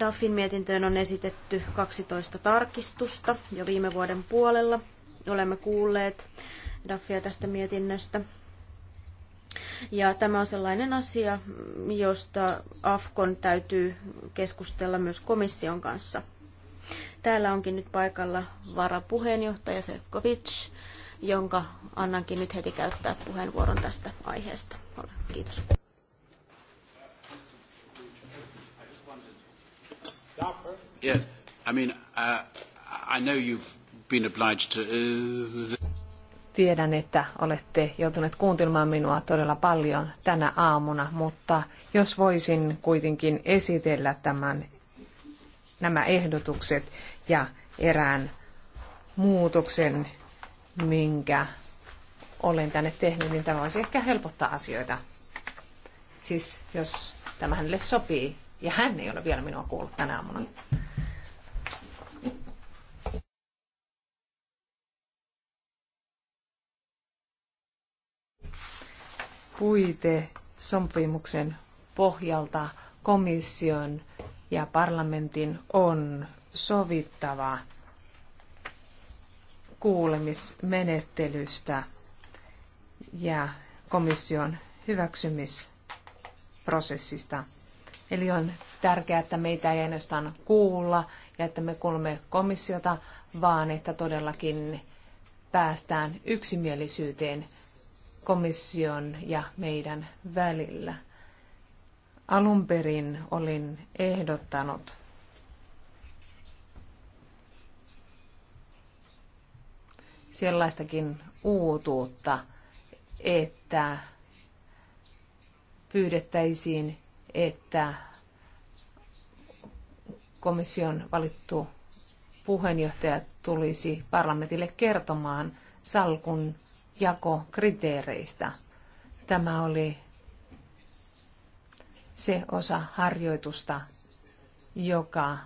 DAFin mietintöön on esitetty 12 tarkistusta jo viime vuoden puolella. Olemme kuulleet DAFia tästä mietinnöstä. Ja tämä on sellainen asia, josta AFKON täytyy keskustella myös komission kanssa. Täällä onkin nyt paikalla varapuheenjohtaja Sekkovic, jonka annankin nyt heti käyttää puheenvuoron tästä aiheesta. Kiitos.
Yeah, I mean, uh, I know you've been obliged to. Uh...
Tiedän, että olette joutuneet kuuntelemaan minua todella paljon tänä aamuna, mutta jos voisin kuitenkin esitellä tämän, nämä ehdotukset ja erään muutoksen, minkä olen tänne tehnyt, niin tämä voisi ehkä helpottaa asioita. Siis jos tämä hänelle sopii, ja hän ei ole vielä minua kuullut tänä aamuna. puitesopimuksen pohjalta komission ja parlamentin on sovittava kuulemismenettelystä ja komission hyväksymisprosessista. Eli on tärkeää, että meitä ei ainoastaan kuulla ja että me kuulemme komissiota, vaan että todellakin päästään yksimielisyyteen komission ja meidän välillä. Alun perin olin ehdottanut sellaistakin uutuutta, että pyydettäisiin, että komission valittu puheenjohtaja tulisi parlamentille kertomaan salkun jakokriteereistä. Tämä oli se osa harjoitusta, joka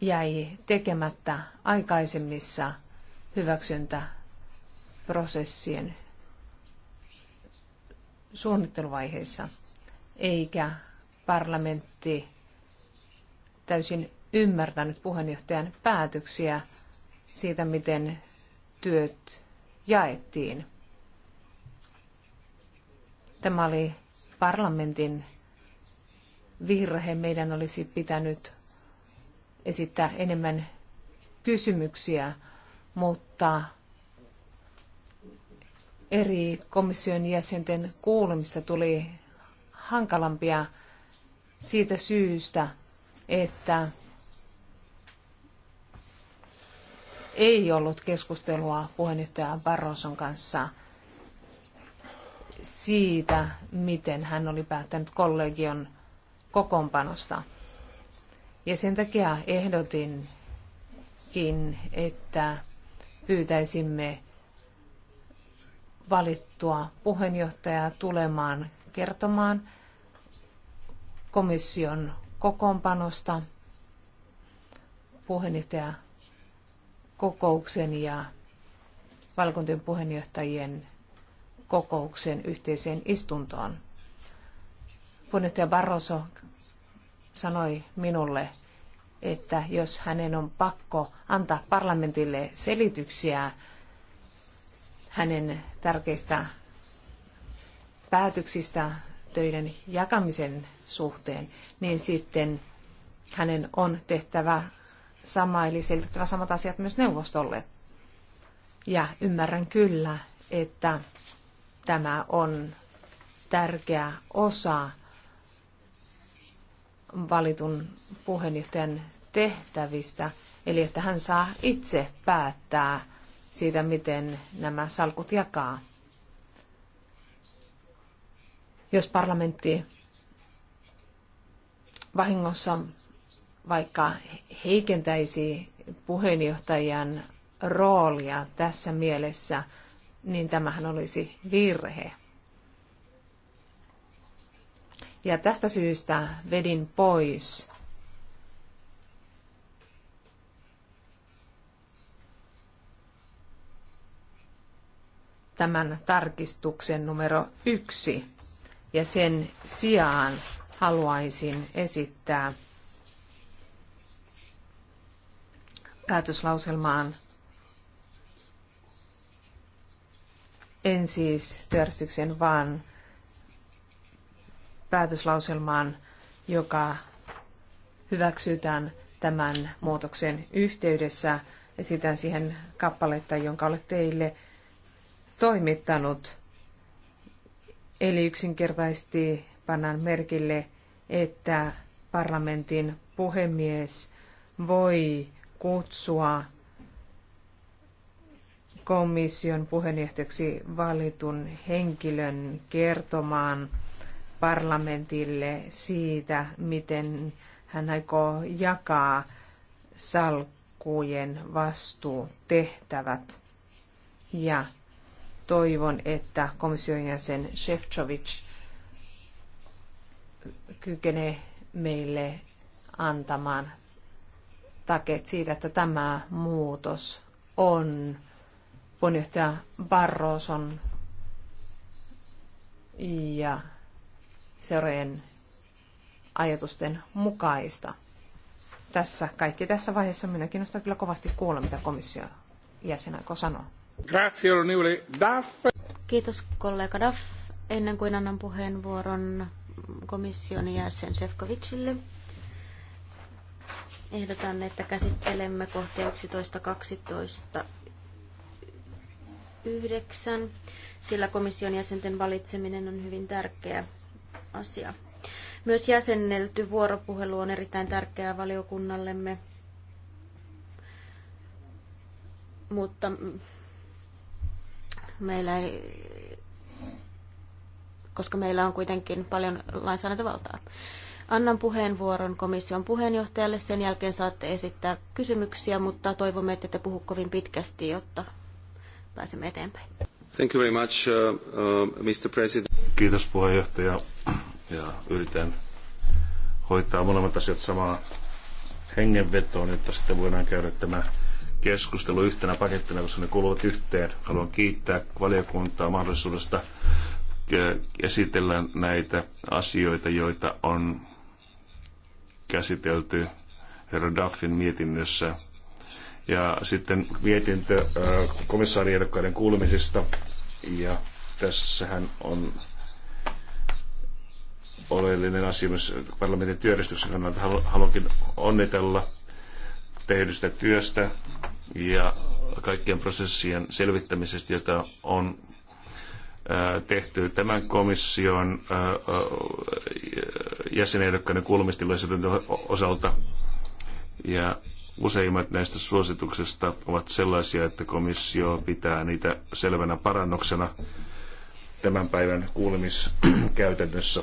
jäi tekemättä aikaisemmissa hyväksyntäprosessien suunnitteluvaiheissa, eikä parlamentti täysin ymmärtänyt puheenjohtajan päätöksiä siitä, miten työt jaettiin. Tämä oli parlamentin virhe. Meidän olisi pitänyt esittää enemmän kysymyksiä, mutta eri komission jäsenten kuulemista tuli hankalampia siitä syystä, että ei ollut keskustelua puheenjohtaja Barroson kanssa siitä, miten hän oli päättänyt kollegion kokoonpanosta. Ja sen takia ehdotinkin, että pyytäisimme valittua puheenjohtajaa tulemaan kertomaan komission kokoonpanosta. Puheenjohtaja kokouksen ja valkuntien puheenjohtajien kokouksen yhteiseen istuntoon. Puheenjohtaja Barroso sanoi minulle, että jos hänen on pakko antaa parlamentille selityksiä hänen tärkeistä päätöksistä töiden jakamisen suhteen, niin sitten hänen on tehtävä sama, eli selitettävä samat asiat myös neuvostolle. Ja ymmärrän kyllä, että tämä on tärkeä osa valitun puheenjohtajan tehtävistä, eli että hän saa itse päättää siitä, miten nämä salkut jakaa. Jos parlamentti vahingossa vaikka heikentäisi puheenjohtajan roolia tässä mielessä, niin tämähän olisi virhe. Ja tästä syystä vedin pois tämän tarkistuksen numero yksi. Ja sen sijaan haluaisin esittää päätöslauselmaan. En siis työjärjestykseen, vaan päätöslauselmaan, joka hyväksytään tämän muutoksen yhteydessä. Esitän siihen kappaletta, jonka olet teille toimittanut. Eli yksinkertaisesti pannaan merkille, että parlamentin puhemies voi kutsua komission puheenjohtajaksi valitun henkilön kertomaan parlamentille siitä, miten hän aikoo jakaa salkkujen vastuutehtävät. Ja toivon, että komission jäsen Shevchovic kykenee meille antamaan takeet siitä, että tämä muutos on puheenjohtaja Barroson ja seurojen ajatusten mukaista. Tässä kaikki tässä vaiheessa minä kiinnostaa kyllä kovasti kuulla,
mitä komission jäsen aikoo sanoa. Kiitos kollega Duff. Ennen kuin annan puheenvuoron komission jäsen Sefcovicille, Ehdotan, että käsittelemme kohtia 11.12. 9, sillä komission jäsenten valitseminen on hyvin tärkeä asia. Myös jäsennelty vuoropuhelu on erittäin tärkeää valiokunnallemme, mutta meillä ei, koska meillä on kuitenkin paljon lainsäädäntövaltaa. Annan puheenvuoron komission puheenjohtajalle. Sen jälkeen saatte esittää kysymyksiä, mutta toivomme, että te puhu kovin pitkästi, jotta pääsemme eteenpäin. Thank you very much, uh,
uh, Mr. President. Kiitos puheenjohtaja. Ja yritän hoitaa molemmat asiat samaan hengenvetoon, jotta sitten voidaan käydä tämä keskustelu yhtenä pakettina, koska ne kuuluvat yhteen. Haluan kiittää valiokuntaa mahdollisuudesta äh, esitellä näitä asioita, joita on käsitelty herra Duffin mietinnössä. Ja sitten mietintö komissaariehdokkaiden kuulemisista. Ja tässähän on oleellinen asia myös parlamentin työjärjestyksen kannalta. Haluankin onnitella tehdystä työstä ja kaikkien prosessien selvittämisestä, jota on tehty tämän komission jäsenehdokkaiden kulmistilaisuuden osalta. Ja useimmat näistä suosituksista ovat sellaisia, että komissio pitää niitä selvänä parannuksena tämän päivän kuulemiskäytännössä.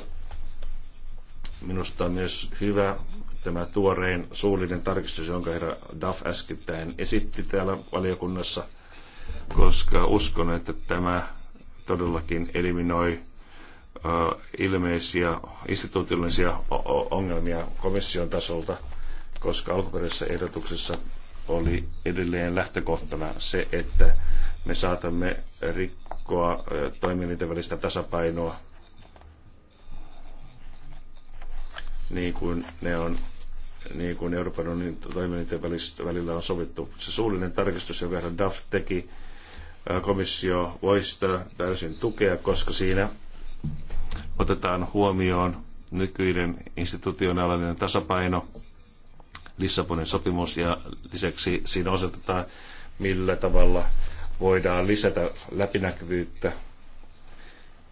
Minusta on myös hyvä tämä tuorein suullinen tarkistus, jonka herra Duff äskettäin esitti täällä valiokunnassa, koska uskon, että tämä todellakin eliminoi ilmeisiä instituutiollisia ongelmia komission tasolta, koska alkuperäisessä ehdotuksessa oli edelleen lähtökohtana se, että me saatamme rikkoa toimielinten välistä tasapainoa niin kuin ne on niin kuin Euroopan unionin toimielinten välillä on sovittu. Se suullinen tarkistus, jonka Duff teki, komissio voisi sitä täysin tukea, koska siinä otetaan huomioon nykyinen institutionaalinen tasapaino, Lissabonin sopimus ja lisäksi siinä osoitetaan, millä tavalla voidaan lisätä läpinäkyvyyttä,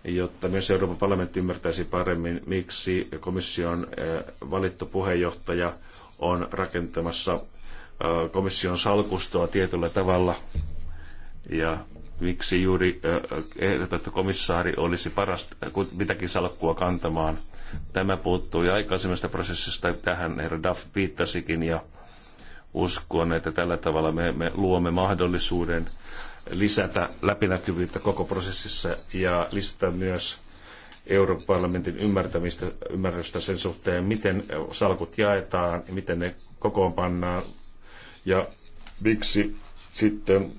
jotta myös Euroopan parlamentti ymmärtäisi paremmin, miksi komission valittu puheenjohtaja on rakentamassa komission salkustoa tietyllä tavalla – ja miksi juuri ehdotettu komissaari olisi paras mitäkin salkkua kantamaan. Tämä puuttui aikaisemmasta prosessista, tähän herra Duff viittasikin, ja uskon, että tällä tavalla me, me luomme mahdollisuuden lisätä läpinäkyvyyttä koko prosessissa ja lisätä myös Euroopan parlamentin ymmärtämistä, ymmärrystä sen suhteen, miten salkut jaetaan, miten ne kokoonpannaan ja miksi sitten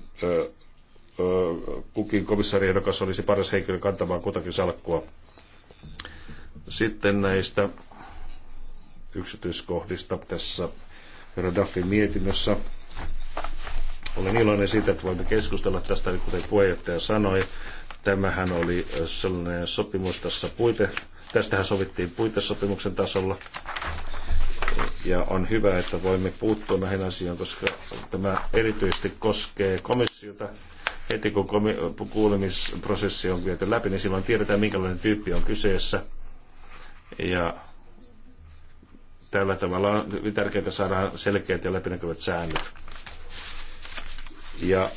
kukin komissaariehdokas olisi paras henkilö kantamaan kutakin salkkua. Sitten näistä yksityiskohdista tässä herra Duffin mietinnössä. Olen iloinen siitä, että voimme keskustella tästä, niin kuten puheenjohtaja sanoi. Tämähän oli sellainen sopimus tässä puite, tästähän sovittiin puitesopimuksen tasolla. Ja on hyvä, että voimme puuttua näihin asioihin, koska tämä erityisesti koskee komissiota Heti kun kuulemisprosessi on viety läpi, niin silloin tiedetään, minkälainen tyyppi on kyseessä. Ja tällä tavalla on tärkeää, tärkeää saada selkeät ja läpinäkyvät säännöt. Ja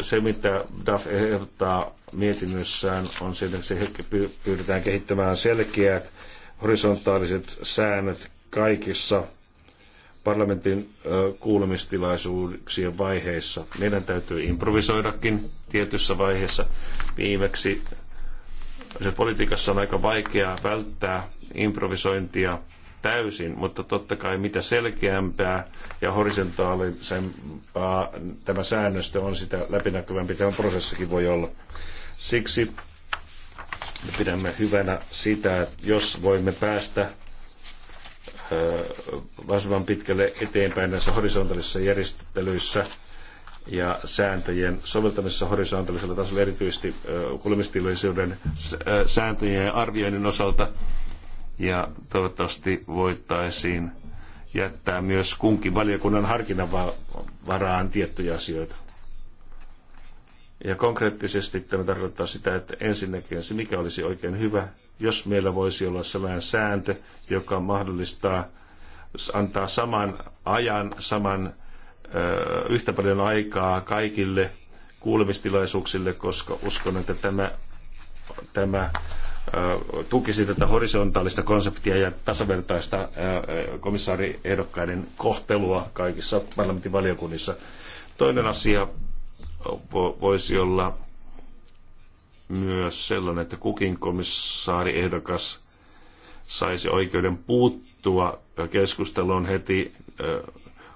se, mitä DAF ehdottaa mietinnössään, on se, että se pyydetään kehittämään selkeät horisontaaliset säännöt kaikissa parlamentin kuulemistilaisuuksien vaiheissa. Meidän täytyy improvisoidakin tietyssä vaiheessa. Viimeksi se politiikassa on aika vaikeaa välttää improvisointia täysin, mutta totta kai mitä selkeämpää ja horisontaalisempaa tämä säännöstö on, sitä läpinäkyvämpi tämä prosessikin voi olla. Siksi me pidämme hyvänä sitä, että jos voimme päästä vastuvan pitkälle eteenpäin näissä horisontaalisissa järjestelyissä ja sääntöjen soveltamisessa horisontaalisella tasolla erityisesti kuulemistilaisuuden sääntöjen ja arvioinnin osalta. Ja toivottavasti voitaisiin jättää myös kunkin valiokunnan harkinnan varaan tiettyjä asioita. Ja konkreettisesti tämä tarkoittaa sitä, että ensinnäkin se, mikä olisi oikein hyvä jos meillä voisi olla sellainen sääntö, joka mahdollistaa antaa saman ajan, saman ö, yhtä paljon aikaa kaikille kuulemistilaisuuksille, koska uskon, että tämä, tämä tukisi tätä horisontaalista konseptia ja tasavertaista komissaariehdokkaiden kohtelua kaikissa parlamentin valiokunnissa. Toinen asia voisi olla myös sellainen, että kukin komissaariehdokas saisi oikeuden puuttua keskusteluun heti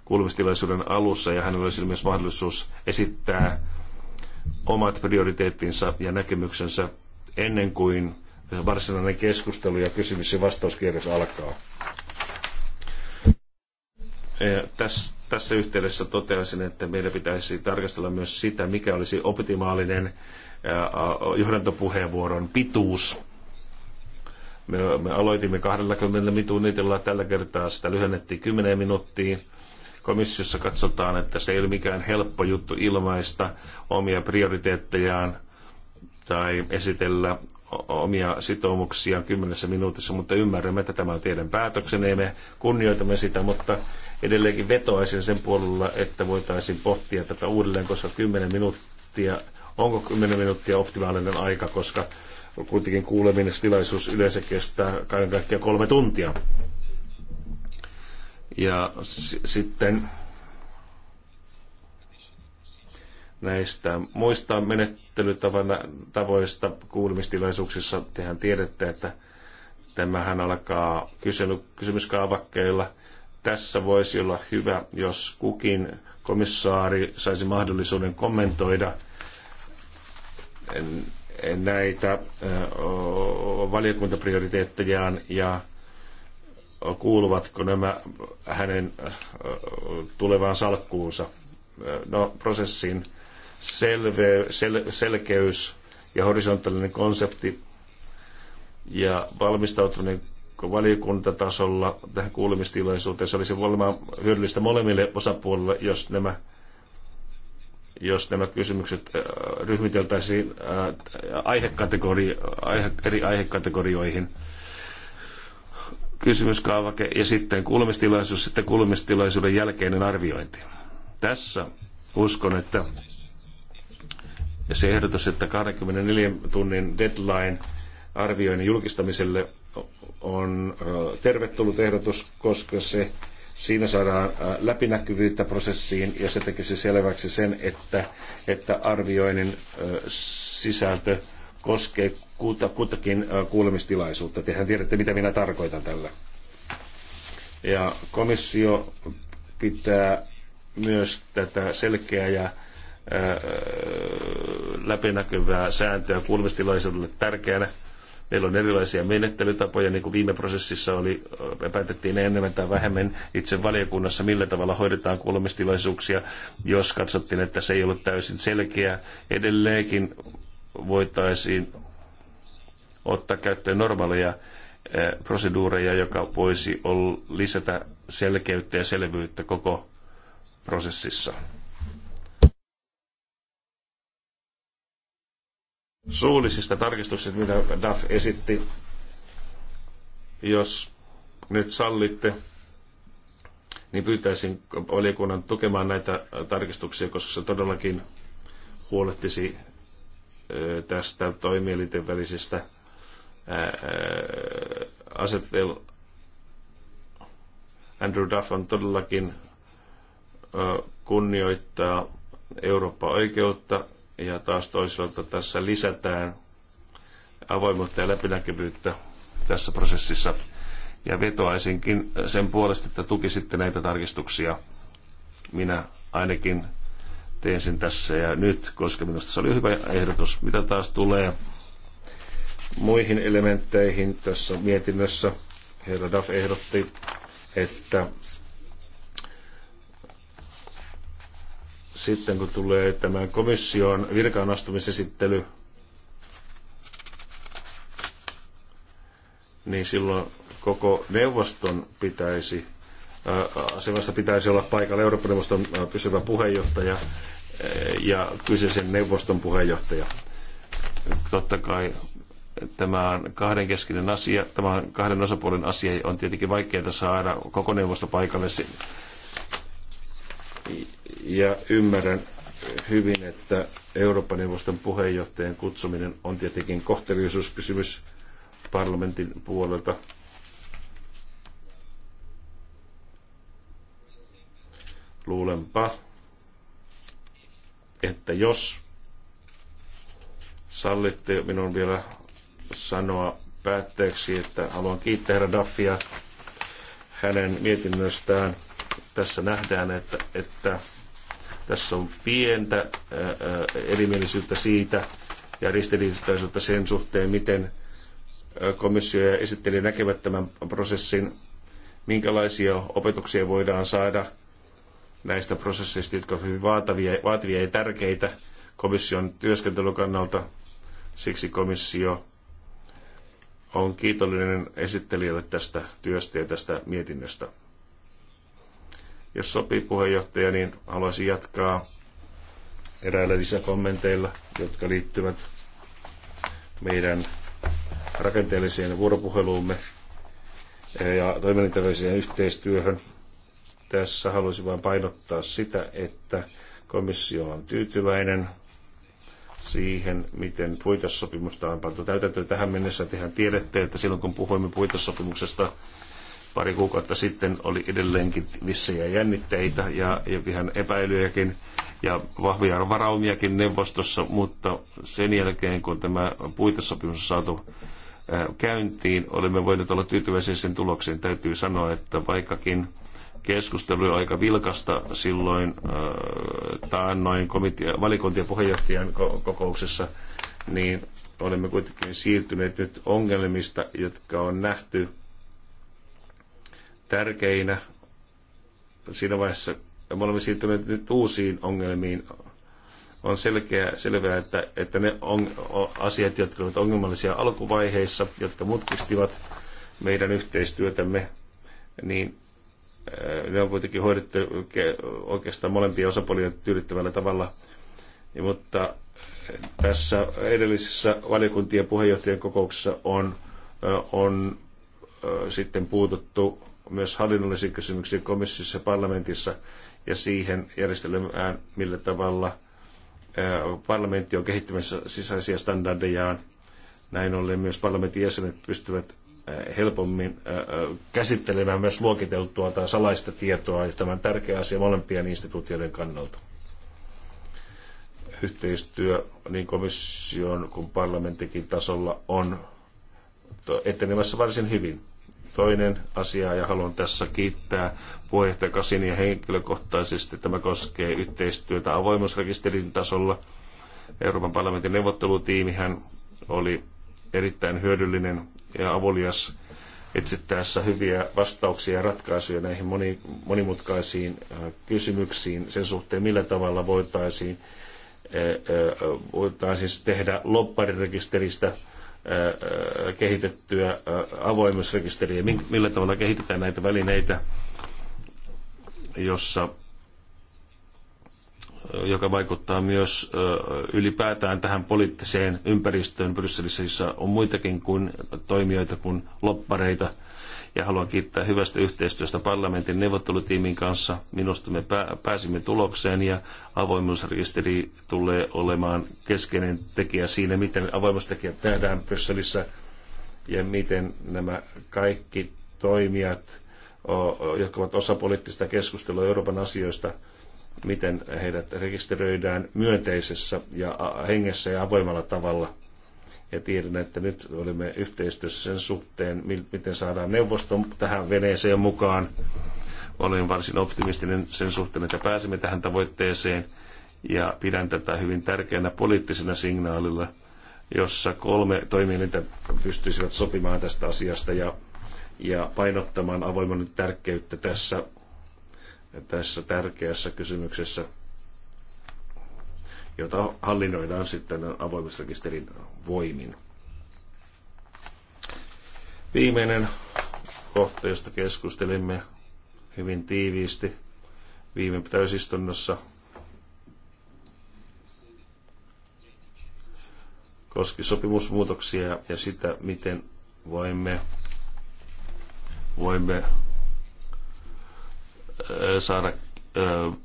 kuulemistilaisuuden alussa ja hänellä olisi myös mahdollisuus esittää omat prioriteettinsa ja näkemyksensä ennen kuin varsinainen keskustelu ja kysymys- ja vastauskierros alkaa. Tässä, tässä yhteydessä toteaisin, että meidän pitäisi tarkastella myös sitä, mikä olisi optimaalinen johdantopuheenvuoron pituus. Me, me aloitimme 20 minuutilla, tällä kertaa sitä lyhennettiin 10 minuuttia. Komissiossa katsotaan, että se ei ole mikään helppo juttu ilmaista omia prioriteettejaan tai esitellä omia sitoumuksiaan kymmenessä minuutissa, mutta ymmärrämme, että tämä on teidän päätöksen, ei me kunnioitamme sitä, mutta edelleenkin vetoaisin sen puolella, että voitaisiin pohtia tätä uudelleen, koska kymmenen minuuttia Onko 10 minuuttia optimaalinen aika, koska kuitenkin kuuleminen yleensä kestää kaiken kaikkiaan kolme tuntia. Ja sitten näistä muista menettelytavoista kuulemistilaisuuksissa. Tehän tiedätte, että tämähän alkaa kysely, kysymyskaavakkeilla. Tässä voisi olla hyvä, jos kukin komissaari saisi mahdollisuuden kommentoida – näitä valiokuntaprioriteettejaan ja kuuluvatko nämä hänen tulevaan salkkuunsa. No, prosessin selve, sel, selkeys ja horisontaalinen konsepti ja valmistautuminen valiokuntatasolla tähän kuulemistilaisuuteen. Se olisi varmaan hyödyllistä molemmille osapuolille, jos nämä jos nämä kysymykset äh, ryhmiteltäisiin äh, aihekategori, aihe, eri aihekategorioihin. Kysymyskaavake ja sitten kuulemistilaisuus, sitten kuulemistilaisuuden jälkeinen arviointi. Tässä uskon, että ja se ehdotus, että 24 tunnin deadline arvioinnin julkistamiselle on tervetullut ehdotus, koska se Siinä saadaan äh, läpinäkyvyyttä prosessiin ja se tekisi selväksi sen, että, että arvioinnin äh, sisältö koskee kutakin äh, kuulemistilaisuutta. Tehän tiedätte, mitä minä tarkoitan tällä. Ja komissio pitää myös tätä selkeää ja läpinäkyvää sääntöä kuulemistilaisuudelle tärkeänä Meillä on erilaisia menettelytapoja, niin kuin viime prosessissa oli, päätettiin enemmän tai vähemmän itse valiokunnassa, millä tavalla hoidetaan kuulemistilaisuuksia, jos katsottiin, että se ei ollut täysin selkeä. Edelleenkin voitaisiin ottaa käyttöön normaaleja proseduureja, joka voisi lisätä selkeyttä ja selvyyttä koko prosessissa. suullisista tarkistuksista, mitä DAF esitti, jos nyt sallitte, niin pyytäisin valiokunnan tukemaan näitä tarkistuksia, koska se todellakin huolehtisi tästä toimielinten välisestä asetel. Andrew Duff on todellakin kunnioittaa Eurooppa-oikeutta ja taas toisaalta tässä lisätään avoimuutta ja läpinäkyvyyttä tässä prosessissa. Ja vetoaisinkin sen puolesta, että tukisitte näitä tarkistuksia. Minä ainakin teen sen tässä ja nyt, koska minusta se oli hyvä ehdotus. Mitä taas tulee muihin elementteihin tässä mietinnössä, herra Duff ehdotti, että Sitten kun tulee tämän komission virkaanastumisesittely, niin silloin koko neuvoston pitäisi, äh, asemassa pitäisi olla paikalla Euroopan neuvoston äh, pysyvä puheenjohtaja äh, ja kyseisen neuvoston puheenjohtaja. Totta kai tämä on keskinen asia, tämä on kahden osapuolen asia ja on tietenkin vaikeaa saada koko neuvosto paikalle ja ymmärrän hyvin, että Euroopan neuvoston puheenjohtajan kutsuminen on tietenkin kohteliaisuuskysymys parlamentin puolelta. Luulenpa, että jos sallitte minun vielä sanoa päätteeksi, että haluan kiittää herra Daffia hänen mietinnöstään – tässä nähdään, että, että tässä on pientä erimielisyyttä siitä ja ristiriitaisuutta sen suhteen, miten komissio ja esittelijä näkevät tämän prosessin, minkälaisia opetuksia voidaan saada näistä prosesseista, jotka ovat hyvin vaativia, vaativia ja tärkeitä komission työskentelykannalta. Siksi komissio on kiitollinen esittelijälle tästä työstä ja tästä mietinnöstä. Jos sopii puheenjohtaja, niin haluaisin jatkaa eräillä lisäkommenteilla, jotka liittyvät meidän rakenteelliseen vuoropuheluumme ja toimintaväliseen yhteistyöhön. Tässä haluaisin vain painottaa sitä, että komissio on tyytyväinen siihen, miten puitesopimusta on pantu täytäntöön tähän mennessä. Tehän tiedätte, että silloin kun puhuimme puitesopimuksesta, pari kuukautta sitten oli edelleenkin vissejä jännitteitä ja vähän epäilyjäkin ja vahvia varaumiakin neuvostossa, mutta sen jälkeen kun tämä puitesopimus on saatu käyntiin, olemme voineet olla tyytyväisiä sen tulokseen. Täytyy sanoa, että vaikkakin keskustelu oli aika vilkasta silloin taannoin komitea, valikuntien puheenjohtajan kokouksessa, niin olemme kuitenkin siirtyneet nyt ongelmista, jotka on nähty tärkeinä siinä vaiheessa, me olemme siirtyneet nyt uusiin ongelmiin, on selkeä, selvää, että, että ne on, on, asiat, jotka olivat ongelmallisia alkuvaiheissa, jotka mutkistivat meidän yhteistyötämme, niin ne on kuitenkin hoidettu oikeastaan molempia osapuolia tyydyttävällä tavalla. Ja, mutta tässä edellisessä valiokuntien puheenjohtajien kokouksessa on, on sitten puututtu myös hallinnollisiin kysymyksiin komissiossa ja parlamentissa ja siihen järjestelmään, millä tavalla parlamentti on kehittämässä sisäisiä standardejaan. Näin ollen myös parlamentin jäsenet pystyvät helpommin käsittelemään myös luokiteltua tai salaista tietoa, ja tämä on tärkeä asia molempien instituutioiden kannalta. Yhteistyö niin komission kuin parlamentikin tasolla on etenemässä varsin hyvin. Toinen asia, ja haluan tässä kiittää puheenjohtaja Kasinia henkilökohtaisesti, tämä koskee yhteistyötä avoimuusrekisterin tasolla. Euroopan parlamentin neuvottelutiimihän oli erittäin hyödyllinen ja avulias etsittäessä hyviä vastauksia ja ratkaisuja näihin moni, monimutkaisiin kysymyksiin sen suhteen, millä tavalla voitaisiin, voitaisiin tehdä lopparirekisteristä kehitettyä avoimuusrekisteriä, millä tavalla kehitetään näitä välineitä, jossa, joka vaikuttaa myös ylipäätään tähän poliittiseen ympäristöön Brysselissä, jossa on muitakin kuin toimijoita kuin loppareita, ja haluan kiittää hyvästä yhteistyöstä parlamentin neuvottelutiimin kanssa. Minusta me pääsimme tulokseen ja avoimuusrekisteri tulee olemaan keskeinen tekijä siinä, miten avoimuustekijät nähdään Brysselissä ja miten nämä kaikki toimijat, jotka ovat osa poliittista keskustelua Euroopan asioista, miten heidät rekisteröidään myönteisessä ja hengessä ja avoimella tavalla – ja tiedän, että nyt olimme yhteistyössä sen suhteen, miten saadaan neuvosto tähän veneeseen mukaan. Olen varsin optimistinen sen suhteen, että pääsemme tähän tavoitteeseen ja pidän tätä hyvin tärkeänä poliittisena signaalilla, jossa kolme toimielintä pystyisivät sopimaan tästä asiasta ja, ja painottamaan avoimen tärkeyttä tässä, tässä tärkeässä kysymyksessä – jota hallinnoidaan sitten avoimuusrekisterin voimin. Viimeinen kohta, josta keskustelimme hyvin tiiviisti viime täysistunnossa, koski sopimusmuutoksia ja sitä, miten voimme, voimme saada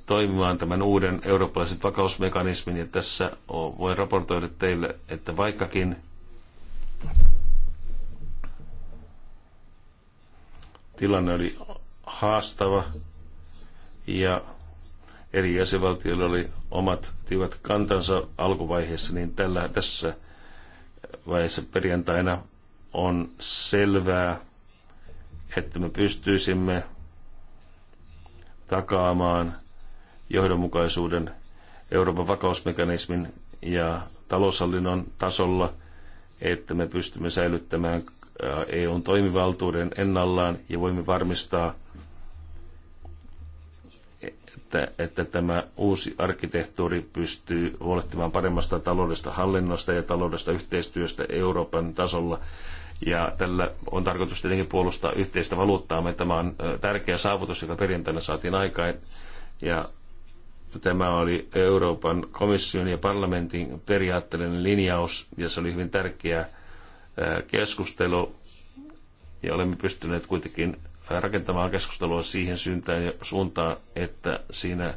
toimimaan tämän uuden eurooppalaisen vakausmekanismin ja tässä voin raportoida teille, että vaikkakin tilanne oli haastava ja eri jäsenvaltioilla oli omat tiivät kantansa alkuvaiheessa, niin tällä, tässä vaiheessa perjantaina on selvää, että me pystyisimme takaamaan johdonmukaisuuden Euroopan vakausmekanismin ja taloushallinnon tasolla, että me pystymme säilyttämään äh, EUn toimivaltuuden ennallaan ja voimme varmistaa, että, että tämä uusi arkkitehtuuri pystyy huolehtimaan paremmasta taloudesta hallinnosta ja taloudesta yhteistyöstä Euroopan tasolla ja tällä on tarkoitus tietenkin puolustaa yhteistä mutta Tämä on tärkeä saavutus, joka perjantaina saatiin aikaan. Ja tämä oli Euroopan komission ja parlamentin periaatteellinen linjaus, ja se oli hyvin tärkeä keskustelu. Ja olemme pystyneet kuitenkin rakentamaan keskustelua siihen syntään ja suuntaan, että siinä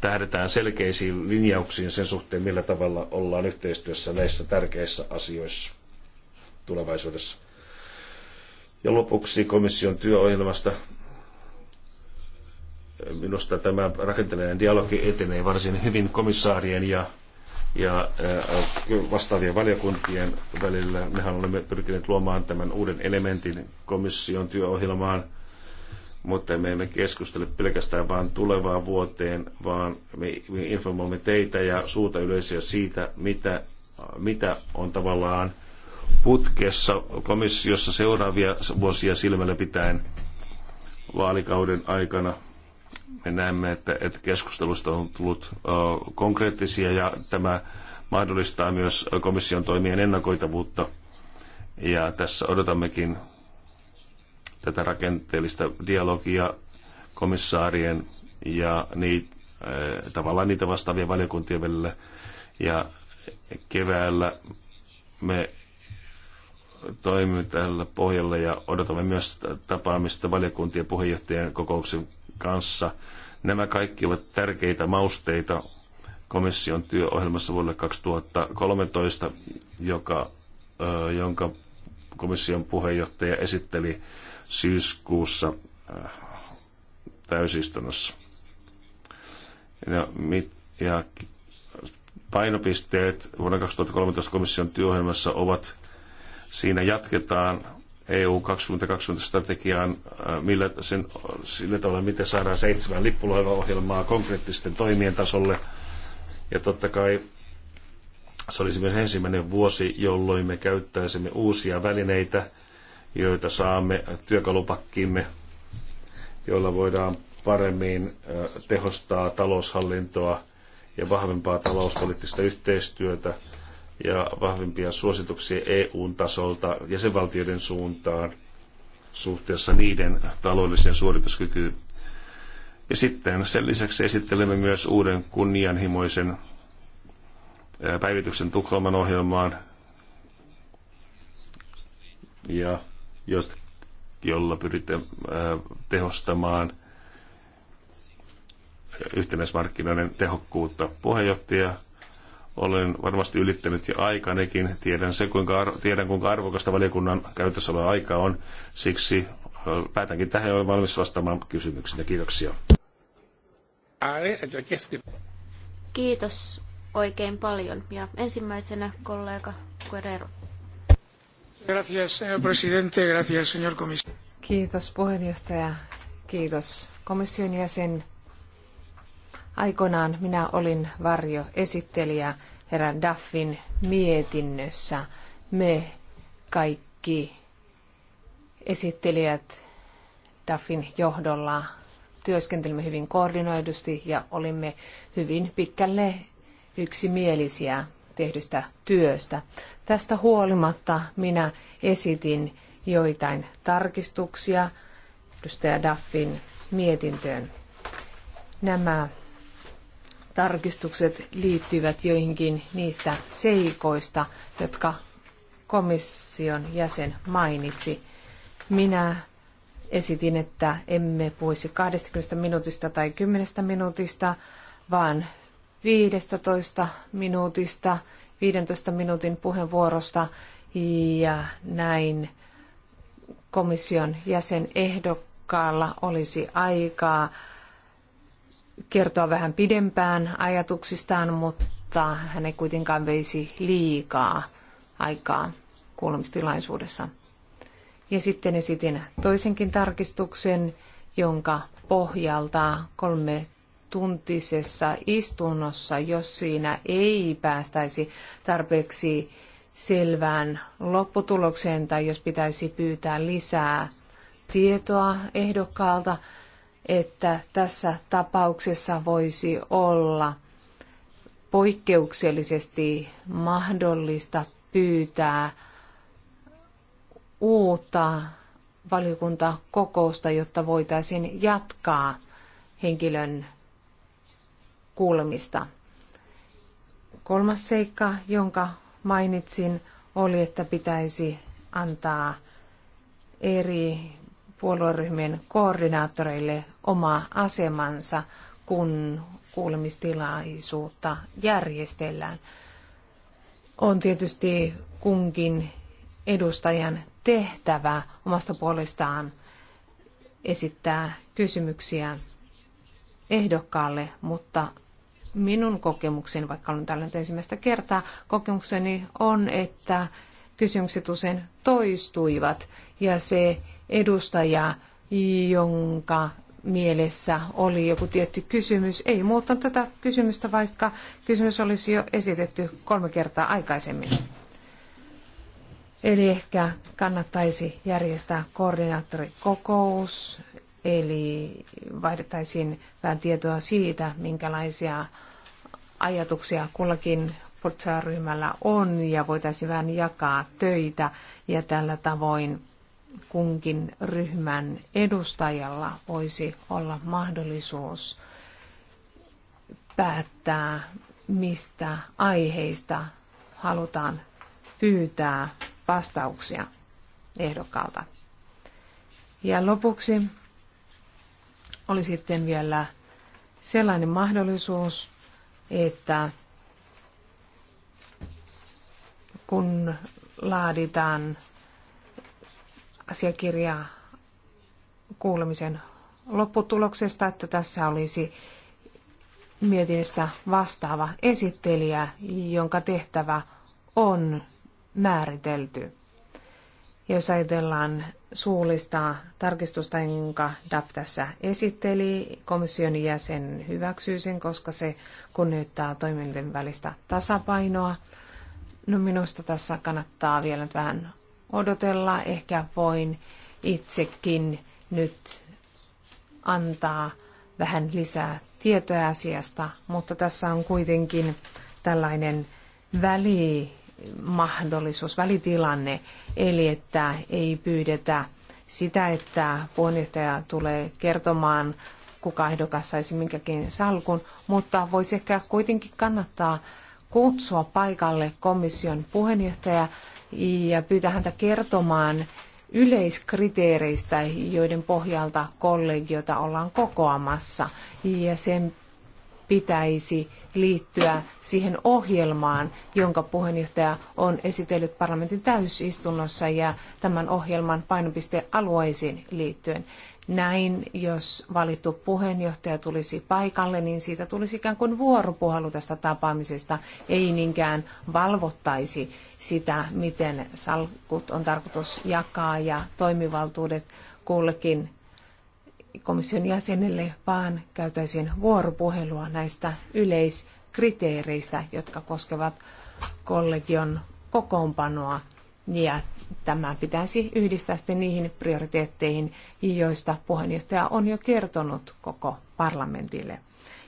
tähdetään selkeisiin linjauksiin sen suhteen, millä tavalla ollaan yhteistyössä näissä tärkeissä asioissa tulevaisuudessa. Ja lopuksi komission työohjelmasta. Minusta tämä rakenteellinen dialogi etenee varsin hyvin komissaarien ja, ja vastaavien valiokuntien välillä. Mehän olemme pyrkineet luomaan tämän uuden elementin komission työohjelmaan – mutta me emme keskustele pelkästään vain tulevaan vuoteen, vaan me, me informoimme teitä ja suuta yleisöä siitä, mitä, mitä on tavallaan putkessa komissiossa seuraavia vuosia silmällä pitäen vaalikauden aikana. Me näemme, että, että keskustelusta on tullut konkreettisia ja tämä mahdollistaa myös komission toimien ennakoitavuutta. Ja tässä odotammekin tätä rakenteellista dialogia komissaarien ja niitä, tavallaan niitä vastaavien valiokuntien välillä. Ja keväällä me toimimme tällä pohjalla ja odotamme myös tapaamista valiokuntien puheenjohtajien kokouksen kanssa. Nämä kaikki ovat tärkeitä mausteita komission työohjelmassa vuodelle 2013, joka, jonka komission puheenjohtaja esitteli syyskuussa täysistunnossa. Ja, mit, ja painopisteet vuonna 2013 komission työohjelmassa ovat Siinä jatketaan EU 2020 strategiaan äh, millä sen, sillä tavalla, miten saadaan seitsemän lippulaivaohjelmaa konkreettisten toimien tasolle. Ja totta kai se olisi myös ensimmäinen vuosi, jolloin me käyttäisimme uusia välineitä, joita saamme työkalupakkiimme, joilla voidaan paremmin äh, tehostaa taloushallintoa ja vahvempaa talouspoliittista yhteistyötä ja vahvimpia suosituksia EU-tasolta jäsenvaltioiden suuntaan suhteessa niiden taloudelliseen suorituskykyyn. Ja sitten sen lisäksi esittelemme myös uuden kunnianhimoisen päivityksen Tukholman ohjelmaan, ja jolla pyritään tehostamaan yhtenäismarkkinoiden tehokkuutta. Puheenjohtaja olen varmasti ylittänyt jo aikanekin. Tiedän, se, kuinka arvo, tiedän kuinka arvokasta valiokunnan käytössä oleva aika on. Siksi päätänkin tähän ja olen valmis vastaamaan
kysymyksiin. Kiitoksia.
Kiitos oikein paljon. Ja ensimmäisenä kollega Guerrero.
Gracias, señor presidente. Gracias, señor
Kiitos puheenjohtaja. Kiitos komission jäsen. Aikoinaan minä olin varjoesittelijä herran Daffin mietinnössä. Me kaikki esittelijät Daffin johdolla työskentelimme hyvin koordinoidusti ja olimme hyvin pitkälle yksimielisiä tehdystä työstä. Tästä huolimatta minä esitin joitain tarkistuksia edustaja Daffin mietintöön. Nämä tarkistukset liittyvät joihinkin niistä seikoista, jotka komission jäsen mainitsi. Minä esitin, että emme puhuisi 20 minuutista tai 10 minuutista, vaan 15 minuutista, 15 minuutin puheenvuorosta ja näin komission jäsenehdokkaalla olisi aikaa kertoa vähän pidempään ajatuksistaan, mutta hän ei kuitenkaan veisi liikaa aikaa kuulemistilaisuudessa. Ja sitten esitin toisenkin tarkistuksen, jonka pohjalta kolme tuntisessa istunnossa, jos siinä ei päästäisi tarpeeksi selvään lopputulokseen tai jos pitäisi pyytää lisää tietoa ehdokkaalta, että tässä tapauksessa voisi olla poikkeuksellisesti mahdollista pyytää uutta valiokuntakokousta, jotta voitaisiin jatkaa henkilön kuulemista. Kolmas seikka, jonka mainitsin, oli, että pitäisi antaa eri puolueryhmien koordinaattoreille oma asemansa, kun kuulemistilaisuutta järjestellään. On tietysti kunkin edustajan tehtävä omasta puolestaan esittää kysymyksiä ehdokkaalle, mutta minun kokemukseni, vaikka olen täällä nyt ensimmäistä kertaa, kokemukseni on, että kysymykset usein toistuivat ja se edustaja, jonka mielessä oli joku tietty kysymys, ei muuttanut tätä kysymystä, vaikka kysymys olisi jo esitetty kolme kertaa aikaisemmin. Eli ehkä kannattaisi järjestää koordinaattorikokous, eli vaihdettaisiin vähän tietoa siitä, minkälaisia ajatuksia kullakin portaaryhmällä on, ja voitaisiin vähän jakaa töitä, ja tällä tavoin kunkin ryhmän edustajalla voisi olla mahdollisuus päättää, mistä aiheista halutaan pyytää vastauksia ehdokkaalta. Ja lopuksi oli sitten vielä sellainen mahdollisuus, että kun laaditaan asiakirjaa kuulemisen lopputuloksesta, että tässä olisi mietinnöstä vastaava esittelijä, jonka tehtävä on määritelty. Jos ajatellaan suullista tarkistusta, jonka DAF tässä esitteli, komission jäsen hyväksyy sen, koska se kunnioittaa toimijoiden välistä tasapainoa. No minusta tässä kannattaa vielä vähän odotella. Ehkä voin itsekin nyt antaa vähän lisää tietoja asiasta, mutta tässä on kuitenkin tällainen välimahdollisuus, välitilanne, eli että ei pyydetä sitä, että puheenjohtaja tulee kertomaan, kuka ehdokas saisi minkäkin salkun, mutta voisi ehkä kuitenkin kannattaa kutsua paikalle komission puheenjohtaja ja pyytää häntä kertomaan yleiskriteereistä, joiden pohjalta kollegiota ollaan kokoamassa. Ja sen pitäisi liittyä siihen ohjelmaan, jonka puheenjohtaja on esitellyt parlamentin täysistunnossa ja tämän ohjelman painopistealueisiin liittyen. Näin, jos valittu puheenjohtaja tulisi paikalle, niin siitä tulisi ikään kuin vuoropuhelu tästä tapaamisesta, ei niinkään valvottaisi sitä, miten salkut on tarkoitus jakaa ja toimivaltuudet kullekin komission jäsenelle, vaan käytäisiin vuoropuhelua näistä yleiskriteereistä, jotka koskevat kollegion kokoonpanoa ja tämä pitäisi yhdistää sitten niihin prioriteetteihin, joista puheenjohtaja on jo kertonut koko parlamentille.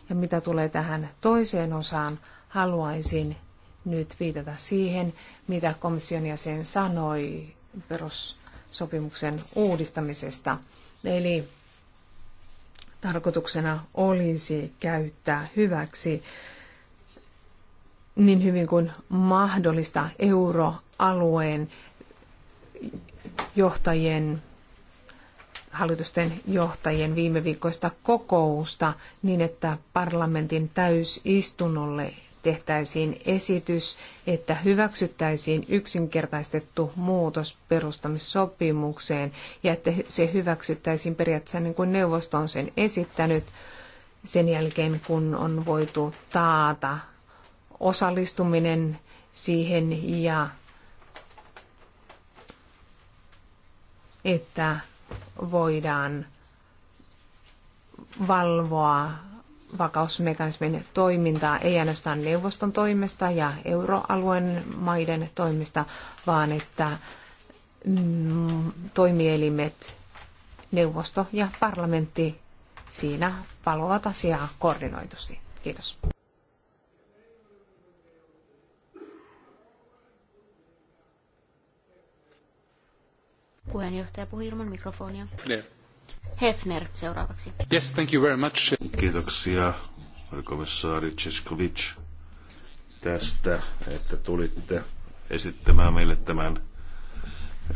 Ja mitä tulee tähän toiseen osaan, haluaisin nyt viitata siihen, mitä komission jäsen sanoi perussopimuksen uudistamisesta. Eli tarkoituksena olisi käyttää hyväksi niin hyvin kuin mahdollista euroalueen johtajien hallitusten johtajien viime viikkoista kokousta niin, että parlamentin täysistunnolle tehtäisiin esitys, että hyväksyttäisiin yksinkertaistettu muutos perustamissopimukseen ja että se hyväksyttäisiin periaatteessa niin kuin neuvosto on sen esittänyt sen jälkeen, kun on voitu taata osallistuminen siihen ja että voidaan valvoa vakausmekanismin toimintaa ei ainoastaan neuvoston toimesta ja euroalueen maiden toimista, vaan että mm, toimielimet, neuvosto ja parlamentti siinä valvovat asiaa koordinoitusti. Kiitos.
Puheenjohtaja puhui ilman mikrofonia. Hefner. Hefner seuraavaksi. Yes,
thank you very much. Kiitoksia, komissaari Ceskovic, tästä, että tulitte esittämään meille tämän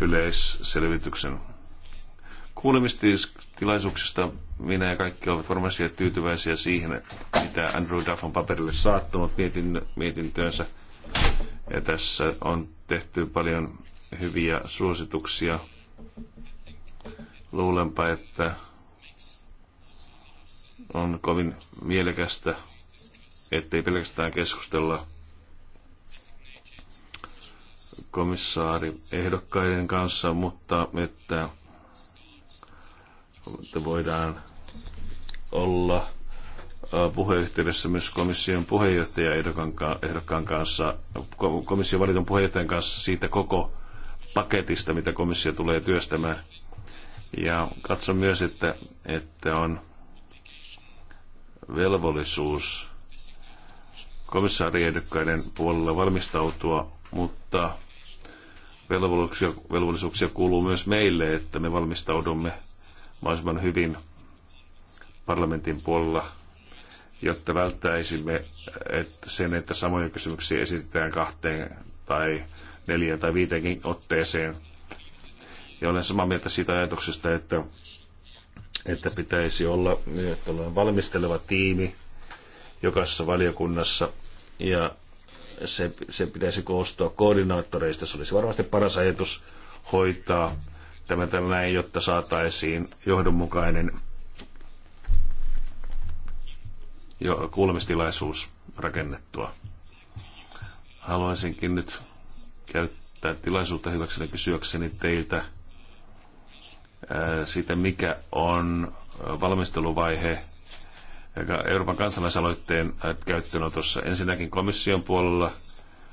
yleisselvityksen kuulemistilaisuuksista minä ja kaikki ovat varmasti tyytyväisiä siihen, mitä Andrew Duff on paperille saattanut mietintöönsä. Ja tässä on tehty paljon hyviä suosituksia Luulenpa, että on kovin mielekästä, ettei pelkästään keskustella komissaari ehdokkaiden kanssa, mutta että, että voidaan olla puheyhteydessä myös komission puheenjohtaja ehdokkaan kanssa, komission valitun puheenjohtajan kanssa siitä koko paketista, mitä komissio tulee työstämään. Ja katson myös, että, että on velvollisuus komissaariehdokkaiden puolella valmistautua, mutta velvollisuuksia, velvollisuuksia kuuluu myös meille, että me valmistaudumme mahdollisimman hyvin parlamentin puolella, jotta välttäisimme et sen, että samoja kysymyksiä esitetään kahteen tai neljä tai viiteenkin otteeseen. Ja olen samaa mieltä siitä ajatuksesta, että, että pitäisi olla valmisteleva tiimi jokaisessa valiokunnassa ja se, se pitäisi koostua koordinaattoreista. Se olisi varmasti paras ajatus hoitaa tämä tällainen, jotta saataisiin johdonmukainen jo kuulemistilaisuus rakennettua. Haluaisinkin nyt käyttää tilaisuutta hyväkseni kysyäkseni teiltä siitä, mikä on valmisteluvaihe Euroopan kansalaisaloitteen käyttöönotossa. Ensinnäkin komission puolella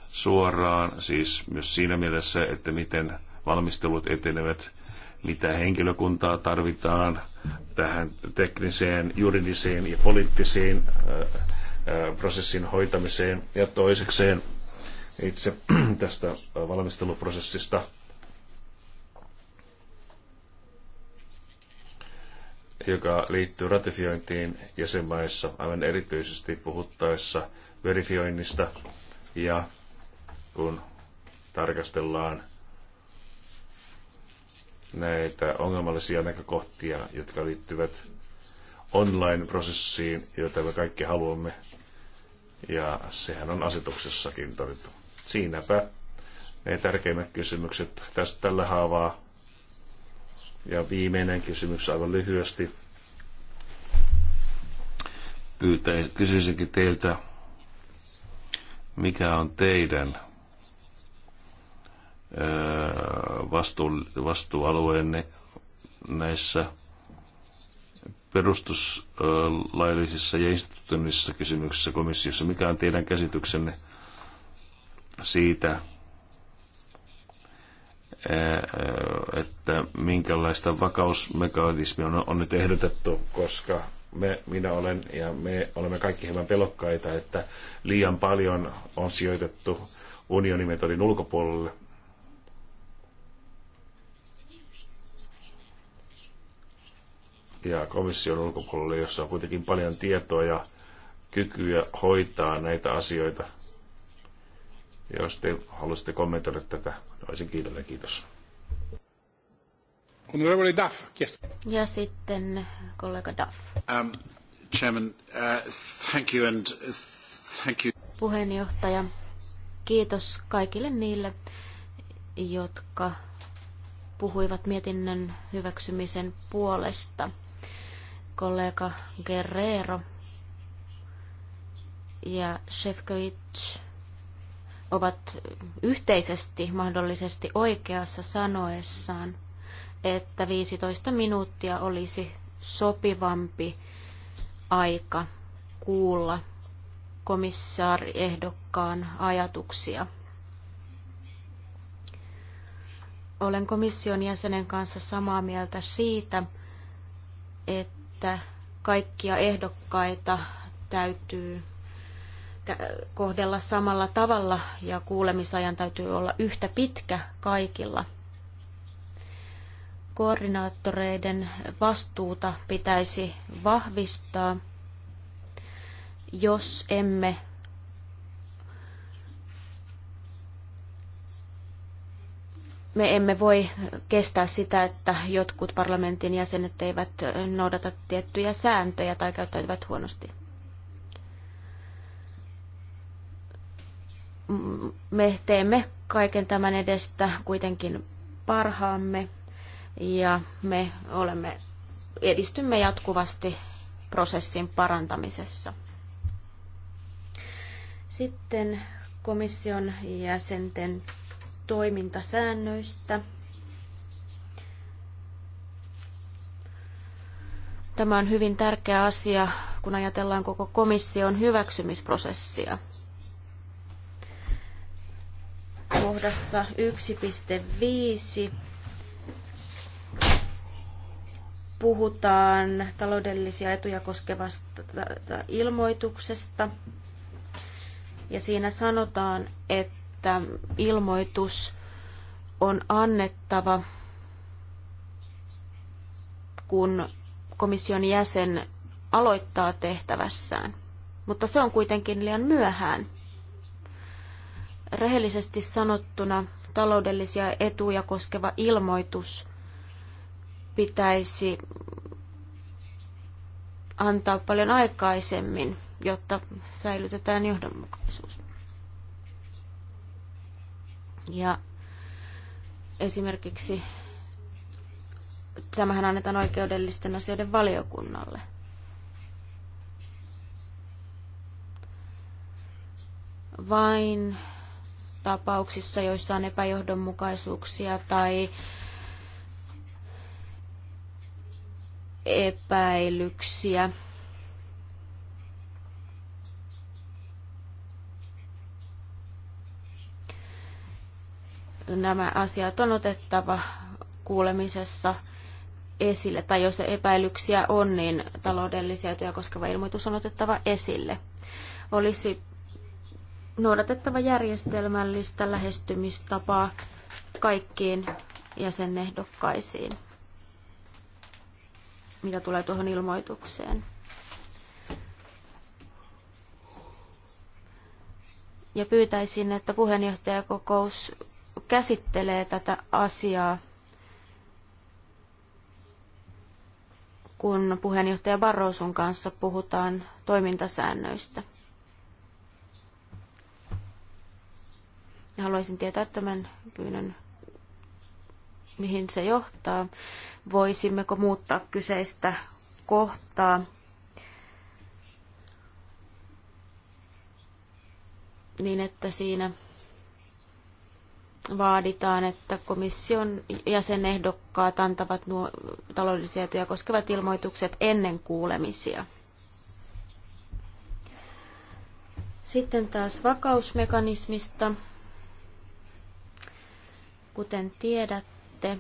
suoraan, siis myös siinä mielessä, että miten valmistelut etenevät, mitä henkilökuntaa tarvitaan tähän tekniseen, juridiseen ja poliittiseen prosessin hoitamiseen ja toisekseen itse tästä valmisteluprosessista. joka liittyy ratifiointiin jäsenmaissa, aivan erityisesti puhuttaessa verifioinnista ja kun tarkastellaan näitä ongelmallisia näkökohtia, jotka liittyvät online-prosessiin, joita me kaikki haluamme. Ja sehän on asetuksessakin todettu. Siinäpä ne tärkeimmät kysymykset tästä tällä haavaa. Ja viimeinen kysymys aivan lyhyesti. Pyytäin, kysyisinkin teiltä, mikä on teidän vastu, vastuualueenne näissä perustuslaillisissa ja instituutioissa kysymyksissä komissiossa. Mikä on teidän käsityksenne siitä, että minkälaista vakausmekanismia on, nyt ehdotettu, koska me, minä olen ja me olemme kaikki hieman pelokkaita, että liian paljon on sijoitettu unionimetodin ulkopuolelle. Ja komission ulkopuolelle, jossa on kuitenkin paljon tietoa ja kykyä hoitaa näitä asioita – jos te haluaisitte kommentoida tätä, olisin kiitollinen. Kiitos.
Honorable Duff, yes.
Ja sitten kollega Duff.
Um, chairman, uh, thank you and uh, thank you.
Puheenjohtaja, kiitos kaikille niille, jotka puhuivat mietinnön hyväksymisen puolesta. Kollega Guerrero ja Shevkovic ovat yhteisesti mahdollisesti oikeassa sanoessaan, että 15 minuuttia olisi sopivampi aika kuulla komissaariehdokkaan ajatuksia. Olen komission jäsenen kanssa samaa mieltä siitä, että kaikkia ehdokkaita täytyy kohdella samalla tavalla ja kuulemisajan täytyy olla yhtä pitkä kaikilla. Koordinaattoreiden vastuuta pitäisi vahvistaa, jos emme me emme voi kestää sitä, että jotkut parlamentin jäsenet eivät noudata tiettyjä sääntöjä tai käyttäytyvät huonosti. me teemme kaiken tämän edestä kuitenkin parhaamme ja me olemme, edistymme jatkuvasti prosessin parantamisessa. Sitten komission jäsenten toimintasäännöistä. Tämä on hyvin tärkeä asia, kun ajatellaan koko komission hyväksymisprosessia – kohdassa 1.5 puhutaan taloudellisia etuja koskevasta ilmoituksesta. Ja siinä sanotaan, että ilmoitus on annettava, kun komission jäsen aloittaa tehtävässään. Mutta se on kuitenkin liian myöhään. Rehellisesti sanottuna taloudellisia etuja koskeva ilmoitus pitäisi antaa paljon aikaisemmin, jotta säilytetään johdonmukaisuus. Ja esimerkiksi tämähän annetaan oikeudellisten asioiden valiokunnalle. Vain tapauksissa, joissa on epäjohdonmukaisuuksia tai epäilyksiä. Nämä asiat on otettava kuulemisessa esille, tai jos epäilyksiä on, niin taloudellisia työkoskeva ilmoitus on otettava esille. Olisi noudatettava järjestelmällistä lähestymistapaa kaikkiin jäsenehdokkaisiin, mitä tulee tuohon ilmoitukseen. Ja pyytäisin, että puheenjohtajakokous käsittelee tätä asiaa, kun puheenjohtaja Barrosun kanssa puhutaan toimintasäännöistä. Ja haluaisin tietää tämän pyynnön, mihin se johtaa. Voisimmeko muuttaa kyseistä kohtaa? Niin, että siinä vaaditaan, että komission jäsenehdokkaat antavat nuo taloudellisia työ koskevat ilmoitukset ennen kuulemisia. Sitten taas vakausmekanismista. Kuten tiedätte,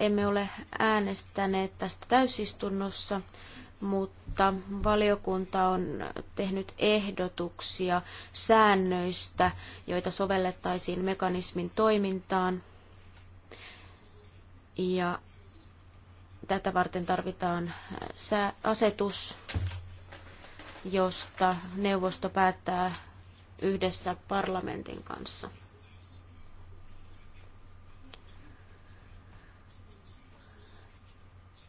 emme ole äänestäneet tästä täysistunnossa, mutta valiokunta on tehnyt ehdotuksia säännöistä, joita sovellettaisiin mekanismin toimintaan. Ja tätä varten tarvitaan asetus, josta neuvosto päättää yhdessä parlamentin kanssa.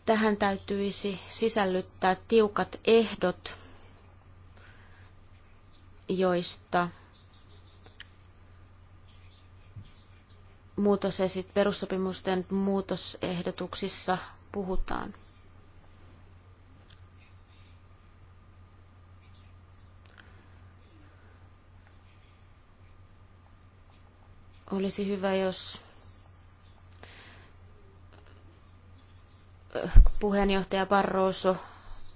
Tähän täytyisi sisällyttää tiukat ehdot, joista muutosesit, perussopimusten muutosehdotuksissa puhutaan. Olisi hyvä, jos puheenjohtaja Barroso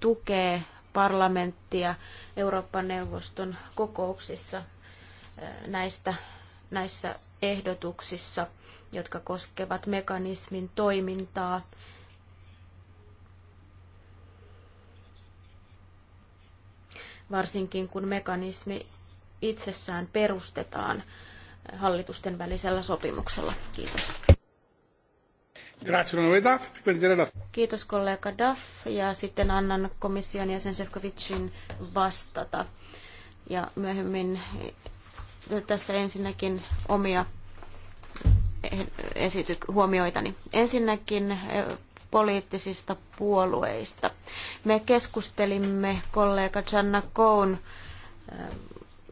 tukee parlamenttia Euroopan neuvoston kokouksissa näistä, näissä ehdotuksissa, jotka koskevat mekanismin toimintaa. Varsinkin kun mekanismi itsessään perustetaan hallitusten välisellä sopimuksella. Kiitos. Kiitos kollega Duff ja sitten annan komission jäsen Sefcovicin vastata. Ja myöhemmin eh, tässä ensinnäkin omia eh, esity- huomioitani. Ensinnäkin eh, poliittisista puolueista. Me keskustelimme kollega Janna Koun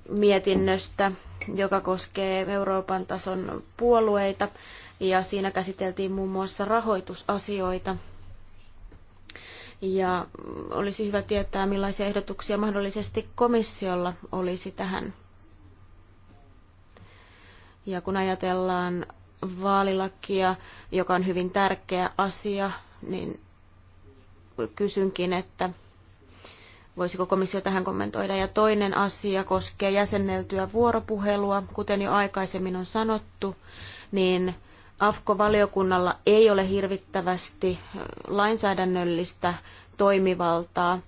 mietinnöstä, joka koskee Euroopan tason puolueita ja siinä käsiteltiin muun muassa rahoitusasioita. Ja olisi hyvä tietää, millaisia ehdotuksia mahdollisesti komissiolla olisi tähän. Ja kun ajatellaan vaalilakia, joka on hyvin tärkeä asia, niin kysynkin, että voisiko komissio tähän kommentoida. Ja toinen asia koskee jäsenneltyä vuoropuhelua. Kuten jo aikaisemmin on sanottu, niin AFKO-valiokunnalla ei ole hirvittävästi eh, lainsäädännöllistä toimivaltaa,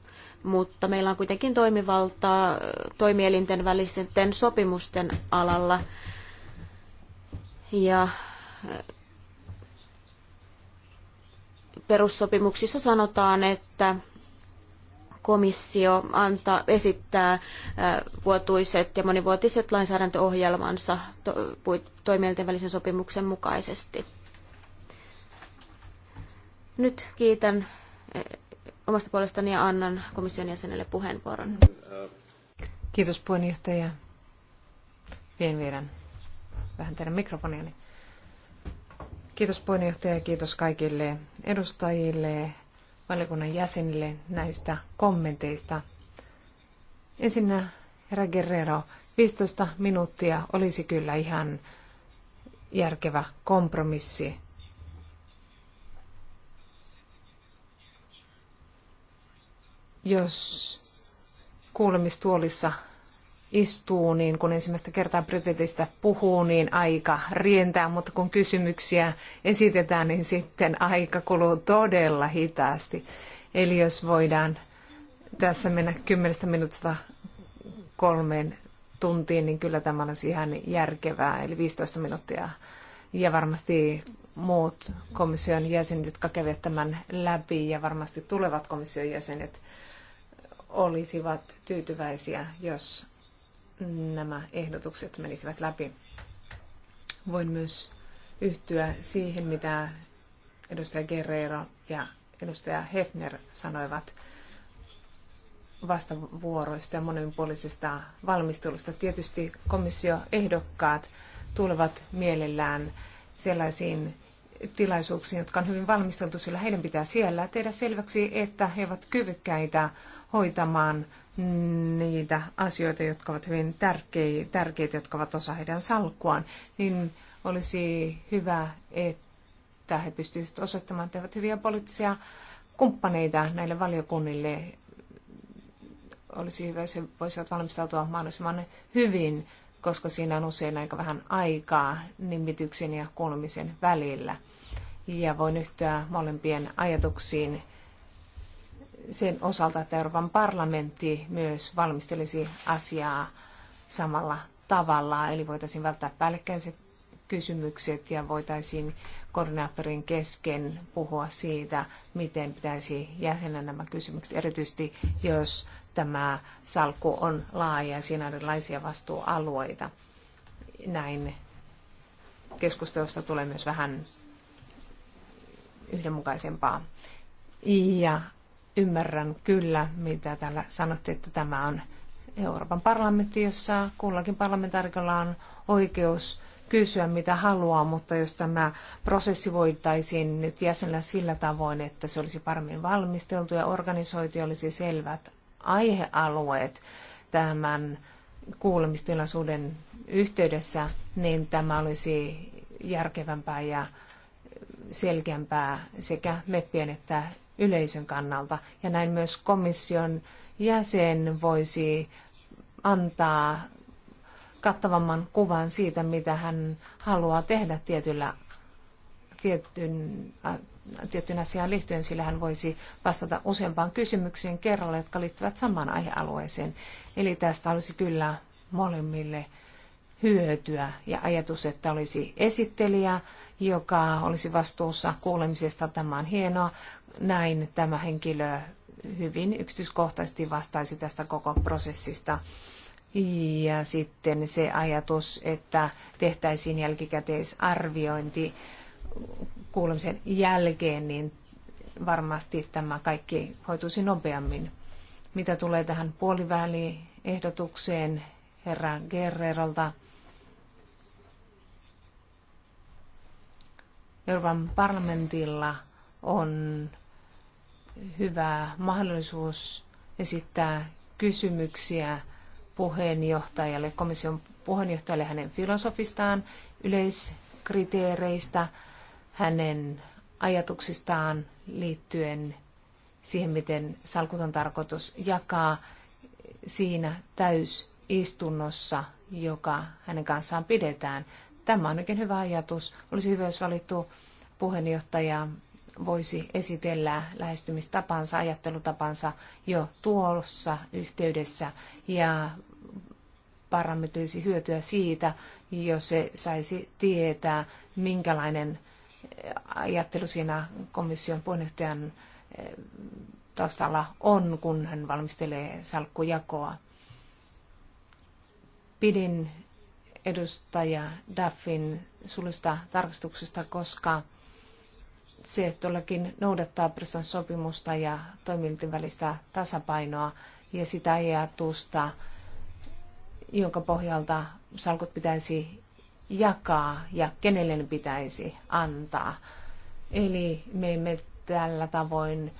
mutta meillä on kuitenkin toimivaltaa eh, toimielinten välisten sopimusten alalla. Ja eh, perussopimuksissa sanotaan, että komissio antaa, esittää vuotuiset ja monivuotiset lainsäädäntöohjelmansa toimielinten välisen sopimuksen mukaisesti. Nyt kiitän omasta puolestani ja annan komission jäsenelle puheenvuoron. Kiitos puheenjohtaja. Vien viedän vähän teidän mikrofoniani.
Kiitos puheenjohtaja ja kiitos kaikille edustajille valiokunnan jäsenille näistä kommenteista. Ensinnä, herra Guerrero, 15 minuuttia olisi kyllä ihan järkevä kompromissi. Jos kuulemistuolissa istuu, niin kun ensimmäistä kertaa prioriteetista puhuu, niin aika rientää, mutta kun kysymyksiä esitetään, niin sitten aika kuluu todella hitaasti. Eli jos voidaan tässä mennä kymmenestä minuutista kolmeen tuntiin, niin kyllä tämä olisi ihan järkevää, eli 15 minuuttia. Ja varmasti muut komission jäsenet, jotka kävivät tämän läpi ja varmasti tulevat komission jäsenet olisivat tyytyväisiä, jos nämä ehdotukset menisivät läpi. Voin myös yhtyä siihen, mitä edustaja Guerrero ja edustaja Hefner sanoivat vastavuoroista ja monenpuolisesta valmistelusta. Tietysti komissioehdokkaat tulevat mielellään sellaisiin tilaisuuksiin, jotka on hyvin valmisteltu, sillä heidän pitää siellä tehdä selväksi, että he ovat kyvykkäitä hoitamaan niitä asioita, jotka ovat hyvin tärkeitä, jotka ovat osa heidän salkkuaan, niin olisi hyvä, että he pystyisivät osoittamaan, että ovat hyviä poliittisia kumppaneita näille valiokunnille. Olisi hyvä, jos he voisivat valmistautua mahdollisimman hyvin, koska siinä on usein aika vähän aikaa nimityksen ja kuulumisen välillä. Ja voin yhtyä molempien ajatuksiin sen osalta, että Euroopan parlamentti myös valmistelisi asiaa samalla tavalla, eli voitaisiin välttää päällekkäiset kysymykset ja voitaisiin koordinaattorin kesken puhua siitä, miten pitäisi jäsenellä nämä kysymykset, erityisesti jos tämä salkku on laaja ja siinä on erilaisia vastuualueita. Näin keskustelusta tulee myös vähän yhdenmukaisempaa. Ja ymmärrän kyllä, mitä täällä sanottiin, että tämä on Euroopan parlamentti, jossa kullakin parlamentaarikolla on oikeus kysyä mitä haluaa, mutta jos tämä prosessi voitaisiin nyt jäsenellä sillä tavoin, että se olisi paremmin valmisteltu ja organisoitu ja olisi selvät aihealueet tämän kuulemistilaisuuden yhteydessä, niin tämä olisi järkevämpää ja selkeämpää sekä meppien että yleisön kannalta. Ja näin myös komission jäsen voisi antaa kattavamman kuvan siitä, mitä hän haluaa tehdä tietyllä, tietyn, tietyn asiaan liittyen, sillä hän voisi vastata useampaan kysymykseen kerralla, jotka liittyvät samaan aihealueeseen. Eli tästä olisi kyllä molemmille hyötyä ja ajatus, että olisi esittelijä, joka olisi vastuussa kuulemisesta. Tämä on hienoa. Näin tämä henkilö hyvin yksityiskohtaisesti vastaisi tästä koko prosessista. Ja sitten se ajatus, että tehtäisiin jälkikäteisarviointi kuulemisen jälkeen, niin varmasti tämä kaikki hoituisi nopeammin. Mitä tulee tähän puoliväliehdotukseen herra Guerrerolta, Euroopan parlamentilla on hyvä mahdollisuus esittää kysymyksiä puheenjohtajalle, komission puheenjohtajalle hänen filosofistaan, yleiskriteereistä, hänen ajatuksistaan liittyen siihen, miten salkut on tarkoitus jakaa siinä täysistunnossa, joka hänen kanssaan pidetään. Tämä on oikein hyvä ajatus. Olisi hyvä, jos valittu puheenjohtaja voisi esitellä lähestymistapansa, ajattelutapansa jo tuossa yhteydessä ja parametryisi hyötyä siitä, jos se saisi tietää, minkälainen ajattelu siinä komission puheenjohtajan eh, taustalla on, kun hän valmistelee salkkujakoa. Pidin edustaja Daffin sulista tarkastuksesta, koska se todellakin noudattaa Preston sopimusta ja toimintin välistä tasapainoa ja sitä ajatusta, jonka pohjalta salkut pitäisi jakaa ja kenelle ne pitäisi antaa. Eli me emme tällä tavoin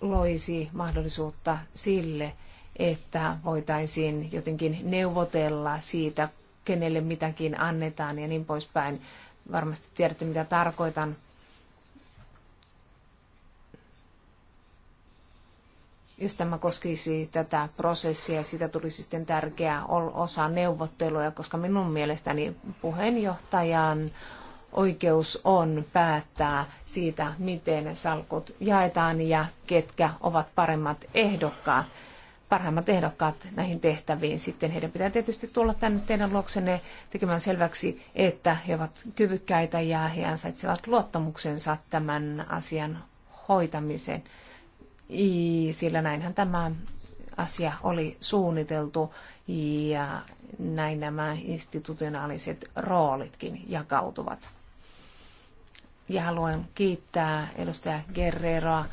loisi mahdollisuutta sille, että voitaisiin jotenkin neuvotella siitä, kenelle mitäkin annetaan ja niin poispäin. Varmasti tiedätte, mitä tarkoitan. jos tämä koskisi tätä prosessia, siitä tulisi sitten tärkeä osa neuvotteluja, koska minun mielestäni puheenjohtajan oikeus on päättää siitä, miten salkut jaetaan ja ketkä ovat paremmat ehdokkaat parhaimmat ehdokkaat näihin tehtäviin. Sitten heidän pitää tietysti tulla tänne teidän luoksenne tekemään selväksi, että he ovat kyvykkäitä ja he ansaitsevat luottamuksensa tämän asian hoitamiseen. Sillä näinhän tämä asia oli suunniteltu ja näin nämä institutionaaliset roolitkin jakautuvat. Ja haluan kiittää edustaja Guerreroa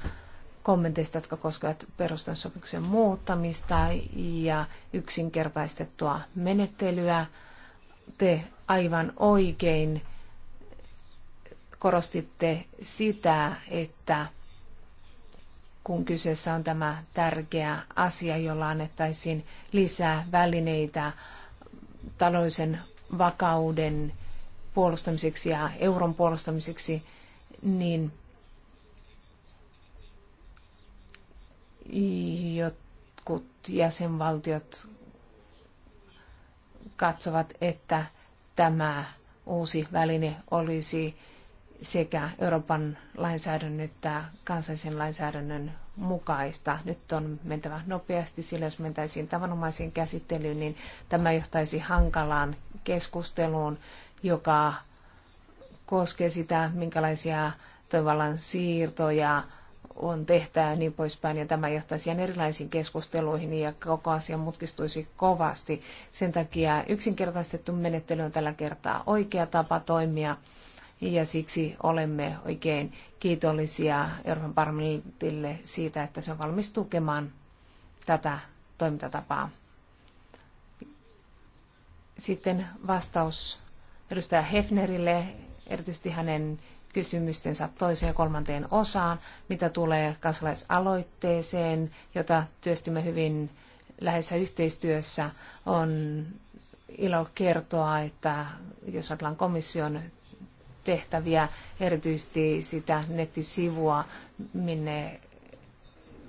kommenteista, jotka koskevat sopimuksen muuttamista ja yksinkertaistettua menettelyä. Te aivan oikein korostitte sitä, että kun kyseessä on tämä tärkeä asia, jolla annettaisiin lisää välineitä taloudellisen vakauden puolustamiseksi ja euron puolustamiseksi, niin jotkut jäsenvaltiot katsovat, että tämä uusi väline olisi sekä Euroopan lainsäädännön että kansallisen lainsäädännön mukaista. Nyt on mentävä nopeasti, sillä jos mentäisiin tavanomaisiin käsittelyyn, niin tämä johtaisi hankalaan keskusteluun, joka koskee sitä, minkälaisia toivallan siirtoja on tehtävä ja niin poispäin, ja tämä johtaisi erilaisiin keskusteluihin ja koko asia mutkistuisi kovasti. Sen takia yksinkertaistettu menettely on tällä kertaa oikea tapa toimia, ja siksi olemme oikein kiitollisia Euroopan parlamentille siitä, että se on valmis tukemaan tätä toimintatapaa. Sitten vastaus edustaja Hefnerille, erityisesti hänen kysymystensä toiseen ja kolmanteen osaan, mitä tulee kansalaisaloitteeseen, jota työstimme hyvin läheisessä yhteistyössä. On ilo kertoa, että jos ajatellaan komission tehtäviä, erityisesti sitä nettisivua, minne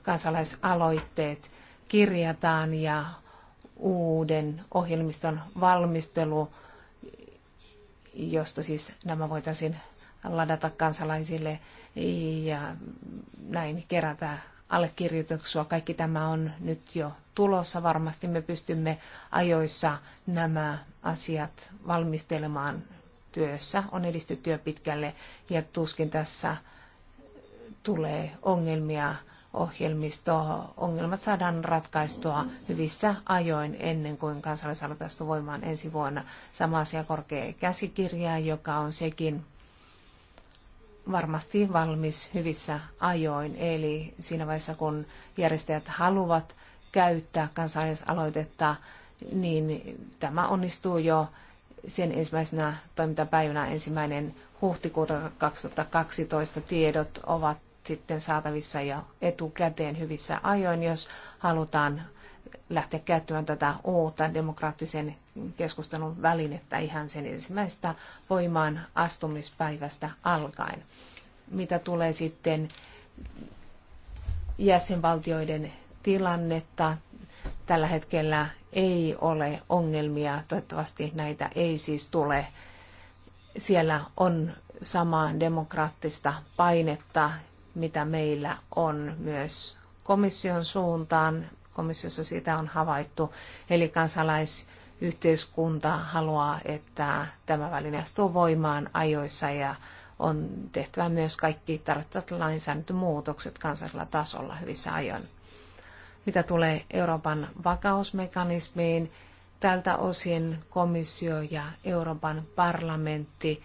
kansalaisaloitteet kirjataan ja uuden ohjelmiston valmistelu, josta siis nämä voitaisiin ladata kansalaisille ja näin kerätä allekirjoituksia. Kaikki tämä on nyt jo tulossa. Varmasti me pystymme ajoissa nämä asiat valmistelemaan työssä. On edistytty jo pitkälle ja tuskin tässä tulee ongelmia ohjelmisto. Ongelmat saadaan ratkaistua hyvissä ajoin ennen kuin kansalaisaloite voimaan ensi vuonna. Sama asia korkea käsikirja, joka on sekin varmasti valmis hyvissä ajoin. Eli siinä vaiheessa, kun järjestäjät haluavat käyttää kansalaisaloitetta, niin tämä onnistuu jo sen ensimmäisenä toimintapäivänä ensimmäinen huhtikuuta 2012 tiedot ovat sitten saatavissa jo etukäteen hyvissä ajoin, jos halutaan lähteä käyttämään tätä uutta demokraattisen keskustelun välinettä ihan sen ensimmäisestä voimaan astumispäivästä alkaen. Mitä tulee sitten jäsenvaltioiden tilannetta, tällä hetkellä ei ole ongelmia, toivottavasti näitä ei siis tule. Siellä on samaa demokraattista painetta, mitä meillä on myös komission suuntaan. Komissiossa sitä on havaittu, eli kansalais yhteiskunta haluaa, että tämä väline astuu voimaan ajoissa ja on tehtävä myös kaikki tarvittavat lainsäädäntömuutokset kansallisella tasolla hyvissä ajoin. Mitä tulee Euroopan vakausmekanismiin, tältä osin komissio ja Euroopan parlamentti,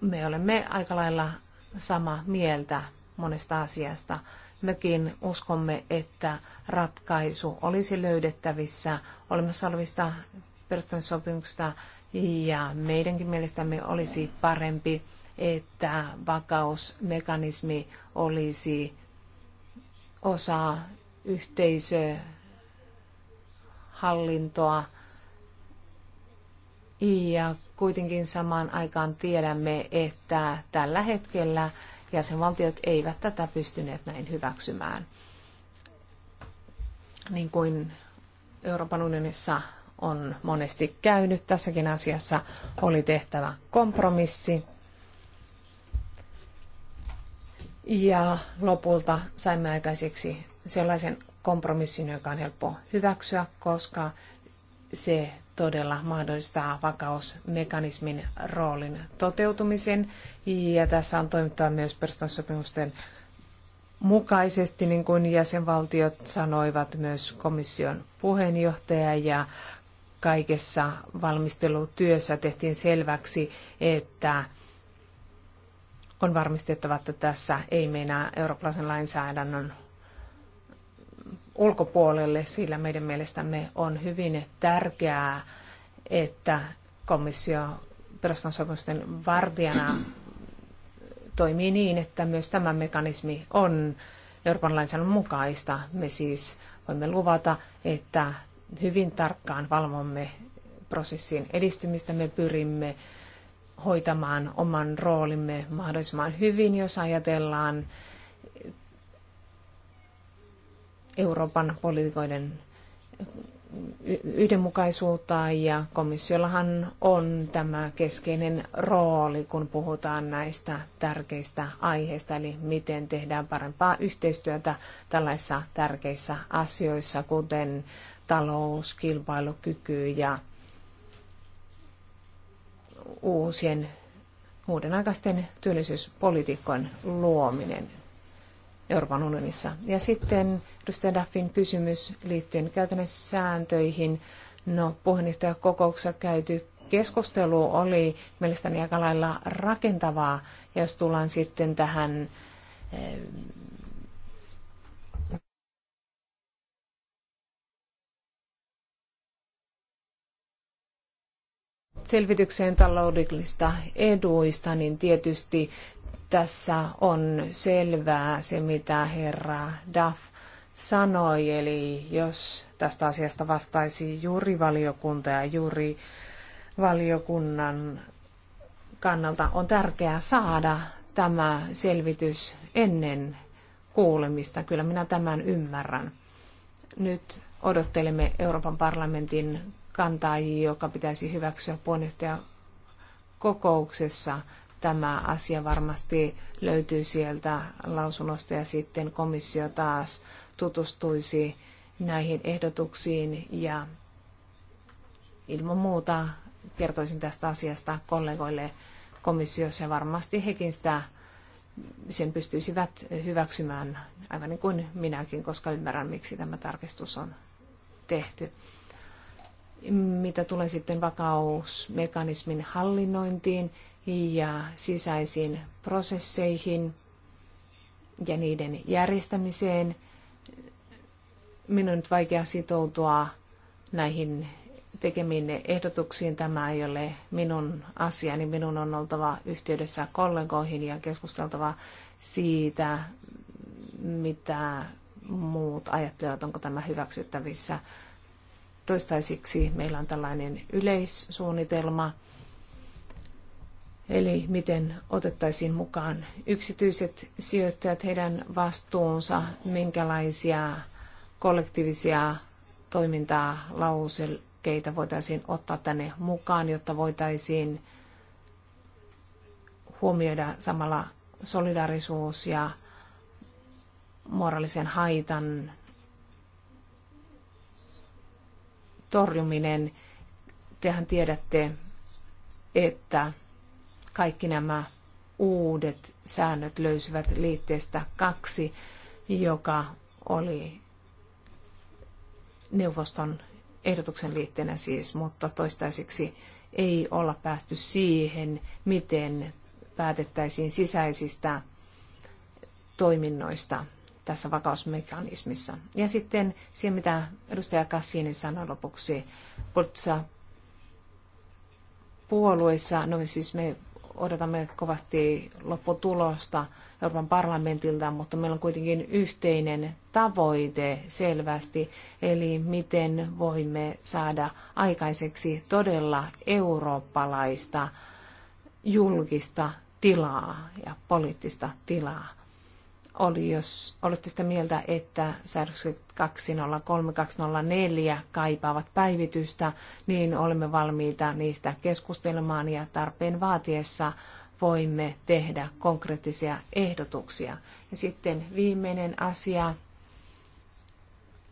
me olemme aika lailla samaa mieltä monesta asiasta mekin uskomme, että ratkaisu olisi löydettävissä olemassa olevista perustamissopimuksista ja meidänkin mielestämme olisi parempi, että vakausmekanismi olisi osa yhteisöhallintoa ja kuitenkin samaan aikaan tiedämme, että tällä hetkellä jäsenvaltiot eivät tätä pystyneet näin hyväksymään. Niin kuin Euroopan unionissa on monesti käynyt, tässäkin asiassa oli tehtävä kompromissi. Ja lopulta saimme aikaiseksi sellaisen kompromissin, joka on helppo hyväksyä, koska se todella mahdollistaa vakausmekanismin roolin toteutumisen. Ja tässä on toimittava myös perustamissopimusten mukaisesti, niin kuin jäsenvaltiot sanoivat myös komission puheenjohtaja ja kaikessa valmistelutyössä tehtiin selväksi, että on varmistettava, että tässä ei meinaa eurooppalaisen lainsäädännön ulkopuolelle, sillä meidän mielestämme on hyvin tärkeää, että komissio perustamissopimusten vartijana toimii niin, että myös tämä mekanismi on Euroopan lainsäädännön mukaista. Me siis voimme luvata, että hyvin tarkkaan valvomme prosessin edistymistä. Me pyrimme hoitamaan oman roolimme mahdollisimman hyvin, jos ajatellaan Euroopan poliitikoiden yhdenmukaisuutta ja komissiollahan on tämä keskeinen rooli, kun puhutaan näistä tärkeistä aiheista, eli miten tehdään parempaa yhteistyötä tällaisissa tärkeissä asioissa, kuten talous, kilpailukyky ja uusien uudenaikaisten työllisyyspolitiikkojen luominen Euroopan unionissa. Ja sitten Edustaja Daffin kysymys liittyen käytännön sääntöihin. No, kokouksessa käyty keskustelu oli mielestäni aika lailla rakentavaa. Ja jos tullaan sitten tähän eh, selvitykseen taloudellista eduista, niin tietysti tässä on selvää se, mitä herra Duff sanoi, eli jos tästä asiasta vastaisi juuri valiokunta ja juuri valiokunnan kannalta on tärkeää saada tämä selvitys ennen kuulemista. Kyllä minä tämän ymmärrän. Nyt odottelemme Euroopan parlamentin kantaa, joka pitäisi hyväksyä puheenjohtajakokouksessa. Tämä asia varmasti löytyy sieltä lausunnosta ja sitten komissio taas tutustuisi näihin ehdotuksiin ja ilman muuta kertoisin tästä asiasta kollegoille komissiossa ja varmasti hekin sitä sen pystyisivät hyväksymään aivan niin kuin minäkin, koska ymmärrän, miksi tämä tarkistus on tehty. Mitä tulee sitten vakausmekanismin hallinnointiin ja sisäisiin prosesseihin ja niiden järjestämiseen – minun on nyt vaikea sitoutua näihin tekemiin ehdotuksiin. Tämä ei ole minun asiani. Minun on oltava yhteydessä kollegoihin ja keskusteltava siitä, mitä muut ajattelevat, onko tämä hyväksyttävissä. Toistaiseksi meillä on tällainen yleissuunnitelma, eli miten otettaisiin mukaan yksityiset sijoittajat, heidän vastuunsa, minkälaisia kollektiivisia toimintaa lauselkeita voitaisiin ottaa tänne mukaan, jotta voitaisiin huomioida samalla solidarisuus ja moraalisen haitan torjuminen. Tehän tiedätte, että kaikki nämä uudet säännöt löysivät liitteestä kaksi, joka oli neuvoston ehdotuksen liitteenä siis, mutta toistaiseksi ei olla päästy siihen, miten päätettäisiin sisäisistä toiminnoista tässä vakausmekanismissa. Ja sitten siihen, mitä edustaja Kassinen sanoi lopuksi, poliittisissa puolueissa, no siis me odotamme kovasti lopputulosta, Euroopan parlamentilta, mutta meillä on kuitenkin yhteinen tavoite selvästi, eli miten voimme saada aikaiseksi todella eurooppalaista julkista tilaa ja poliittista tilaa. Oli, jos olette sitä mieltä, että säädökset 203-204 kaipaavat päivitystä, niin olemme valmiita niistä keskustelemaan ja tarpeen vaatiessa voimme tehdä konkreettisia ehdotuksia. Ja sitten viimeinen asia,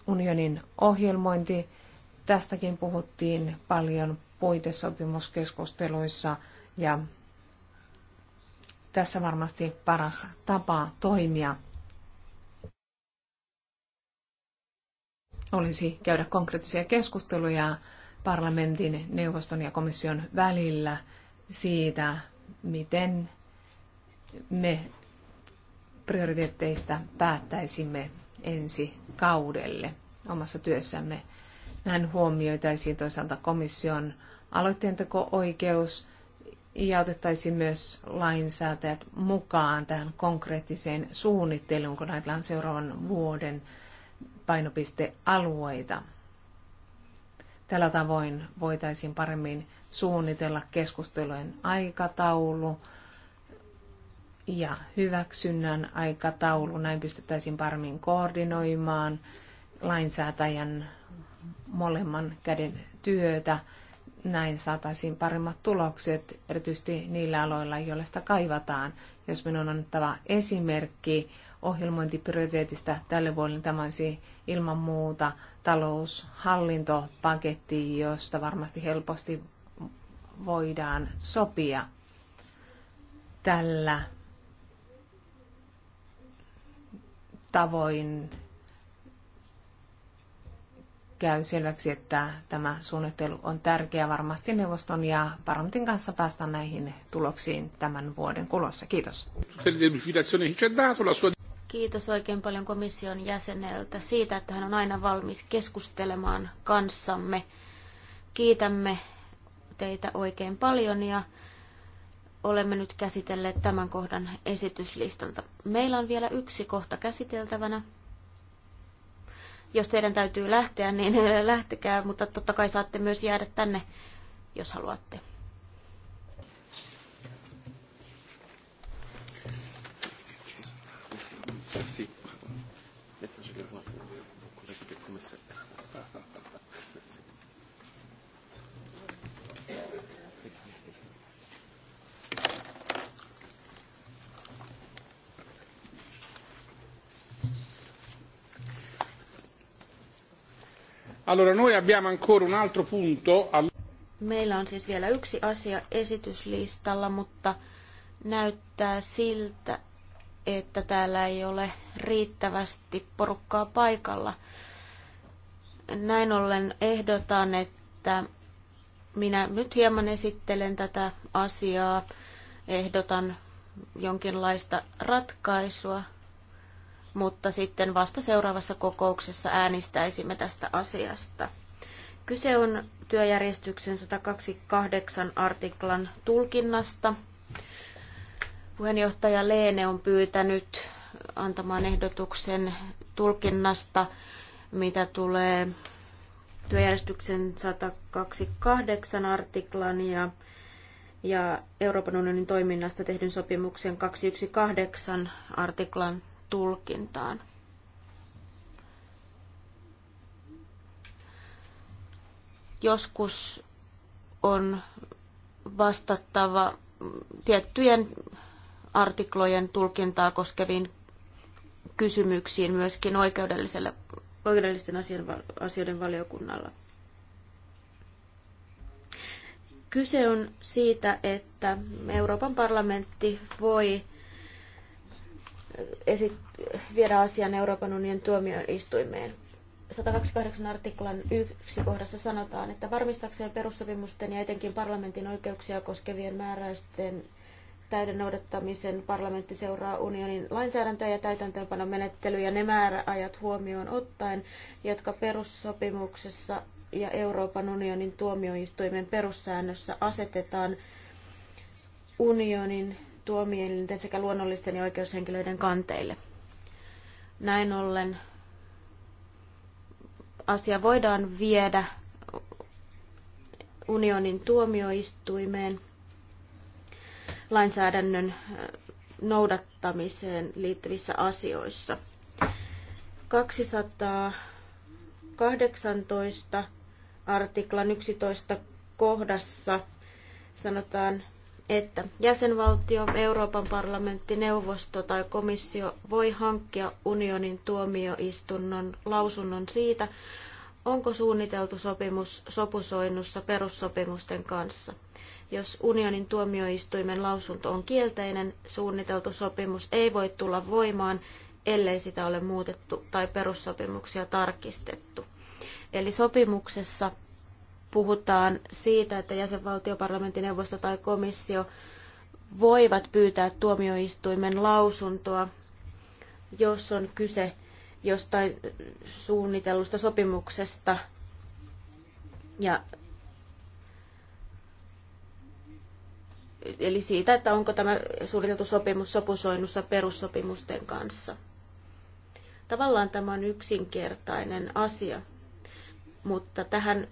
unionin ohjelmointi. Tästäkin puhuttiin paljon puitesopimuskeskusteluissa ja tässä varmasti paras tapa toimia olisi käydä konkreettisia keskusteluja parlamentin, neuvoston ja komission välillä siitä, miten me prioriteetteista päättäisimme ensi kaudelle omassa työssämme. Näin huomioitaisiin toisaalta komission aloitteenteko-oikeus ja otettaisiin myös lainsäätäjät mukaan tähän konkreettiseen suunnitteluun, kun ajatellaan seuraavan vuoden painopistealueita. Tällä tavoin voitaisiin paremmin suunnitella keskustelujen aikataulu ja hyväksynnän aikataulu. Näin pystyttäisiin paremmin koordinoimaan lainsäätäjän molemman käden työtä. Näin saataisiin paremmat tulokset, erityisesti niillä aloilla, joilla sitä kaivataan. Jos minun on annettava esimerkki ohjelmointiprioriteetista tälle vuodelle, niin tämä olisi ilman muuta taloushallintopaketti, josta varmasti helposti voidaan sopia tällä tavoin käy selväksi, että tämä suunnittelu on tärkeä varmasti neuvoston ja parlamentin kanssa päästä näihin tuloksiin tämän vuoden kulossa. Kiitos.
Kiitos oikein paljon komission jäseneltä siitä, että hän on aina valmis keskustelemaan kanssamme. Kiitämme teitä oikein paljon ja olemme nyt käsitelleet tämän kohdan esityslistalta. Meillä on vielä yksi kohta käsiteltävänä. Jos teidän täytyy lähteä, niin lähtekää, mutta totta kai saatte myös jäädä tänne, jos haluatte. Merci.
Allora noi abbiamo ancora un altro punto.
Meillä on siis vielä yksi asia esityslistalla, mutta näyttää siltä, että täällä ei ole riittävästi porukkaa paikalla. Näin ollen ehdotan, että minä nyt hieman esittelen tätä asiaa, ehdotan jonkinlaista ratkaisua mutta sitten vasta seuraavassa kokouksessa äänestäisimme tästä asiasta. Kyse on työjärjestyksen 128 artiklan tulkinnasta. Puheenjohtaja Leene on pyytänyt antamaan ehdotuksen tulkinnasta, mitä tulee työjärjestyksen 128 artiklan ja, ja Euroopan unionin toiminnasta tehdyn sopimuksen 218 artiklan tulkintaan. Joskus on vastattava tiettyjen artiklojen tulkintaa koskeviin kysymyksiin myöskin oikeudelliselle, oikeudellisten asioiden valiokunnalla. Kyse on siitä, että Euroopan parlamentti voi esit- viedä asian Euroopan unionin tuomioistuimeen. 128 artiklan yksi kohdassa sanotaan, että varmistakseen perussopimusten ja etenkin parlamentin oikeuksia koskevien määräysten täyden noudattamisen parlamentti seuraa unionin lainsäädäntöä ja täytäntöönpanomenettelyjä ne määräajat huomioon ottaen, jotka perussopimuksessa ja Euroopan unionin tuomioistuimen perussäännössä asetetaan unionin tuomielinten sekä luonnollisten ja oikeushenkilöiden kanteille. Näin ollen asia voidaan viedä unionin tuomioistuimeen lainsäädännön äh, noudattamiseen liittyvissä asioissa. 218 artiklan 11 kohdassa sanotaan että jäsenvaltio, Euroopan parlamentti, neuvosto tai komissio voi hankkia unionin tuomioistunnon lausunnon siitä, onko suunniteltu sopimus sopusoinnussa perussopimusten kanssa. Jos unionin tuomioistuimen lausunto on kielteinen, suunniteltu sopimus ei voi tulla voimaan, ellei sitä ole muutettu tai perussopimuksia tarkistettu. Eli sopimuksessa puhutaan siitä, että jäsenvaltio, parlamentin neuvosto tai komissio voivat pyytää tuomioistuimen lausuntoa, jos on kyse jostain suunnitellusta sopimuksesta. Ja eli siitä, että onko tämä suunniteltu sopimus sopusoinnussa perussopimusten kanssa. Tavallaan tämä on yksinkertainen asia, mutta tähän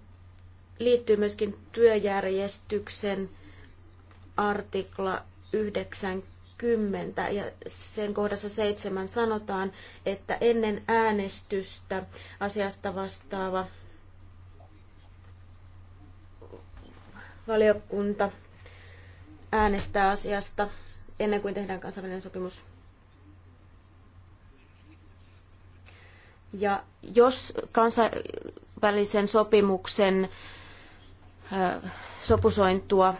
liittyy myöskin työjärjestyksen artikla 90 ja sen kohdassa 7 sanotaan, että ennen äänestystä asiasta vastaava valiokunta äänestää asiasta ennen kuin tehdään kansainvälinen sopimus. Ja jos kansainvälisen sopimuksen sopusointua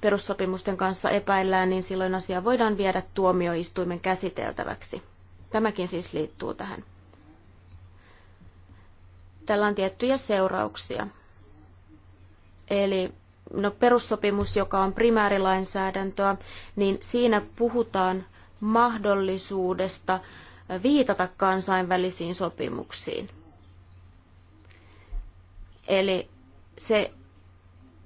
perussopimusten kanssa epäillään, niin silloin asia voidaan viedä tuomioistuimen käsiteltäväksi. Tämäkin siis liittyy tähän. Tällä on tiettyjä seurauksia. Eli no, perussopimus, joka on primäärilainsäädäntöä, niin siinä puhutaan mahdollisuudesta viitata kansainvälisiin sopimuksiin. Eli se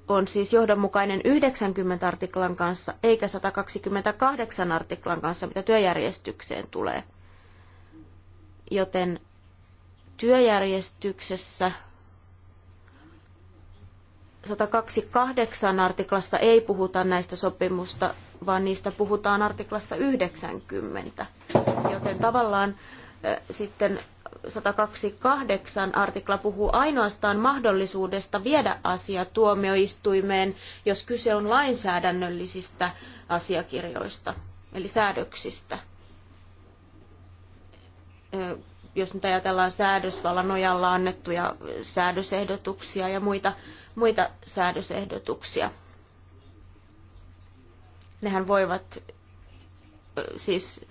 on siis johdonmukainen 90 artiklan kanssa, eikä 128 artiklan kanssa, mitä työjärjestykseen tulee. Joten työjärjestyksessä 128 artiklassa ei puhuta näistä sopimusta, vaan niistä puhutaan artiklassa 90. Joten tavallaan sitten 128 artikla puhuu ainoastaan mahdollisuudesta viedä asia tuomioistuimeen, jos kyse on lainsäädännöllisistä asiakirjoista, eli säädöksistä. Jos nyt ajatellaan säädösvallan nojalla annettuja säädösehdotuksia ja muita, muita säädösehdotuksia, nehän voivat siis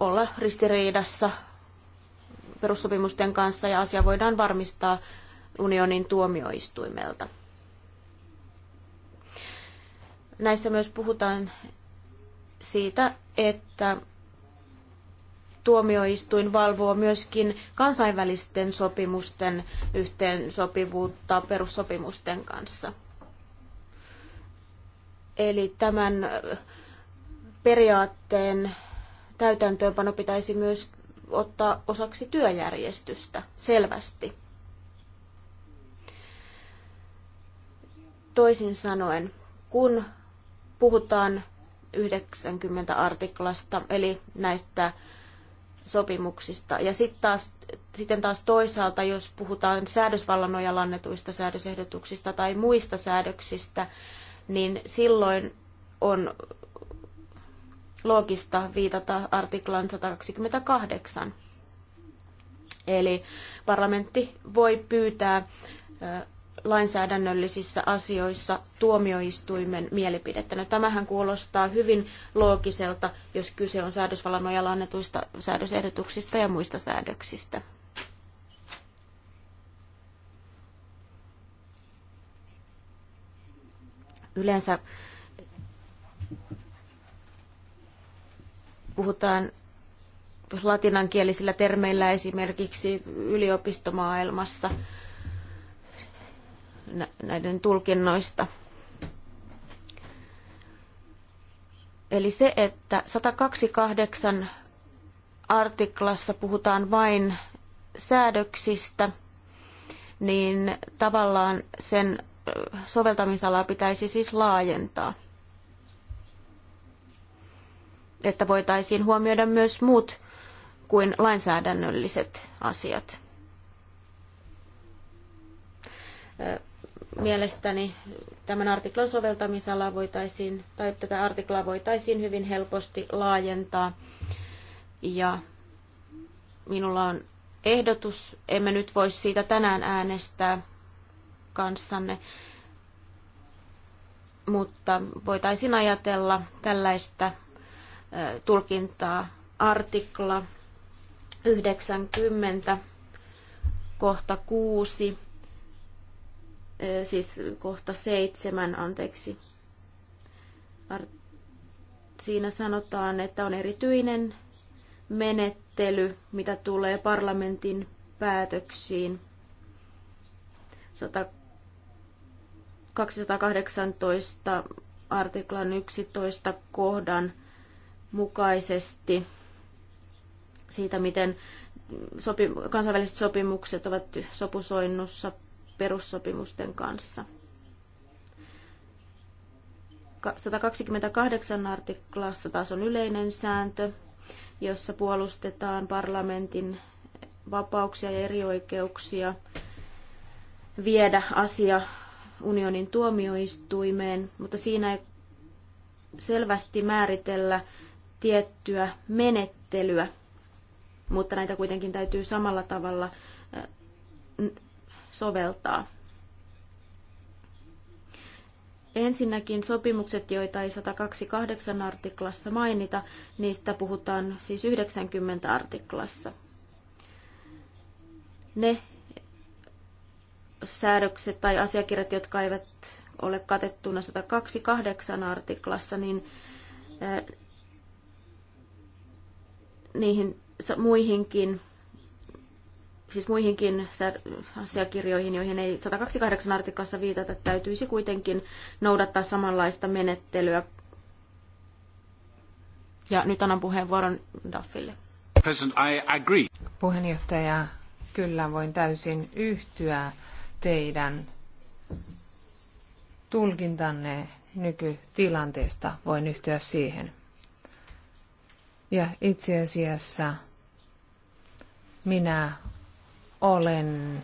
olla ristiriidassa perussopimusten kanssa ja asia voidaan varmistaa unionin tuomioistuimelta. Näissä myös puhutaan siitä, että tuomioistuin valvoo myöskin kansainvälisten sopimusten yhteensopivuutta perussopimusten kanssa. Eli tämän periaatteen täytäntöönpano pitäisi myös ottaa osaksi työjärjestystä selvästi. Toisin sanoen, kun puhutaan 90 artiklasta, eli näistä sopimuksista. Ja sit taas, sitten taas toisaalta, jos puhutaan säädösvallan nojalla annetuista säädösehdotuksista tai muista säädöksistä, niin silloin on loogista viitata artiklan 128. Eli parlamentti voi pyytää lainsäädännöllisissä asioissa tuomioistuimen mielipidettä. No, tämähän kuulostaa hyvin loogiselta, jos kyse on säädösvallan nojalla annetuista säädösehdotuksista ja muista säädöksistä. Yleensä puhutaan latinankielisillä termeillä esimerkiksi yliopistomaailmassa näiden tulkinnoista. Eli se, että 128 artiklassa puhutaan vain säädöksistä, niin tavallaan sen soveltamisalaa pitäisi siis laajentaa että voitaisiin huomioida myös muut kuin lainsäädännölliset asiat. Mielestäni tämän artiklan soveltamisala voitaisiin, tai tätä artiklaa voitaisiin hyvin helposti laajentaa. Ja minulla on ehdotus, emme nyt voi siitä tänään äänestää kanssanne, mutta voitaisiin ajatella tällaista tulkintaa artikla 90 kohta 6, siis kohta 7, anteeksi. Siinä sanotaan, että on erityinen menettely, mitä tulee parlamentin päätöksiin. 218 artiklan 11 kohdan mukaisesti siitä, miten sopi, kansainväliset sopimukset ovat sopusoinnussa perussopimusten kanssa. 128 artiklassa taas on yleinen sääntö, jossa puolustetaan parlamentin vapauksia ja erioikeuksia viedä asia unionin tuomioistuimeen, mutta siinä ei selvästi määritellä tiettyä menettelyä, mutta näitä kuitenkin täytyy samalla tavalla soveltaa. Ensinnäkin sopimukset, joita ei 128 artiklassa mainita, niistä puhutaan siis 90 artiklassa. Ne säädökset tai asiakirjat, jotka eivät ole katettuna 128 artiklassa, niin niihin muihinkin siis muihinkin asiakirjoihin, joihin ei 128 artiklassa viitata, täytyisi kuitenkin noudattaa samanlaista menettelyä. Ja nyt annan puheenvuoron Daffille. Puheenjohtaja,
kyllä voin täysin yhtyä teidän tulkintanne nykytilanteesta. Voin yhtyä siihen. Ja itse asiassa minä olen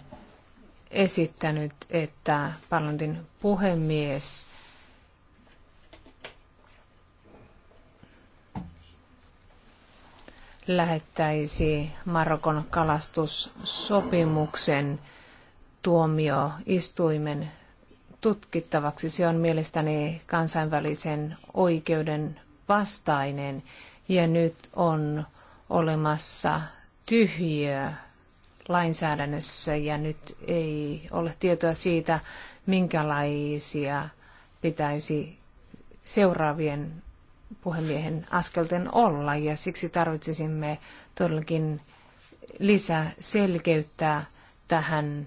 esittänyt, että parlamentin puhemies lähettäisi Marokon kalastussopimuksen tuomioistuimen tutkittavaksi. Se on mielestäni kansainvälisen oikeuden vastainen ja nyt on olemassa tyhjiö lainsäädännössä ja nyt ei ole tietoa siitä, minkälaisia pitäisi seuraavien puhemiehen askelten olla ja siksi tarvitsisimme todellakin lisää selkeyttä tähän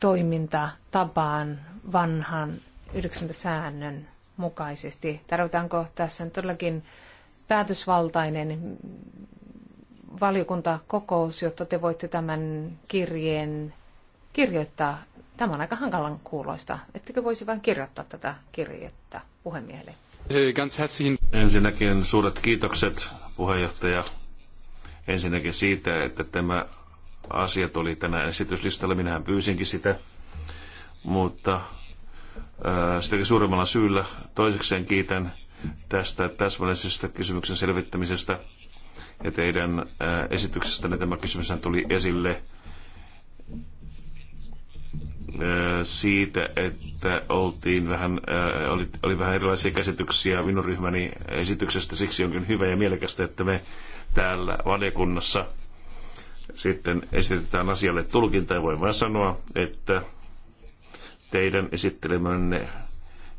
toimintatapaan vanhan 90 säännön mukaisesti. Tarvitaanko tässä on todellakin päätösvaltainen valiokuntakokous, jotta te voitte tämän kirjeen kirjoittaa. Tämä on aika hankalan kuuloista. Ettekö voisi vain kirjoittaa tätä kirjettä puhemiehelle?
Ensinnäkin suuret kiitokset puheenjohtaja ensinnäkin siitä, että tämä asia tuli tänään esityslistalla. Minähän pyysinkin sitä, mutta sitäkin suuremmalla syyllä. Toisekseen kiitän tästä täsmällisestä kysymyksen selvittämisestä ja teidän esityksestänne tämä kysymys tuli esille siitä, että oltiin vähän, oli, oli vähän erilaisia käsityksiä minun ryhmäni esityksestä. Siksi onkin hyvä ja mielekästä, että me täällä valiokunnassa sitten esitetään asialle tulkinta ja voin vain sanoa, että teidän esittelemänne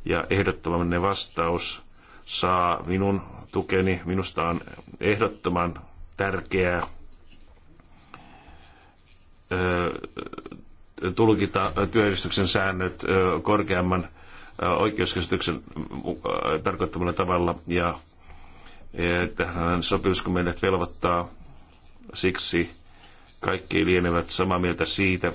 ja ehdottamanne vastaus saa minun tukeni. Minusta on ehdottoman tärkeää tulkita työjärjestyksen säännöt korkeamman oikeuskäsityksen tarkoittamalla tavalla ja tähän sopimuskomennot velvoittaa. Siksi kaikki lienevät samaa mieltä siitä,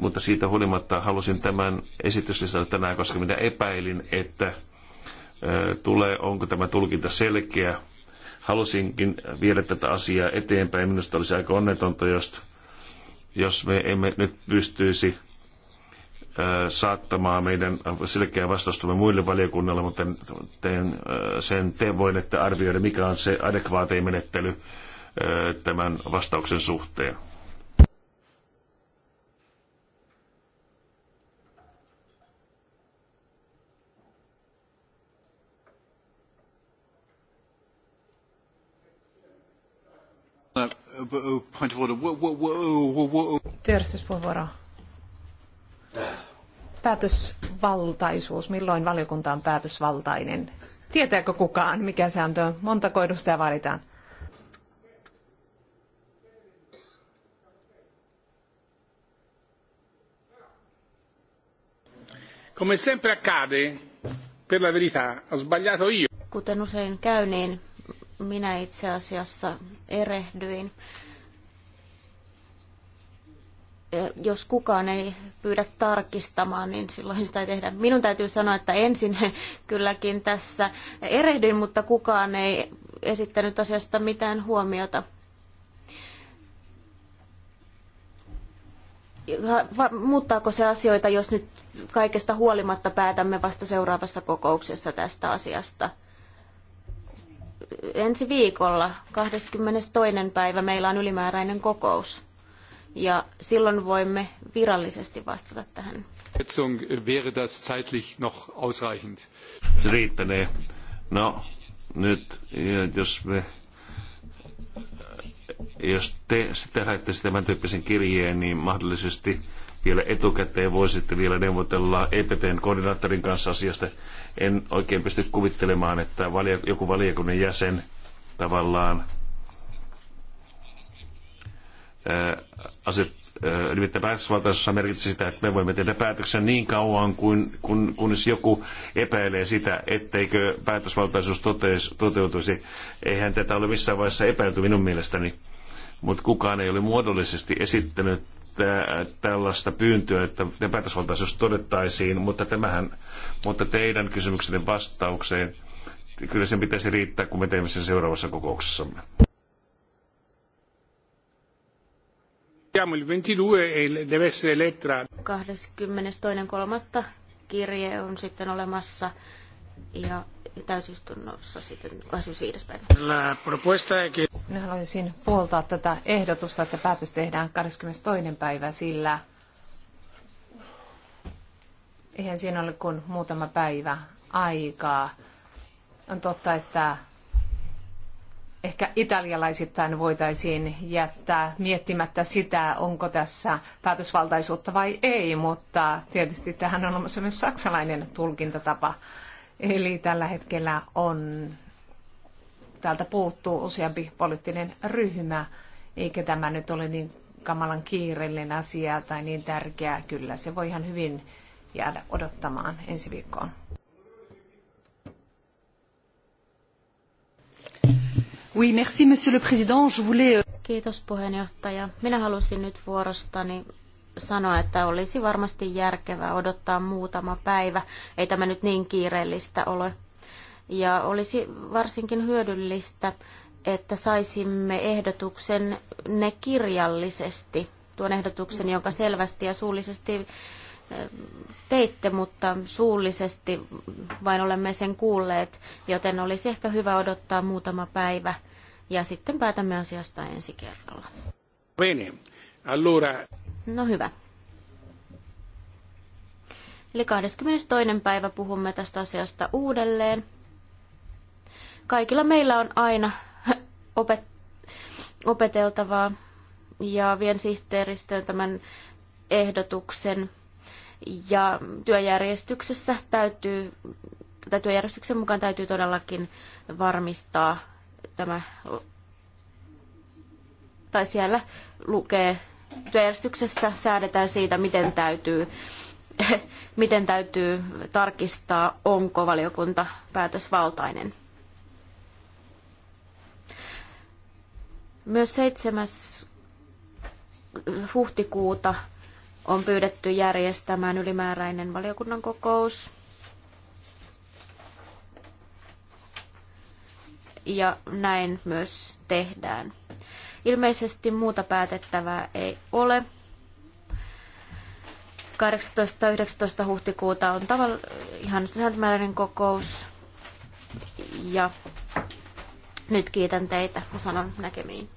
mutta siitä huolimatta halusin tämän esityslistan tänään, koska minä epäilin, että tulee, onko tämä tulkinta selkeä. Halusinkin viedä tätä asiaa eteenpäin. Minusta olisi aika onnetonta, jos, jos me emme nyt pystyisi saattamaan meidän selkeää vastaustamme muille valiokunnille, mutta teen sen te voin, että arvioida, mikä on se adekvaatein menettely tämän vastauksen suhteen.
point of order.
Työjärjestyspuheenvuoro. Päätösvaltaisuus. Milloin valiokunta on päätösvaltainen? Tietääkö kukaan, mikä sääntö on? Montako edustajaa valitaan?
Come sempre accade, per la verità, ho sbagliato io.
Kuten usein käy, niin minä itse asiassa erehdyin. Jos kukaan ei pyydä tarkistamaan, niin silloin sitä ei tehdä. Minun täytyy sanoa, että ensin kylläkin tässä erehdyin, mutta kukaan ei esittänyt asiasta mitään huomiota. Muuttaako se asioita, jos nyt kaikesta huolimatta päätämme vasta seuraavassa kokouksessa tästä asiasta? ensi viikolla 22. päivä meillä on ylimääräinen kokous ja silloin voimme virallisesti vastata tähän.
Wäre das zeitlich noch ausreichend. Riittänee.
No, nyt jos me jos te sitten lähettäisitte tämän tyyppisen kirjeen, niin mahdollisesti vielä etukäteen, voisitte vielä neuvotella EPPn koordinaattorin kanssa asiasta. En oikein pysty kuvittelemaan, että joku valiokunnan jäsen tavallaan aset, nimittäin päätösvaltaisuus merkitsi sitä, että me voimme tehdä päätöksen niin kauan, kuin, kun, kunnes joku epäilee sitä, etteikö päätösvaltaisuus toteis, toteutuisi. Eihän tätä ole missään vaiheessa epäilty minun mielestäni, mutta kukaan ei ole muodollisesti esittänyt tällaista pyyntöä, että epätasvaltaisuus todettaisiin, mutta, tämähän, mutta teidän kysymyksenne vastaukseen kyllä sen pitäisi riittää, kun me teemme sen seuraavassa kokouksessamme.
Siamo il e deve essere 22.3.
kirje on sitten olemassa ja täysistunnossa sitten 25. päivä. Minä haluaisin puoltaa
tätä ehdotusta, että päätös tehdään 22. päivä, sillä eihän siinä ole kuin muutama päivä aikaa. On totta, että ehkä italialaisittain voitaisiin jättää miettimättä sitä, onko tässä päätösvaltaisuutta vai ei, mutta tietysti tähän on olemassa myös saksalainen tulkintatapa. Eli tällä hetkellä on, täältä puuttuu useampi poliittinen ryhmä, eikä tämä nyt ole niin kamalan kiireellinen asia tai niin tärkeä. Kyllä se voi ihan hyvin jäädä odottamaan ensi viikkoon. Oui, merci, monsieur le président. Je
voulais... Euh, Kiitos puheenjohtaja. Minä halusin nyt vuorostani sanoa, että olisi varmasti järkevää odottaa muutama päivä. Ei tämä nyt niin kiireellistä ole. Ja olisi varsinkin hyödyllistä, että saisimme ehdotuksen ne kirjallisesti, tuon ehdotuksen, jonka selvästi ja suullisesti eh, teitte, mutta suullisesti vain olemme sen kuulleet, joten olisi ehkä hyvä odottaa muutama päivä ja sitten päätämme asiasta ensi kerralla.
Bene. Allora.
No hyvä. Eli 22. päivä puhumme tästä asiasta uudelleen. Kaikilla meillä on aina opet- opeteltavaa ja vien sihteeristöön tämän ehdotuksen. Ja työjärjestyksessä täytyy, tätä työjärjestyksen mukaan täytyy todellakin varmistaa tämä, tai siellä lukee järjestyksestä säädetään siitä, miten täytyy, miten täytyy tarkistaa, onko valiokunta päätösvaltainen. Myös 7. huhtikuuta on pyydetty järjestämään ylimääräinen valiokunnan kokous. Ja näin myös tehdään. Ilmeisesti muuta päätettävää ei ole. 18-19 huhtikuuta on tavall- ihan sääntömääräinen kokous. Ja nyt kiitän teitä Mä sanon näkemiin.